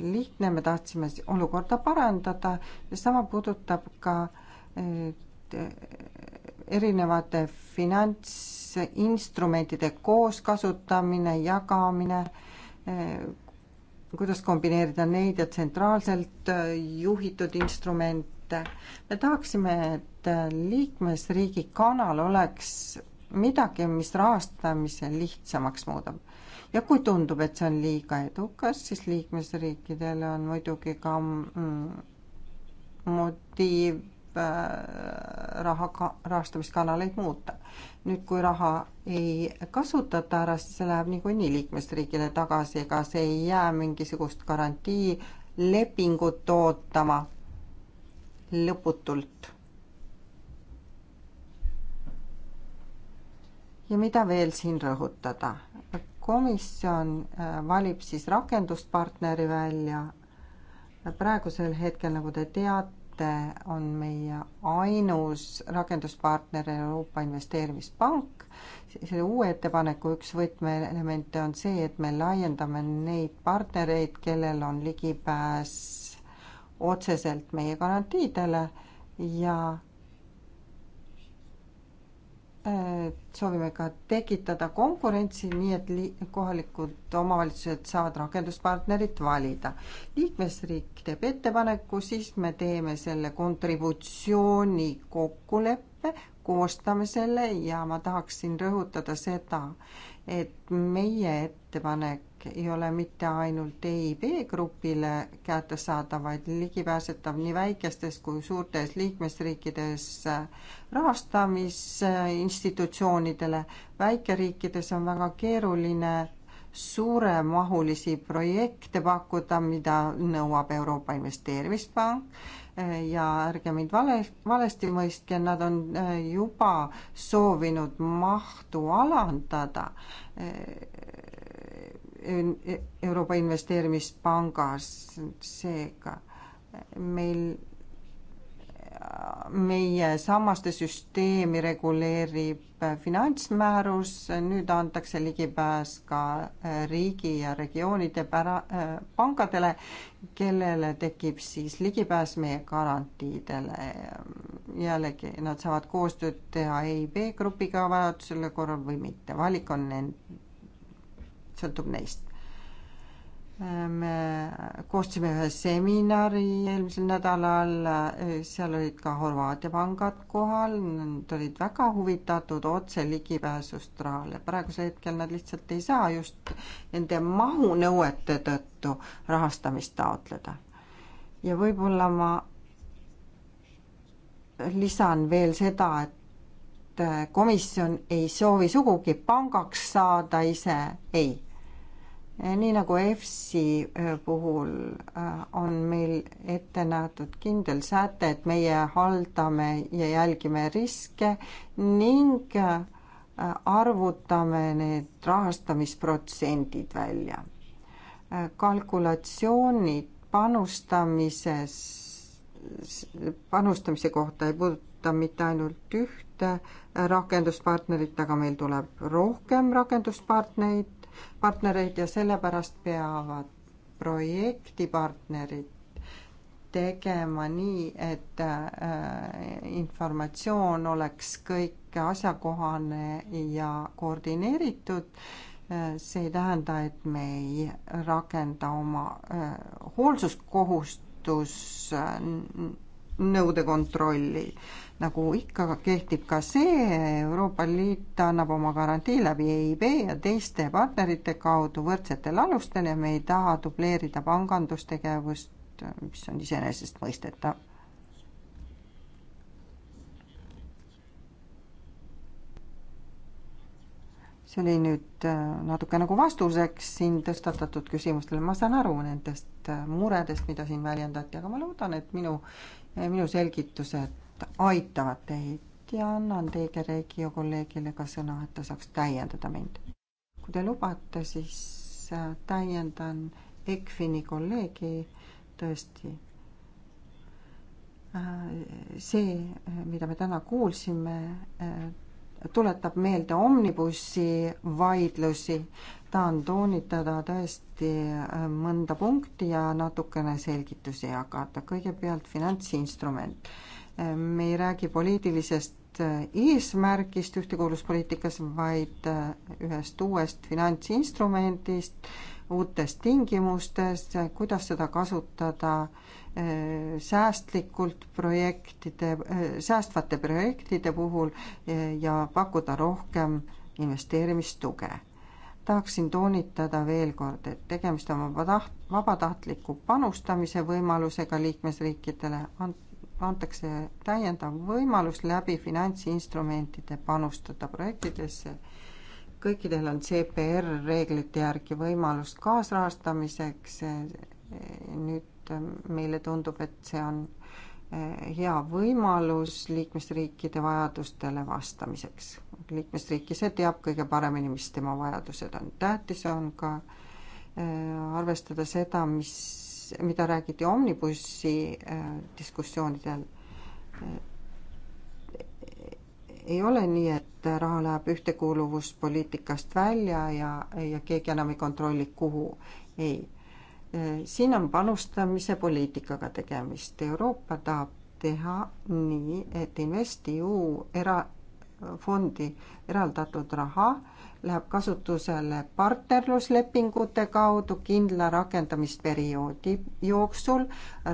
B: lihtne, me tahtsime olukorda parandada ja sama puudutab ka erinevate finantsinstrumentide kooskasutamine, jagamine, eh, kuidas kombineerida neid ja tsentraalselt eh, juhitud instrumente. me tahaksime, et eh, liikmesriigi kanal oleks midagi, mis rahastamise lihtsamaks muudab. ja kui tundub, et see on liiga edukas, siis liikmesriikidele on muidugi ka mm, motiiv Äh, raha, rahastamiskanaleid muuta. nüüd, kui raha ei kasutata ära, siis see läheb niikuinii liikmesriigile tagasi, ega see ei jää mingisugust garantiilepingut ootama lõputult. ja mida veel siin rõhutada? komisjon äh, valib siis rakenduspartneri välja praegusel hetkel, nagu te teate, ette on meie ainus rakenduspartner Euroopa Investeerimispank. selle uue ettepaneku üks võtmeelemente on see, et me laiendame neid partnereid, kellel on ligipääs otseselt meie garantiidele ja Äh, soovime ka tekitada konkurentsi, nii et li-, kohalikud omavalitsused saavad rakenduspartnerit valida. liikmesriik teeb ettepaneku, siis me teeme selle kontributsiooni kokkuleppe, koostame selle ja ma tahaksin rõhutada seda, et meie ettepanek ei ole mitte ainult EIB grupile kättesaadav, vaid ligipääsetav nii väikestes kui suurtes liikmesriikides rahastamisinstitutsioonidele. väikeriikides on väga keeruline suuremahulisi projekte pakkuda, mida nõuab Euroopa Investeerimispank ja ärge mind vale, valesti mõistke, nad on äh, juba soovinud mahtu alandada Euroopa Investeerimispangas, seega meil, meie sammaste süsteemi reguleerib finantsmäärus, nüüd antakse ligipääs ka äh, riigi ja regioonide pära- äh,, pankadele, kellele tekib siis ligipääs meie garantiidele. jällegi, nad saavad koostööd teha EIB grupiga vajadusel korral või mitte, valik on nend-, sõltub neist. me koostasime ühe seminari eelmisel nädalal, seal olid ka Horvaatia pangad kohal, nad olid väga huvitatud otse ligipääsust rahale, praegusel hetkel nad lihtsalt ei saa just nende mahunõuete tõttu rahastamist taotleda. ja võib-olla ma lisan veel seda, et komisjon ei soovi sugugi pangaks saada ise, ei. Eh, nii nagu EFSi eh, puhul eh, on meil ette nähtud kindel säte, et meie haldame ja jälgime riske ning arvutame need rahastamisprotsendid välja. kalkulatsioonid panustamises, panustamise kohta ei puuduta mitte ainult ühte rakenduspartnerit, aga meil tuleb rohkem rakenduspartnereid, partnereid ja sellepärast peavad projektipartnerid tegema nii, et äh, informatsioon oleks kõik asjakohane ja koordineeritud. Äh, see ei tähenda, et me ei rakenda oma äh, hoolsuskohustust nõude kontrolli. nagu ikka kehtib ka see, Euroopa Liit annab oma garantii läbi EIB ja teiste partnerite kaudu võrdsetel alustel ja me ei taha dubleerida pangandustegevust, mis on iseenesestmõistetav see oli nüüd äh, natuke nagu vastuseks siin tõstatatud küsimustele, ma saan aru nendest äh, muredest, mida siin väljendati, aga ma loodan, et minu Eh, minu selgitused aitavad teid ja annan teie Regio kolleegile ka sõna, et ta saaks täiendada mind. kui te lubate, siis äh, täiendan ECFIN-i kolleegi tõesti. Äh, see, mida me täna kuulsime, äh, tuletab meelde omnibussi vaidlusi, tahan toonitada tõesti äh, mõnda punkti ja natukene selgitusi jagada. kõigepealt finantsinstrument. Äh, me ei räägi poliitilisest äh, eesmärgist ühtekuuluvuspoliitikas, vaid ühest uuest finantsinstrumendist, uutest tingimustest, kuidas seda kasutada säästlikult projektide, säästvate projektide puhul ja pakkuda rohkem investeerimistuge tahaksin toonitada veel kord, et tegemist on vabataht-, vabatahtliku panustamise võimalusega liikmesriikidele, antakse täiendav võimalus läbi finantsinstrumentide panustada projektidesse. kõikidel on CPR reeglite järgi võimalus kaasrahastamiseks. nüüd meile tundub, et see on hea võimalus liikmesriikide vajadustele vastamiseks. liikmesriik ise teab kõige paremini, mis tema vajadused on. tähtis on ka äh, arvestada seda, mis, mida räägiti Omnibussi äh, diskussioonidel. Äh, ei ole nii, et raha läheb ühtekuuluvuspoliitikast välja ja, ja keegi enam ei kontrolli, kuhu. ei Äh, siin on panustamise poliitikaga tegemist. Euroopa tahab teha nii, et InvestEU erafondi eraldatud raha läheb kasutusele partnerluslepingute kaudu kindla rakendamisperioodi jooksul.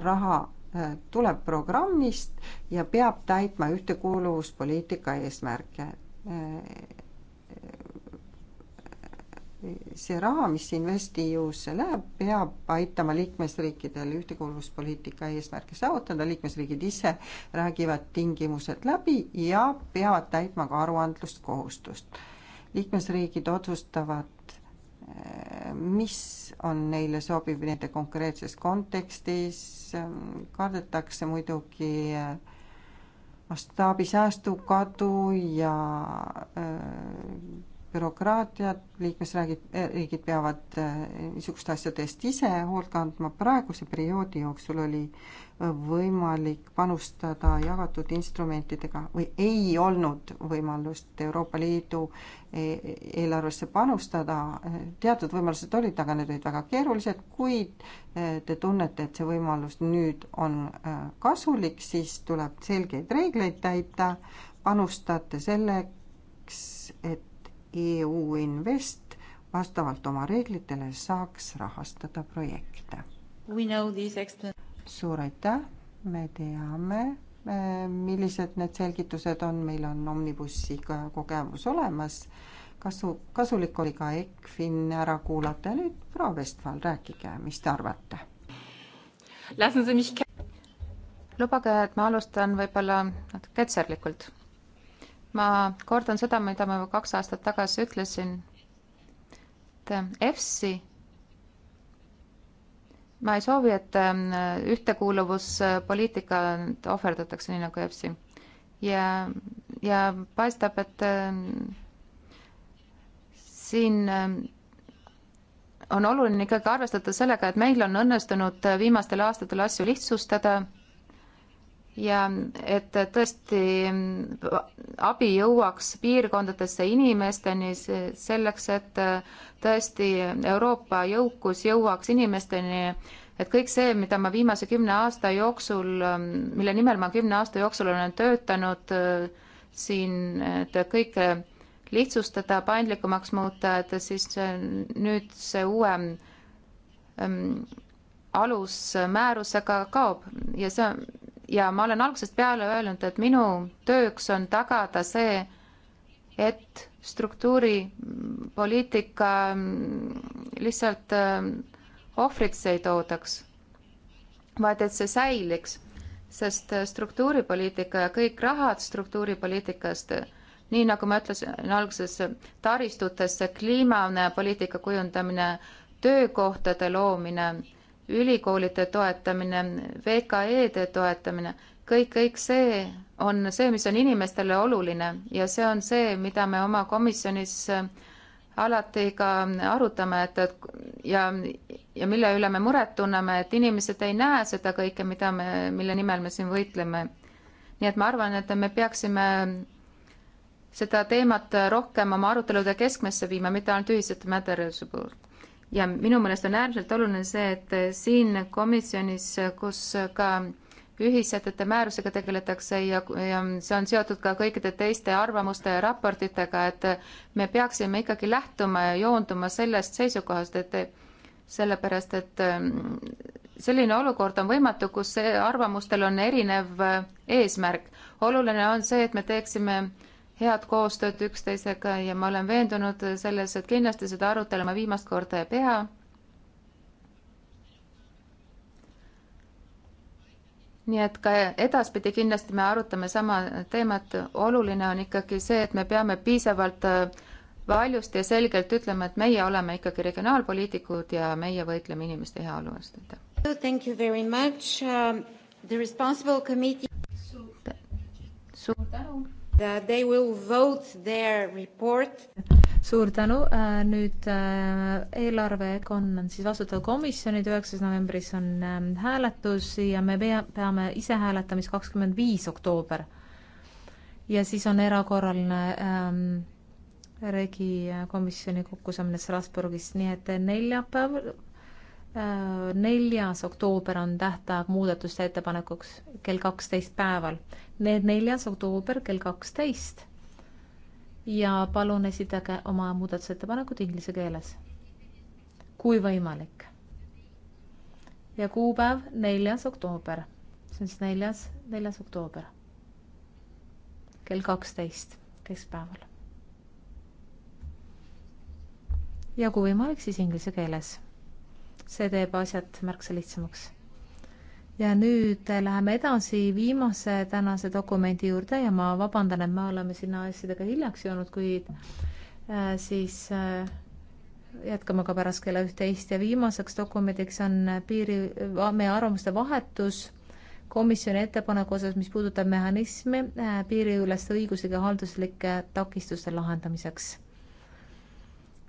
B: raha äh, tuleb programmist ja peab täitma ühtekuuluvuspoliitika eesmärke äh, see raha, mis InvestEU-sse läheb, peab aitama liikmesriikidel ühtekuuluvuspoliitika eesmärke saavutada, liikmesriigid ise räägivad tingimused läbi ja peavad täitma ka aruandluskohustust. liikmesriigid otsustavad, eh, mis on neile sobiv nende konkreetses kontekstis, kardetakse muidugi eh, mastaabisäästukadu ja öö, eh, bürokraatiat, liikmesriigid, riigid peavad eh, niisuguste asjade eest ise hoolt kandma, praeguse perioodi jooksul oli eh, võimalik panustada jagatud instrumentidega või ei olnud võimalust Euroopa Liidu eh, eelarvesse panustada, teatud võimalused olid, aga need olid väga keerulised, kuid te tunnete, et see võimalus nüüd on kasulik, siis tuleb selgeid reegleid täita, panustate selleks, et EU Invest vastavalt oma reeglitele saaks rahastada projekte. suur aitäh, me teame, e, millised need selgitused on, meil on Omnibussiga kogemus olemas. kasu, kasulik oli ka ECFIN ära kuulata ja nüüd proua Vestval, rääkige, mis te arvate? lubage, et ma alustan võib-olla
C: natuke ketserlikult ma kordan seda, mida ma juba kaks aastat tagasi ütlesin, et ähm, EFSi ma ei soovi, et ähm, ühtekuuluvuspoliitika ohverdatakse nii nagu EFSi ja, ja paistab, et ähm, siin on oluline ikkagi arvestada sellega, et meil on õnnestunud äh, viimastel aastatel asju lihtsustada ja et tõesti abi jõuaks piirkondadesse inimesteni selleks, et tõesti Euroopa jõukus jõuaks inimesteni, et kõik see, mida ma viimase kümne aasta jooksul, mille nimel ma kümne aasta jooksul olen töötanud siin, et kõike lihtsustada, paindlikumaks muuta, et siis nüüd see uue ähm, alusmäärusega kaob ja see ja ma olen algusest peale öelnud, et minu tööks on tagada see, et struktuuripoliitika mm, lihtsalt mm, ohvriks ei toodaks, vaid et see säiliks, sest äh, struktuuripoliitika ja kõik rahad struktuuripoliitikast, nii nagu ma ütlesin alguses, taristutesse, kliimapoliitika kujundamine, töökohtade loomine ülikoolide toetamine, VKE-de toetamine, kõik, kõik see on see, mis on inimestele oluline ja see on see, mida me oma komisjonis äh, alati ka arutame, et, et ja, ja mille üle me muret tunneme, et inimesed ei näe seda kõike, mida me, mille nimel me siin võitleme. nii et ma arvan, et me peaksime seda teemat rohkem oma arutelude keskmesse viima, mitte ainult ühisete materjalide puhul ja minu meelest on äärmiselt oluline see, et siin komisjonis, kus ka ühissätete määrusega tegeletakse ja, ja see on seotud ka kõikide teiste arvamuste ja raportitega, et me peaksime ikkagi lähtuma ja joonduma sellest seisukohast, et sellepärast, et mm, selline olukord on võimatu, kus arvamustel on erinev eesmärk. oluline on see, et me teeksime äh, head koostööd üksteisega ja ma olen veendunud selles, et kindlasti seda arutelu ma viimast korda ei pea. nii et ka edaspidi kindlasti me arutame sama teemat, oluline on ikkagi see, et me peame piisavalt äh, valjust ja selgelt ütlema, et meie oleme ikkagi regionaalpoliitikud ja meie võitleme inimeste heaolu eest, aitäh.
A: Thank you very much um,. The responsible committee. suur tänu Uh, they will vote their report. suur tänu, uh, nüüd uh, eelarvekon on siis vastutav komisjonid, üheksas novembris on um, hääletus ja me pea, peame ise hääletama siis kakskümmend viis oktoober. ja siis on erakorraline ähm, regikomisjoni kokkusaamine Strasbourgis, nii et neljapäev Äh, neljas oktoober on tähtaeg muudatuste ettepanekuks kell kaksteist päeval. Need neljas oktoober kell kaksteist. ja palun esitage oma muudatusettepanekud inglise keeles, kui võimalik. ja kuupäev neljas oktoober, see on siis neljas, neljas oktoober kell kaksteist keskpäeval. ja kui võimalik, siis inglise keeles see teeb asjad märksa lihtsamaks. ja nüüd läheme edasi viimase tänase dokumendi juurde ja ma vabandan, et me oleme sinna asjadega hiljaks jäänud, kuid äh, siis äh, jätkame ka pärast kella üht-teist ja viimaseks dokumendiks on piiri, meie arvamuste vahetus komisjoni ettepaneku osas, mis puudutab mehhanismi äh, piiriüleste õiguslike halduslike takistuste lahendamiseks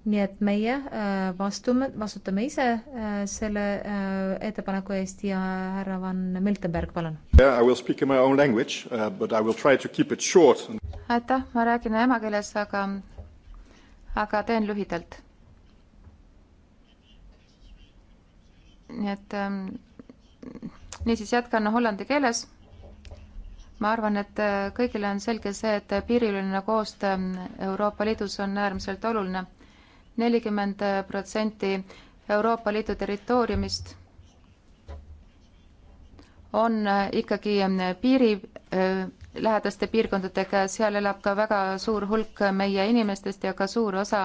A: nii et meie äh, vastume, vastutame ise äh, selle äh, ettepaneku eest ja härra Van Miltenberg, palun
B: yeah,. Uh,
A: aitäh, ma räägin emakeeles, aga,
C: aga teen lühidalt. nii et ähm, niisiis jätkan hollandi keeles ma arvan, et kõigile on selge see, et piiriline koostöö Euroopa Liidus on äärmiselt oluline nelikümmend protsenti Euroopa Liidu territooriumist on äh, ikkagi äh, piiri äh, lähedaste piirkondadega, seal elab ka väga suur hulk meie inimestest ja ka suur osa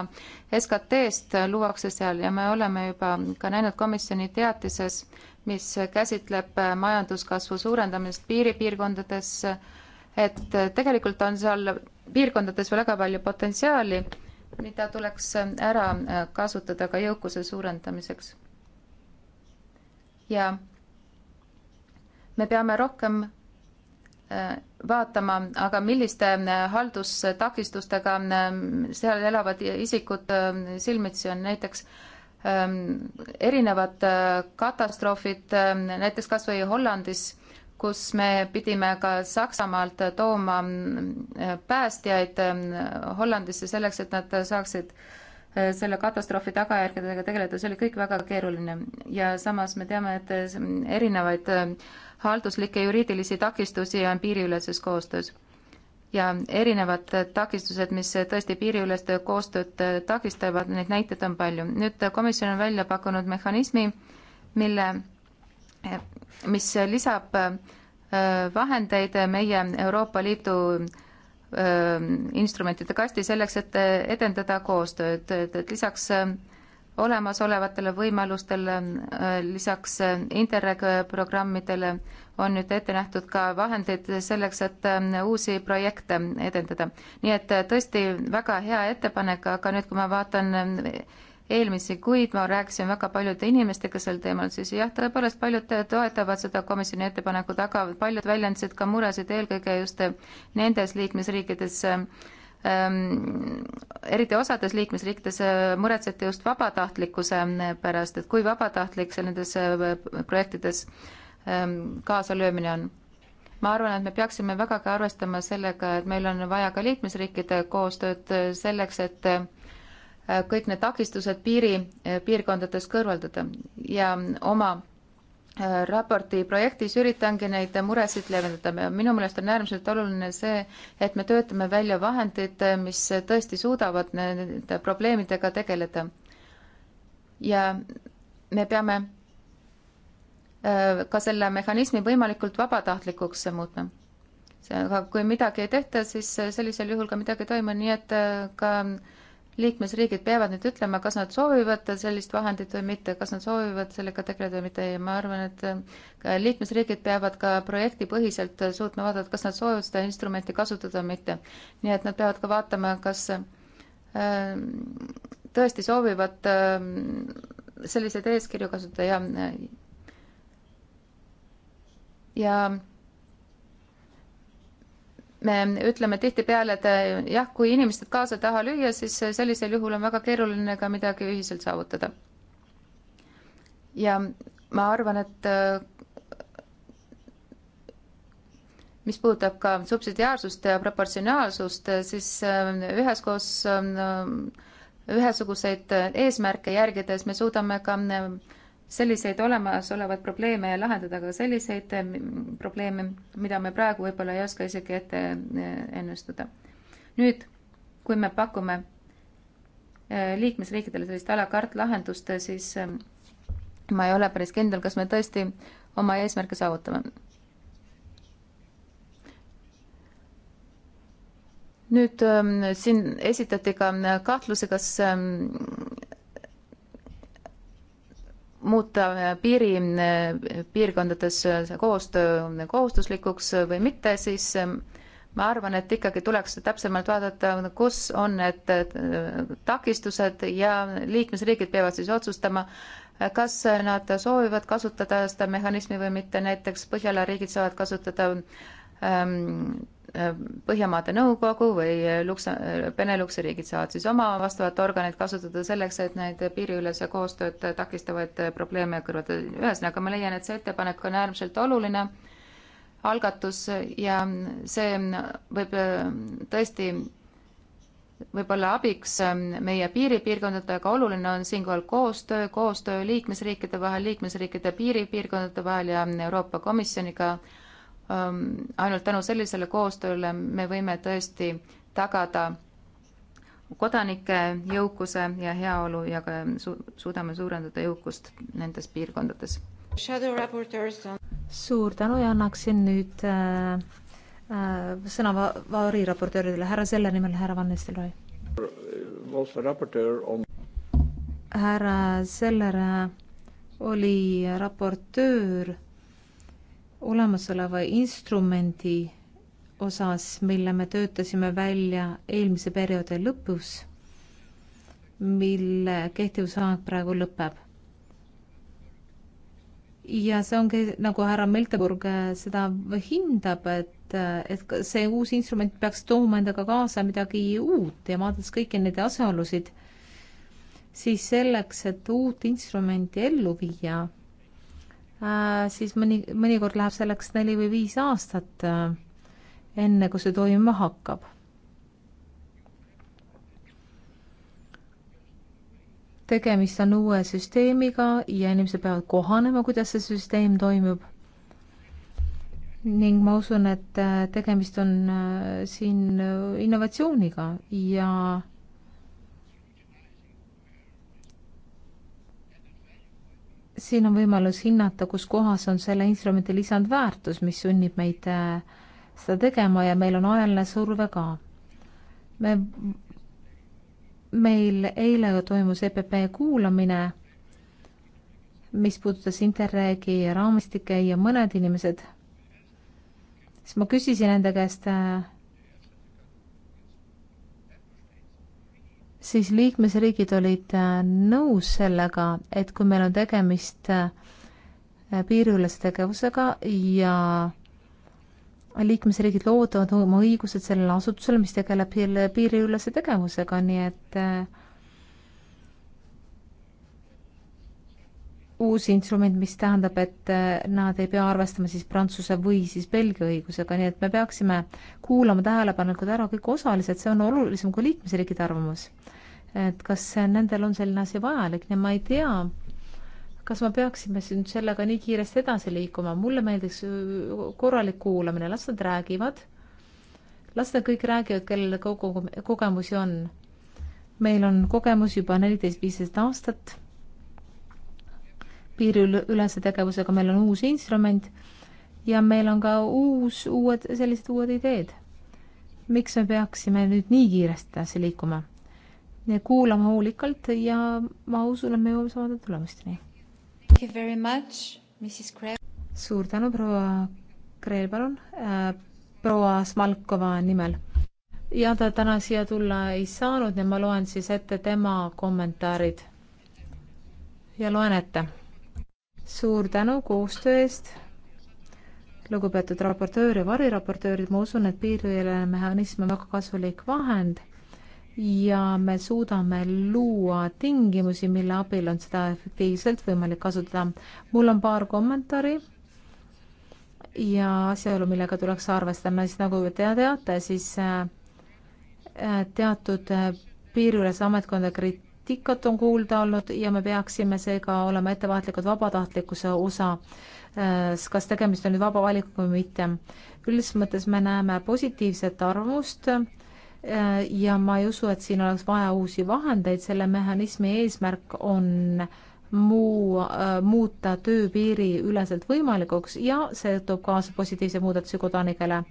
C: SKT-st luuakse seal ja me oleme juba ka näinud komisjoni teatises, mis käsitleb majanduskasvu suurendamist piiripiirkondades, et tegelikult on seal piirkondades veel väga palju potentsiaali mida tuleks äh, ära äh, kasutada ka jõukuse suurendamiseks. ja me peame rohkem äh, vaatama, aga milliste haldustakistustega seal elavad isikud silmitsi on, näiteks ähm, erinevad katastroofid, näiteks kas või Hollandis kus me pidime ka Saksamaalt tooma äh, päästjaid ähm, Hollandisse selleks, et nad saaksid äh, selle katastroofi tagajärgedega tegeleda, see oli kõik väga keeruline ja samas me teame, et äh, erinevaid halduslikke juriidilisi takistusi on piiriüleses koostöös ja erinevad takistused, mis tõesti piiriülest koostööd takistavad, neid näiteid on palju. nüüd komisjon on välja pakkunud mehhanismi, mille mis lisab äh, vahendeid meie Euroopa Liidu äh, instrumentide kasti selleks, et edendada koostööd, et lisaks äh, olemasolevatele võimalustele, lisaks Interreg programmidele on nüüd ette nähtud ka vahendeid selleks, et uusi projekte edendada. nii et tõesti väga hea ettepanek, aga nüüd, kui ma vaatan eelmisi kuid ma rääkisin väga paljude inimestega sel teemal, siis jah, tõepoolest paljud toetavad seda komisjoni ettepanekut, aga paljud väljendasid ka muresid eelkõige just nendes liikmesriikides ähm,, eriti osades liikmesriikides äh, muretseti just vabatahtlikkuse pärast, et kui vabatahtlik seal nendes äh, projektides ähm, kaasalöömine on ma arvan, et me peaksime vägagi arvestama sellega, et meil on vaja ka liikmesriikide koostööd äh, selleks, et Äh, kõik need takistused piiri, äh, piirkondades kõrvaldada ja oma äh, raporti projektis üritangi neid muresid leevendada. minu meelest on äärmiselt oluline see, et me töötame välja vahendid, mis tõesti suudavad nende probleemidega tegeleda. ja me peame ka selle mehhanismi võimalikult vabatahtlikuks muutma aga kui midagi ei tehta, siis sellisel juhul ka midagi ei toimu, nii et ka äh, liikmesriigid peavad nüüd ütlema, kas nad soovivad sellist vahendit või mitte, kas nad soovivad sellega tegeleda või mitte ja ma arvan, et äh, liikmesriigid peavad ka projektipõhiselt suutma vaadata, kas nad soovivad seda instrumenti kasutada või mitte. nii et nad peavad ka vaatama, kas äh, tõesti soovivad äh, selliseid eeskirju kasutada ja ja me ütleme tihtipeale, et eh, jah, kui inimesed kaasa taha lüüa, siis eh, sellisel juhul on väga keeruline ka midagi ühiselt saavutada. ja ma arvan, et eh, mis puudutab ka subsidiaarsust ja proportsionaalsust, siis üheskoos ühesuguseid eesmärke järgides me suudame ka selliseid olemasolevaid probleeme ja lahendada ka selliseid eh, probleeme, mida me praegu võib-olla ei oska isegi ette eh, ennustada. nüüd, kui me pakume eh, liikmesriikidele sellist a la carte lahendust, siis ma ei ole päris kindel, kas me tõesti oma eesmärke saavutame. nüüd siin esitati ka kahtlusi, kas muuta äh, piiri, äh, piirkondades äh, see koostöö kohustuslikuks või mitte, siis ma arvan, et ikkagi tuleks täpsemalt vaadata, kus on need takistused ja liikmesriigid peavad siis otsustama, kas nad soovivad kasutada seda mehhanismi või mitte, näiteks Põhjala riigid saavad kasutada ähm, Äh, Põhjamaade Nõukogu või Luksa-, Beneluxi riigid saavad siis oma vastavat organit kasutada selleks, et neid piiriülese koostööd takistavaid probleeme kõrvata. ühesõnaga, ma leian, et see ettepanek on äärmiselt oluline algatus ja see võib äh, tõesti võib-olla abiks äh, meie piiripiirkondadele, aga oluline on siinkohal koostöö, koostöö liikmesriikide vahel, liikmesriikide piiripiirkondade vahel ja Euroopa Komisjoniga Ähm, ainult tänu sellisele koostööle me võime tõesti tagada kodanike jõukuse ja heaolu ja ka su suudame suurendada jõukust nendes piirkondades.
A: suur tänu ja annaksin nüüd äh, äh, sõna va variraportööridele, härra selle nimel, härra Van Nistelrooy. härra Seller oli raportöör olemasoleva instrumendi osas, mille me töötasime välja eelmise perioodi lõpus, mille kehtivusaeg praegu lõpeb. ja see ongi, nagu härra Melteburg seda hindab, et, et see uus instrument peaks tooma endaga kaasa midagi uut ja vaadates kõiki neid asjaolusid, siis selleks, et uut instrumenti ellu viia Äh, siis mõni, mõnikord läheb selleks neli või viis aastat, äh, enne kui see toimima hakkab. tegemist on uue süsteemiga ja inimesed peavad kohanema, kuidas see süsteem toimib. ning ma usun, et äh, tegemist on siin innovatsiooniga ja siin on võimalus hinnata, kus kohas on selle instrumendi lisandväärtus, mis sunnib meid äh, seda tegema ja meil on ajaline surve ka. me, meil eile toimus EPP kuulamine, mis puudutas Interregi raamistikke ja mõned inimesed, siis ma küsisin nende käest äh, siis liikmesriigid olid äh, nõus sellega, et kui meil on tegemist äh, piiriülese tegevusega ja liikmesriigid loodavad oma õigused sellele asutusele, mis tegeleb piiriülese tegevusega, nii et äh, uus instrument, mis tähendab, et nad ei pea arvestama siis Prantsuse või siis Belgia õigusega, nii et me peaksime kuulama tähelepanelikult ära kõik osalised, see on olulisem kui liikmesriikide arvamus et kas nendel on selline asi vajalik ja ma ei tea, kas me peaksime siin sellega nii kiiresti edasi liikuma, mulle meeldiks korralik kuulamine, las nad räägivad, las nad kõik räägivad, kellel kogu kogemusi on. meil on kogemus juba neliteist, viisteist aastat piiriülese tegevusega, meil on uus instrument ja meil on ka uus, uued, sellised uued ideed. miks me peaksime nüüd nii kiiresti edasi liikuma? kuulama hoolikalt ja ma usun, et me jõuame samade tulemusteni. suur tänu, proua Kreel, palun, äh, proua Smalkova nimel. ja ta täna siia tulla ei saanud ja ma loen siis ette tema kommentaarid. ja loen ette. suur tänu koostöö eest lugupeetud raportöör ja variraportöörid, ma usun, et piiriülene mehhanism on väga kasulik vahend ja me suudame luua tingimusi, mille abil on seda efektiivselt võimalik kasutada. mul on paar kommentaari ja asjaolu, millega tuleks arvestada, siis nagu te teate, siis äh, teatud äh, piiriülese ametkonda kriitikat on kuulda olnud ja me peaksime seega olema ettevaatlikud vabatahtlikkuse osa äh, kas tegemist on nüüd vaba valikuga või mitte. üldises mõttes me näeme positiivset arvamust äh, Äh, ja ma ei usu, et siin oleks vaja uusi vahendeid, selle mehhanismi eesmärk on muu äh,, muuta töö piiriüleselt võimalikuks ja see toob kaasa positiivse muudatusi kodanikele.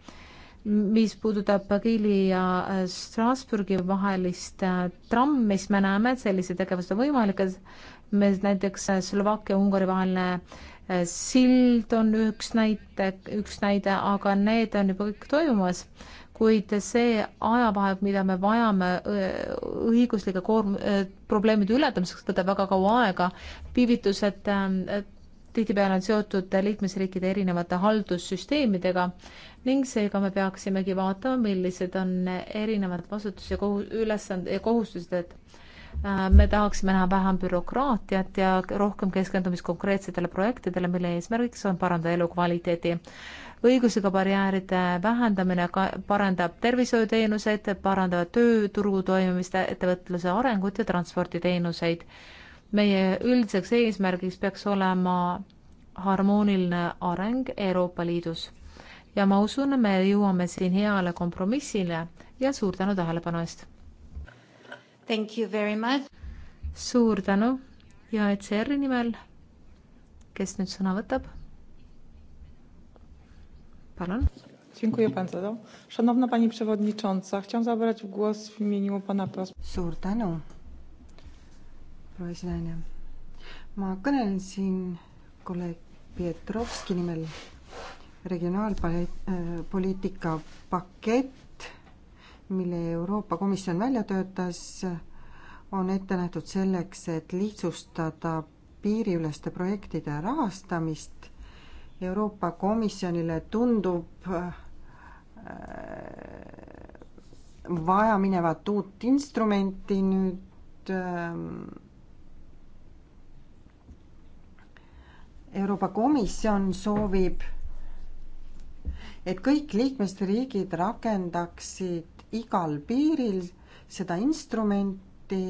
A: mis puudutab Kiili ja äh, Strasbourgi vahelist äh, tramm, mis me näeme, et sellised tegevused on võimalikud, me näiteks äh, Slovakkia, Ungari vaheline äh, sild on üks näite, üks näide, aga need on juba kõik toimumas kuid see ajavahek, mida me vajame õiguslike koorm-, probleemide ületamiseks, võtab väga kaua aega, viivitused ähm, tihtipeale on seotud liikmesriikide erinevate haldussüsteemidega ning seega me peaksimegi vaatama, millised on erinevad vastutus ja kohu-, ülesand- ja kohustused, et äh, me tahaksime näha vähem bürokraatiat ja rohkem keskendumist konkreetsetele projektidele, mille eesmärgiks on parandada elukvaliteedi õigusega barjääride vähendamine ka parandab tervishoiuteenuseid, parandavad tööturu toimimist, ettevõtluse arengut ja transporditeenuseid. meie üldiseks eesmärgiks peaks olema harmooniline areng Euroopa Liidus. ja ma usun, me jõuame siin heale kompromissile ja suur tänu tähelepanu eest! Thank you very much! suur tänu ja ECR-i nimel, kes nüüd sõna võtab
B: palun. Dziękuję bardzo. Szanowna Pani Przewodnicząca, chciałam zabrać głos w imieniu Pana Pros-. suur tänu, proua esinaine. ma kõnelen siin kolleeg Pietrovski nimel. regionaalpoliitika äh, pakett, mille Euroopa Komisjon välja töötas, on ette nähtud selleks, et lihtsustada piiriüleste projektide rahastamist Euroopa Komisjonile tundub äh, vajaminevat uut instrumenti nüüd ähm, Euroopa Komisjon soovib, et kõik liikmesriigid rakendaksid igal piiril seda instrumenti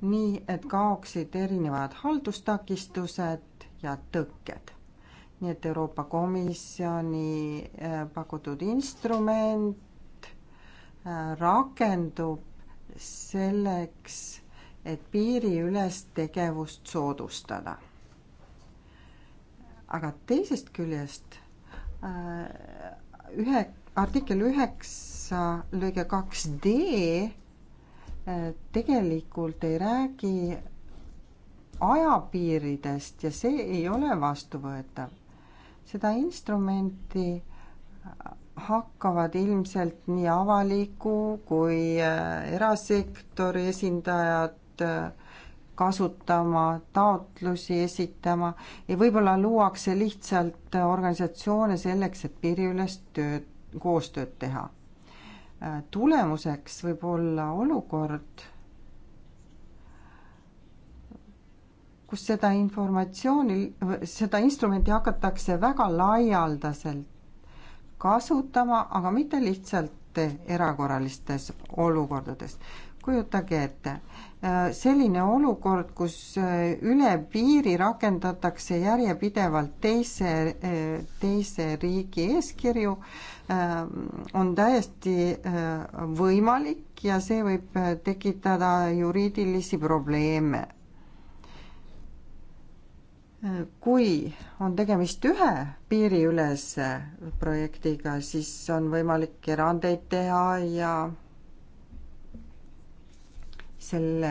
B: nii, et kaoksid erinevad haldustakistused ja tõkked nii et Euroopa Komisjoni äh, pakutud instrument äh, rakendub selleks, et piiriülest tegevust soodustada. aga teisest küljest äh, ühe, artikkel üheksa lõige kaks D tegelikult ei räägi ajapiiridest ja see ei ole vastuvõetav seda instrumenti hakkavad ilmselt nii avaliku kui äh, erasektori esindajad äh, kasutama, taotlusi esitama ja võib-olla luuakse lihtsalt äh, organisatsioone selleks, et piiriülest tööd, koostööd teha. tulemuseks võib olla olukord, kus seda informatsiooni, seda instrumenti hakatakse väga laialdaselt kasutama, aga mitte lihtsalt erakorralistes olukordades. kujutage ette, selline olukord, kus üle piiri rakendatakse järjepidevalt teise, teise riigi eeskirju, on täiesti võimalik ja see võib tekitada juriidilisi probleeme kui on tegemist ühe piiriülese projektiga, siis on võimalik erandeid teha ja selle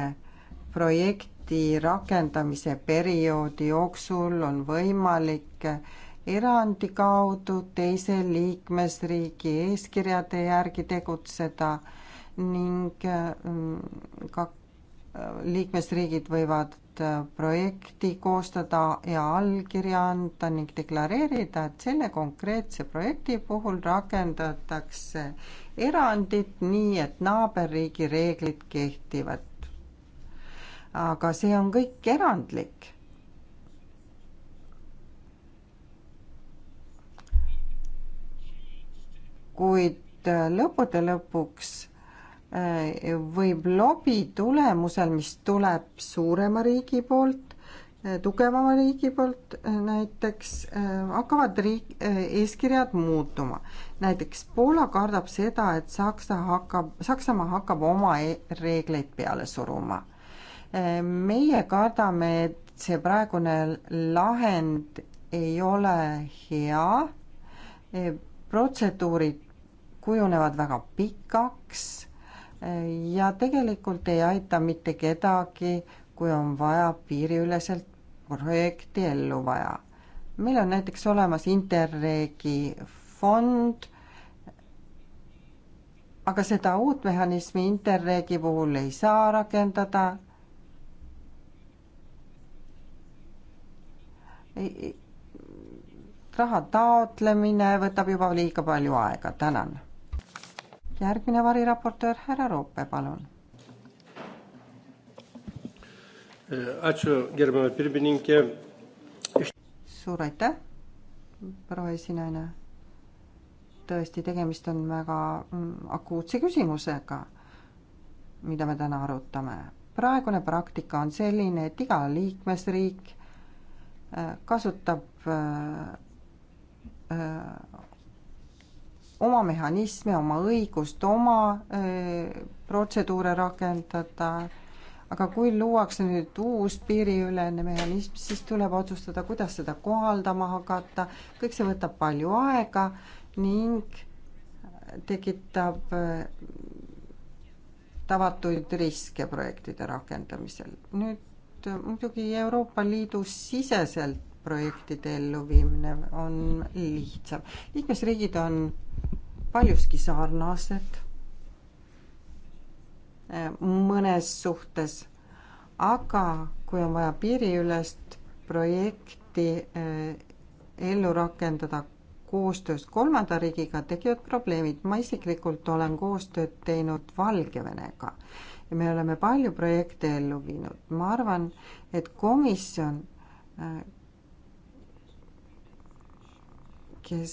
B: projekti rakendamise perioodi jooksul on võimalik erandi kaudu teise liikmesriigi eeskirjade järgi tegutseda ning mm, ka liikmesriigid võivad Äh, projekti koostada ja allkirja anda ning deklareerida, et selle konkreetse projekti puhul rakendatakse erandit nii, et naaberriigi reeglid kehtivad. aga see on kõik erandlik. kuid äh, lõppude lõpuks Äh, võib lobi tulemusel, mis tuleb suurema riigi poolt, äh, tugevama riigi poolt äh, näiteks, hakkavad riik, eeskirjad muutuma. näiteks Poola kardab seda, et Saksa hakkab, Saksamaa hakkab oma e reegleid peale suruma. meie kardame, et see praegune lahend ei ole hea, protseduurid kujunevad väga pikaks ja tegelikult ei aita mitte kedagi, kui on vaja piiriüleselt projekti ellu vaja. meil on näiteks olemas Interregi fond, aga seda uut mehhanismi Interregi puhul ei saa rakendada. raha taotlemine võtab juba liiga palju aega, tänan järgmine variraportöör, härra Roope, palun. Eh, suur aitäh, proua esinaine. tõesti, tegemist on väga mm, akuutse küsimusega, mida me täna arutame. praegune praktika on selline, et iga liikmesriik eh, kasutab äh, äh, oma mehhanisme, oma õigust oma öö, protseduure rakendada, aga kui luuakse nüüd uus piiriülene mehhanism, siis tuleb otsustada, kuidas seda kohaldama hakata, kõik see võtab palju aega ning tekitab tavatuid riske projektide rakendamisel. nüüd muidugi Euroopa Liidu siseselt projektide elluviimine on lihtsam. liikmesriigid on paljuski sarnased eh, mõnes suhtes, aga kui on vaja piiriülest projekti eh, ellu rakendada koostöös kolmanda riigiga, tekivad probleemid. ma isiklikult olen koostööd teinud Valgevenega ja me oleme palju projekte ellu viinud. ma arvan, et komisjon eh, kes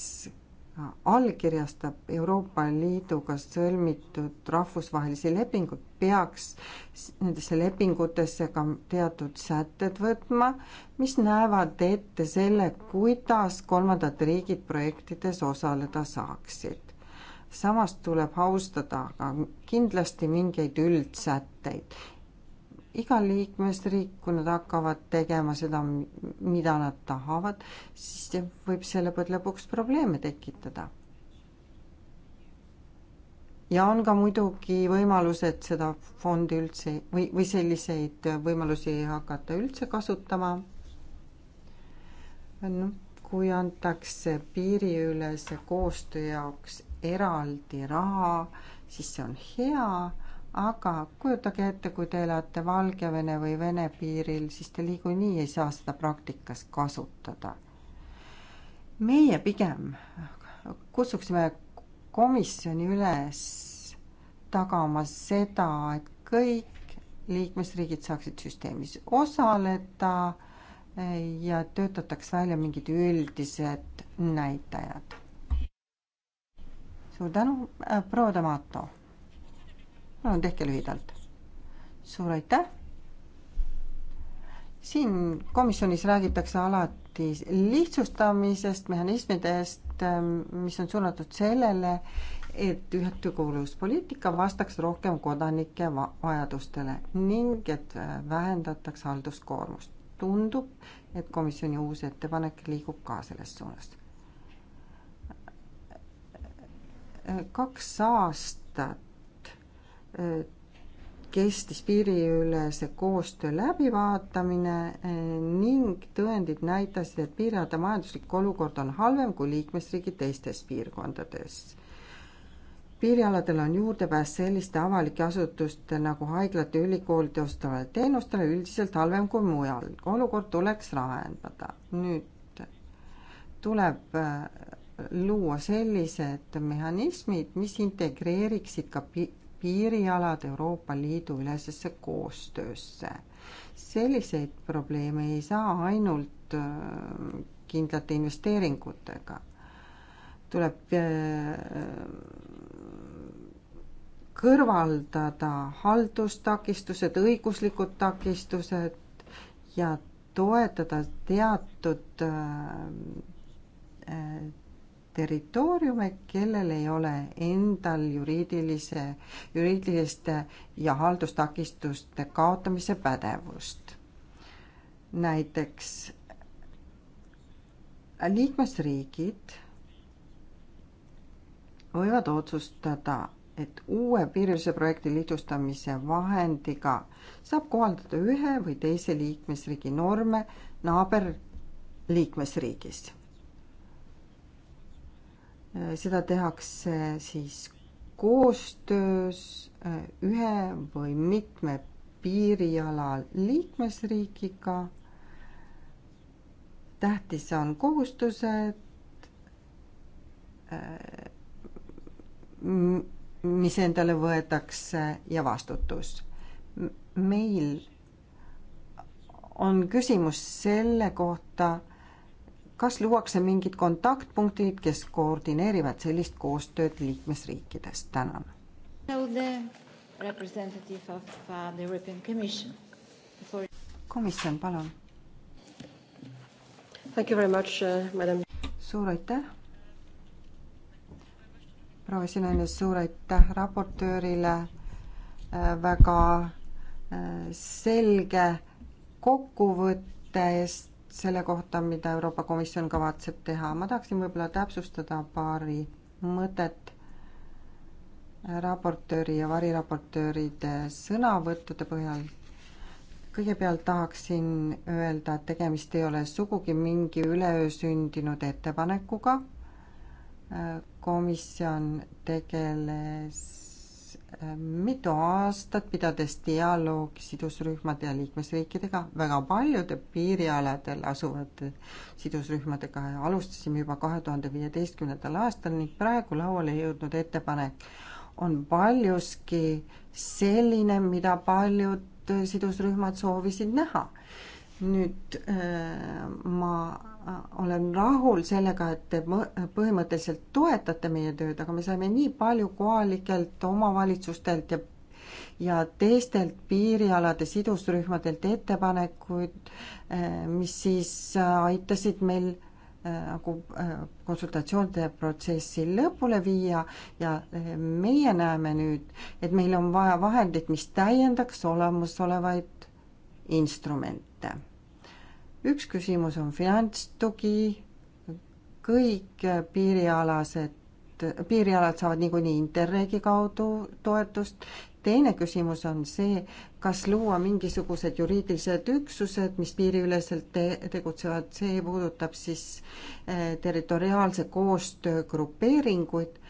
B: äh, allkirjastab Euroopa Liiduga sõlmitud rahvusvahelisi lepinguid, peaks nendesse lepingutesse ka teatud sätted võtma, mis näevad ette selle, kuidas kolmandad riigid projektides osaleda saaksid. samas tuleb austada ka kindlasti mingeid üldsätteid iga liikmesriik, kui nad hakkavad tegema seda, mida nad tahavad, siis võib selle pealt lõpuks probleeme tekitada. ja on ka muidugi võimalus, et seda fondi üldse või, või selliseid võimalusi ei hakata üldse kasutama. noh, kui antakse piiriülese koostöö jaoks eraldi raha, siis see on hea aga kujutage ette, kui te elate Valgevene või Vene piiril, siis te niikuinii ei saa seda praktikas kasutada. meie pigem kutsuksime komisjoni üles tagama seda, et kõik liikmesriigid saaksid süsteemis osaleda ja töötataks välja mingid üldised näitajad. suur tänu, proua Damato palun tehke lühidalt. suur aitäh. siin komisjonis räägitakse alati lihtsustamisest, mehhanismidest, ähm, mis on suunatud sellele, et ühtekuuluvuspoliitika vastaks rohkem kodanike vajadustele ning et äh, vähendataks halduskoormust. tundub, et komisjoni uus ettepanek liigub ka selles suunas. Äh, kaks aastat kestis piiriülese koostöö läbivaatamine eh, ning tõendid näitasid, et piirialade majanduslik olukord on halvem kui liikmesriigi teistes piirkondades. piirialadel on juurdepääs selliste avalike asutuste nagu haiglate, ülikoolide ostavale teenustele üldiselt halvem kui mujal. olukord tuleks lahendada. nüüd tuleb eh, luua sellised mehhanismid, mis integreeriksid ka pi-, piirialad Euroopa Liidu ülesesse koostöösse. selliseid probleeme ei saa ainult äh, kindlate investeeringutega. tuleb äh, kõrvaldada haldustakistused, õiguslikud takistused ja toetada teatud äh, territooriume, kellel ei ole endal juriidilise, juriidiliste ja haldustakistuste kaotamise pädevust. näiteks liikmesriigid võivad otsustada, et uue piiriülese projekti lihtsustamise vahendiga saab kohaldada ühe või teise liikmesriigi norme naaberliikmesriigis Äh, seda tehakse siis koostöös äh, ühe või mitme piiriala liikmesriigiga. tähtis on kohustused, äh, mis endale võetakse ja vastutus. meil on küsimus selle kohta, kas luuakse mingid kontaktpunktid, kes koordineerivad sellist koostööd liikmesriikides? tänan. Uh, komisjon, palun. Uh, suur aitäh. proua esinaine, suur aitäh raportöörile äh, väga äh, selge kokkuvõtte eest selle kohta, mida Euroopa Komisjon kavatseb teha. ma tahaksin võib-olla täpsustada paari mõtet raportööri ja variraportööride sõnavõttude põhjal. kõigepealt tahaksin öelda, et tegemist ei ole sugugi mingi üleöö sündinud ettepanekuga. komisjon tegeles mitu aastat, pidades dialoogi sidusrühmade ja liikmesriikidega, väga paljude piirialadel asuvate sidusrühmadega ja alustasime juba kahe tuhande viieteistkümnendal aastal ning praegu lauale jõudnud ettepanek on paljuski selline, mida paljud sidusrühmad soovisid näha. nüüd äh, ma olen rahul sellega, et te põhimõtteliselt toetate meie tööd, aga me saime nii palju kohalikelt omavalitsustelt ja ja teistelt piirialade sidusrühmadelt ettepanekuid, eh, mis siis äh, aitasid meil äh, nagu äh, konsultatsioonide protsessi lõpule viia ja eh, meie näeme nüüd, et meil on vaja vahendit, mis täiendaks olemasolevaid instrumente üks küsimus on finantstugi, kõik piirialased, piirialad saavad niikuinii Interregi kaudu toetust, teine küsimus on see, kas luua mingisugused juriidilised üksused, mis piiriüleselt te-, tegutsevad, see puudutab siis eh, territoriaalse koostöö grupeeringuid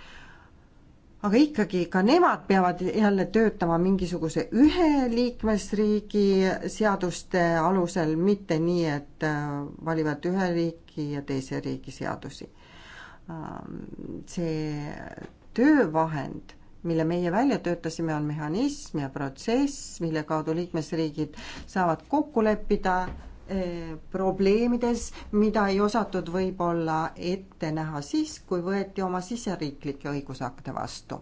B: aga ikkagi ka nemad peavad jälle töötama mingisuguse ühe liikmesriigi seaduste alusel, mitte nii, et äh, valivad ühe riigi ja teise riigi seadusi. Ähm, see töövahend, mille meie välja töötasime, on mehhanism ja protsess, mille kaudu liikmesriigid saavad kokku leppida Eh, probleemides, mida ei osatud võib-olla ette näha siis, kui võeti oma siseriiklikke õigusakte vastu.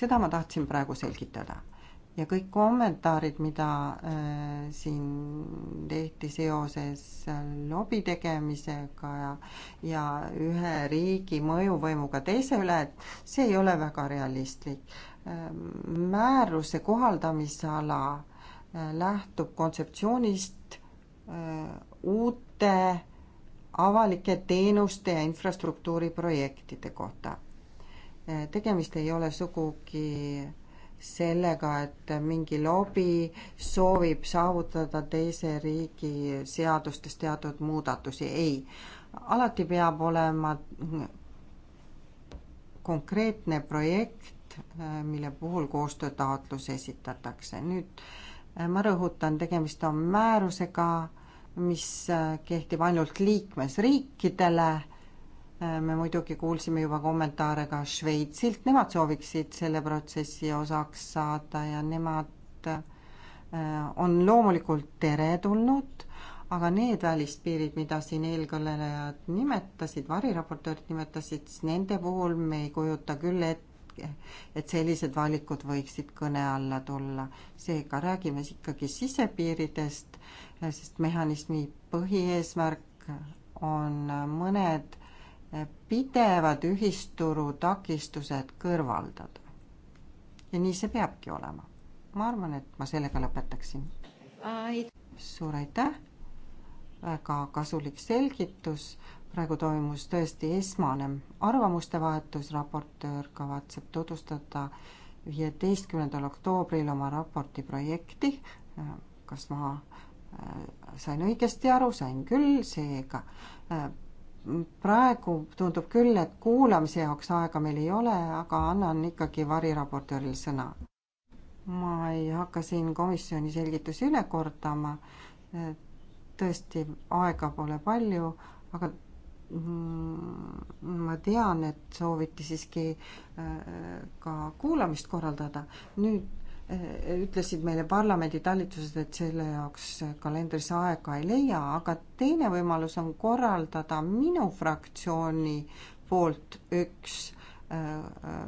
B: seda ma tahtsin praegu selgitada. ja kõik kommentaarid, mida äh, siin tehti seoses lobi tegemisega ja, ja ühe riigi mõjuvõimuga teise üle, et see ei ole väga realistlik äh,. määruse kohaldamisala äh, lähtub kontseptsioonist, Äh, uute avalike teenuste ja infrastruktuuri projektide kohta. Äh, tegemist ei ole sugugi sellega, et mingi lobi soovib saavutada teise riigi seadustes teatud muudatusi, ei. alati peab olema konkreetne projekt, äh, mille puhul koostöötaotlus esitatakse. nüüd ma rõhutan, tegemist on määrusega, mis äh, kehtib ainult liikmesriikidele. Äh, me muidugi kuulsime juba kommentaare ka Šveitsilt, nemad sooviksid selle protsessi osaks saada ja nemad äh, on loomulikult teretulnud, aga need välispiirid, mida siin eelkõnelejad nimetasid, variraportöörid nimetasid, siis nende puhul me ei kujuta küll ette, et sellised valikud võiksid kõne alla tulla. seega räägime ikkagi sisepiiridest, sest mehhanismi põhieesmärk on mõned pidevad ühisturu takistused kõrvaldada. ja nii see peabki olema. ma arvan, et ma sellega lõpetaksin. suur aitäh, väga kasulik selgitus praegu toimus tõesti esmane arvamuste vahetus, raportöör kavatseb tutvustada viieteistkümnendal oktoobril oma raporti projekti. kas ma äh, sain õigesti aru, sain küll, seega äh, praegu tundub küll, et kuulamise jaoks aega meil ei ole, aga annan ikkagi variraportööril sõna. ma ei hakka siin komisjoni selgitusi üle kordama. tõesti, aega pole palju, aga Mm, ma tean, et sooviti siiski äh, ka kuulamist korraldada. nüüd äh, ütlesid meile parlamendi talitused, et selle jaoks kalendris aega ei leia, aga teine võimalus on korraldada minu fraktsiooni poolt üks äh,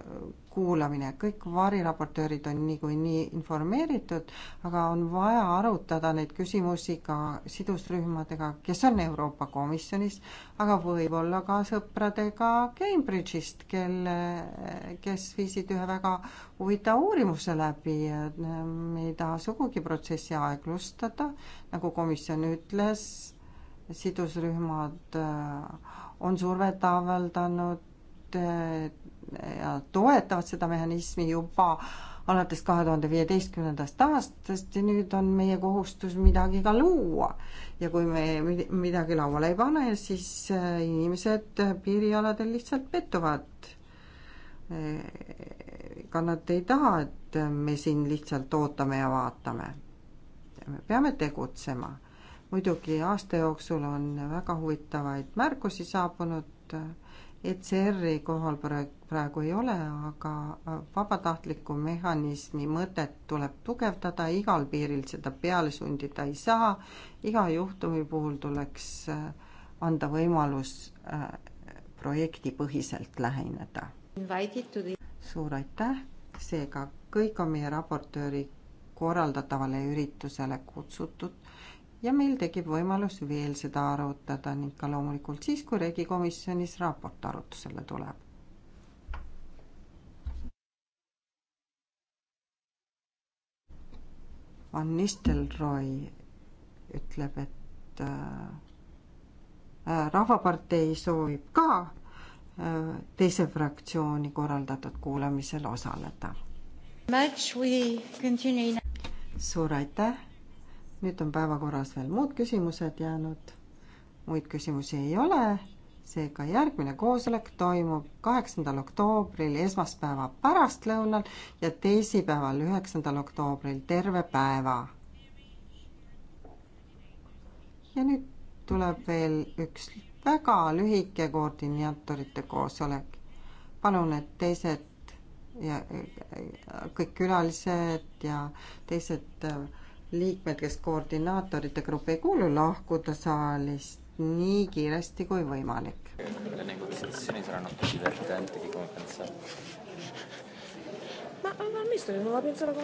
B: kuulamine, kõik variraportöörid on niikuinii informeeritud, aga on vaja arutada neid küsimusi ka sidusrühmadega, kes on Euroopa Komisjonis, aga võib-olla ka sõpradega Cambridge'ist, kelle, kes viisid ühe väga huvitava uurimuse läbi, me ei eh, taha sugugi protsessi aeglustada, nagu komisjon ütles, sidusrühmad eh, on survet avaldanud, et ja toetavad seda mehhanismi juba alates kahe tuhande viieteistkümnendast aastast ja nüüd on meie kohustus midagi ka luua. ja kui me midagi lauale ei pane, siis äh, inimesed piirialadel lihtsalt pettuvad. Äh, ega nad ei taha, et me siin lihtsalt ootame ja vaatame. me peame tegutsema. muidugi aasta jooksul on väga huvitavaid märkusi saabunud äh, ECR-i kohalprojekt praegu ei ole, aga äh, vabatahtliku mehhanismi mõtet tuleb tugevdada, igal piiril seda peale sundida ei saa, iga juhtumi puhul tuleks äh, anda võimalus äh, projektipõhiselt läheneda. suur aitäh, seega kõik on meie raportööri korraldatavale üritusele kutsutud ja meil tekib võimalus veel seda arutada ning ka loomulikult siis, kui regikomisjonis raport arutusele tuleb Van Nistelrooy ütleb, et äh, äh, Rahvapartei soovib ka äh, teise fraktsiooni korraldatud kuulamisel osaleda. suur aitäh. nüüd on päevakorras veel muud küsimused jäänud. muid küsimusi ei ole seega järgmine koosolek toimub kaheksandal oktoobril esmaspäeva pärastlõunal ja teisipäeval, üheksandal oktoobril terve päeva. ja nüüd tuleb veel üks väga lühike koordinaatorite koosolek. palun, et teised ja kõik külalised ja teised liikmed, kes koordinaatorite gruppi ei kuulu, lahkuda saalist nii kiiresti kui võimalik.
C: Ma, ma, ma, mis toimub, ma pean sellega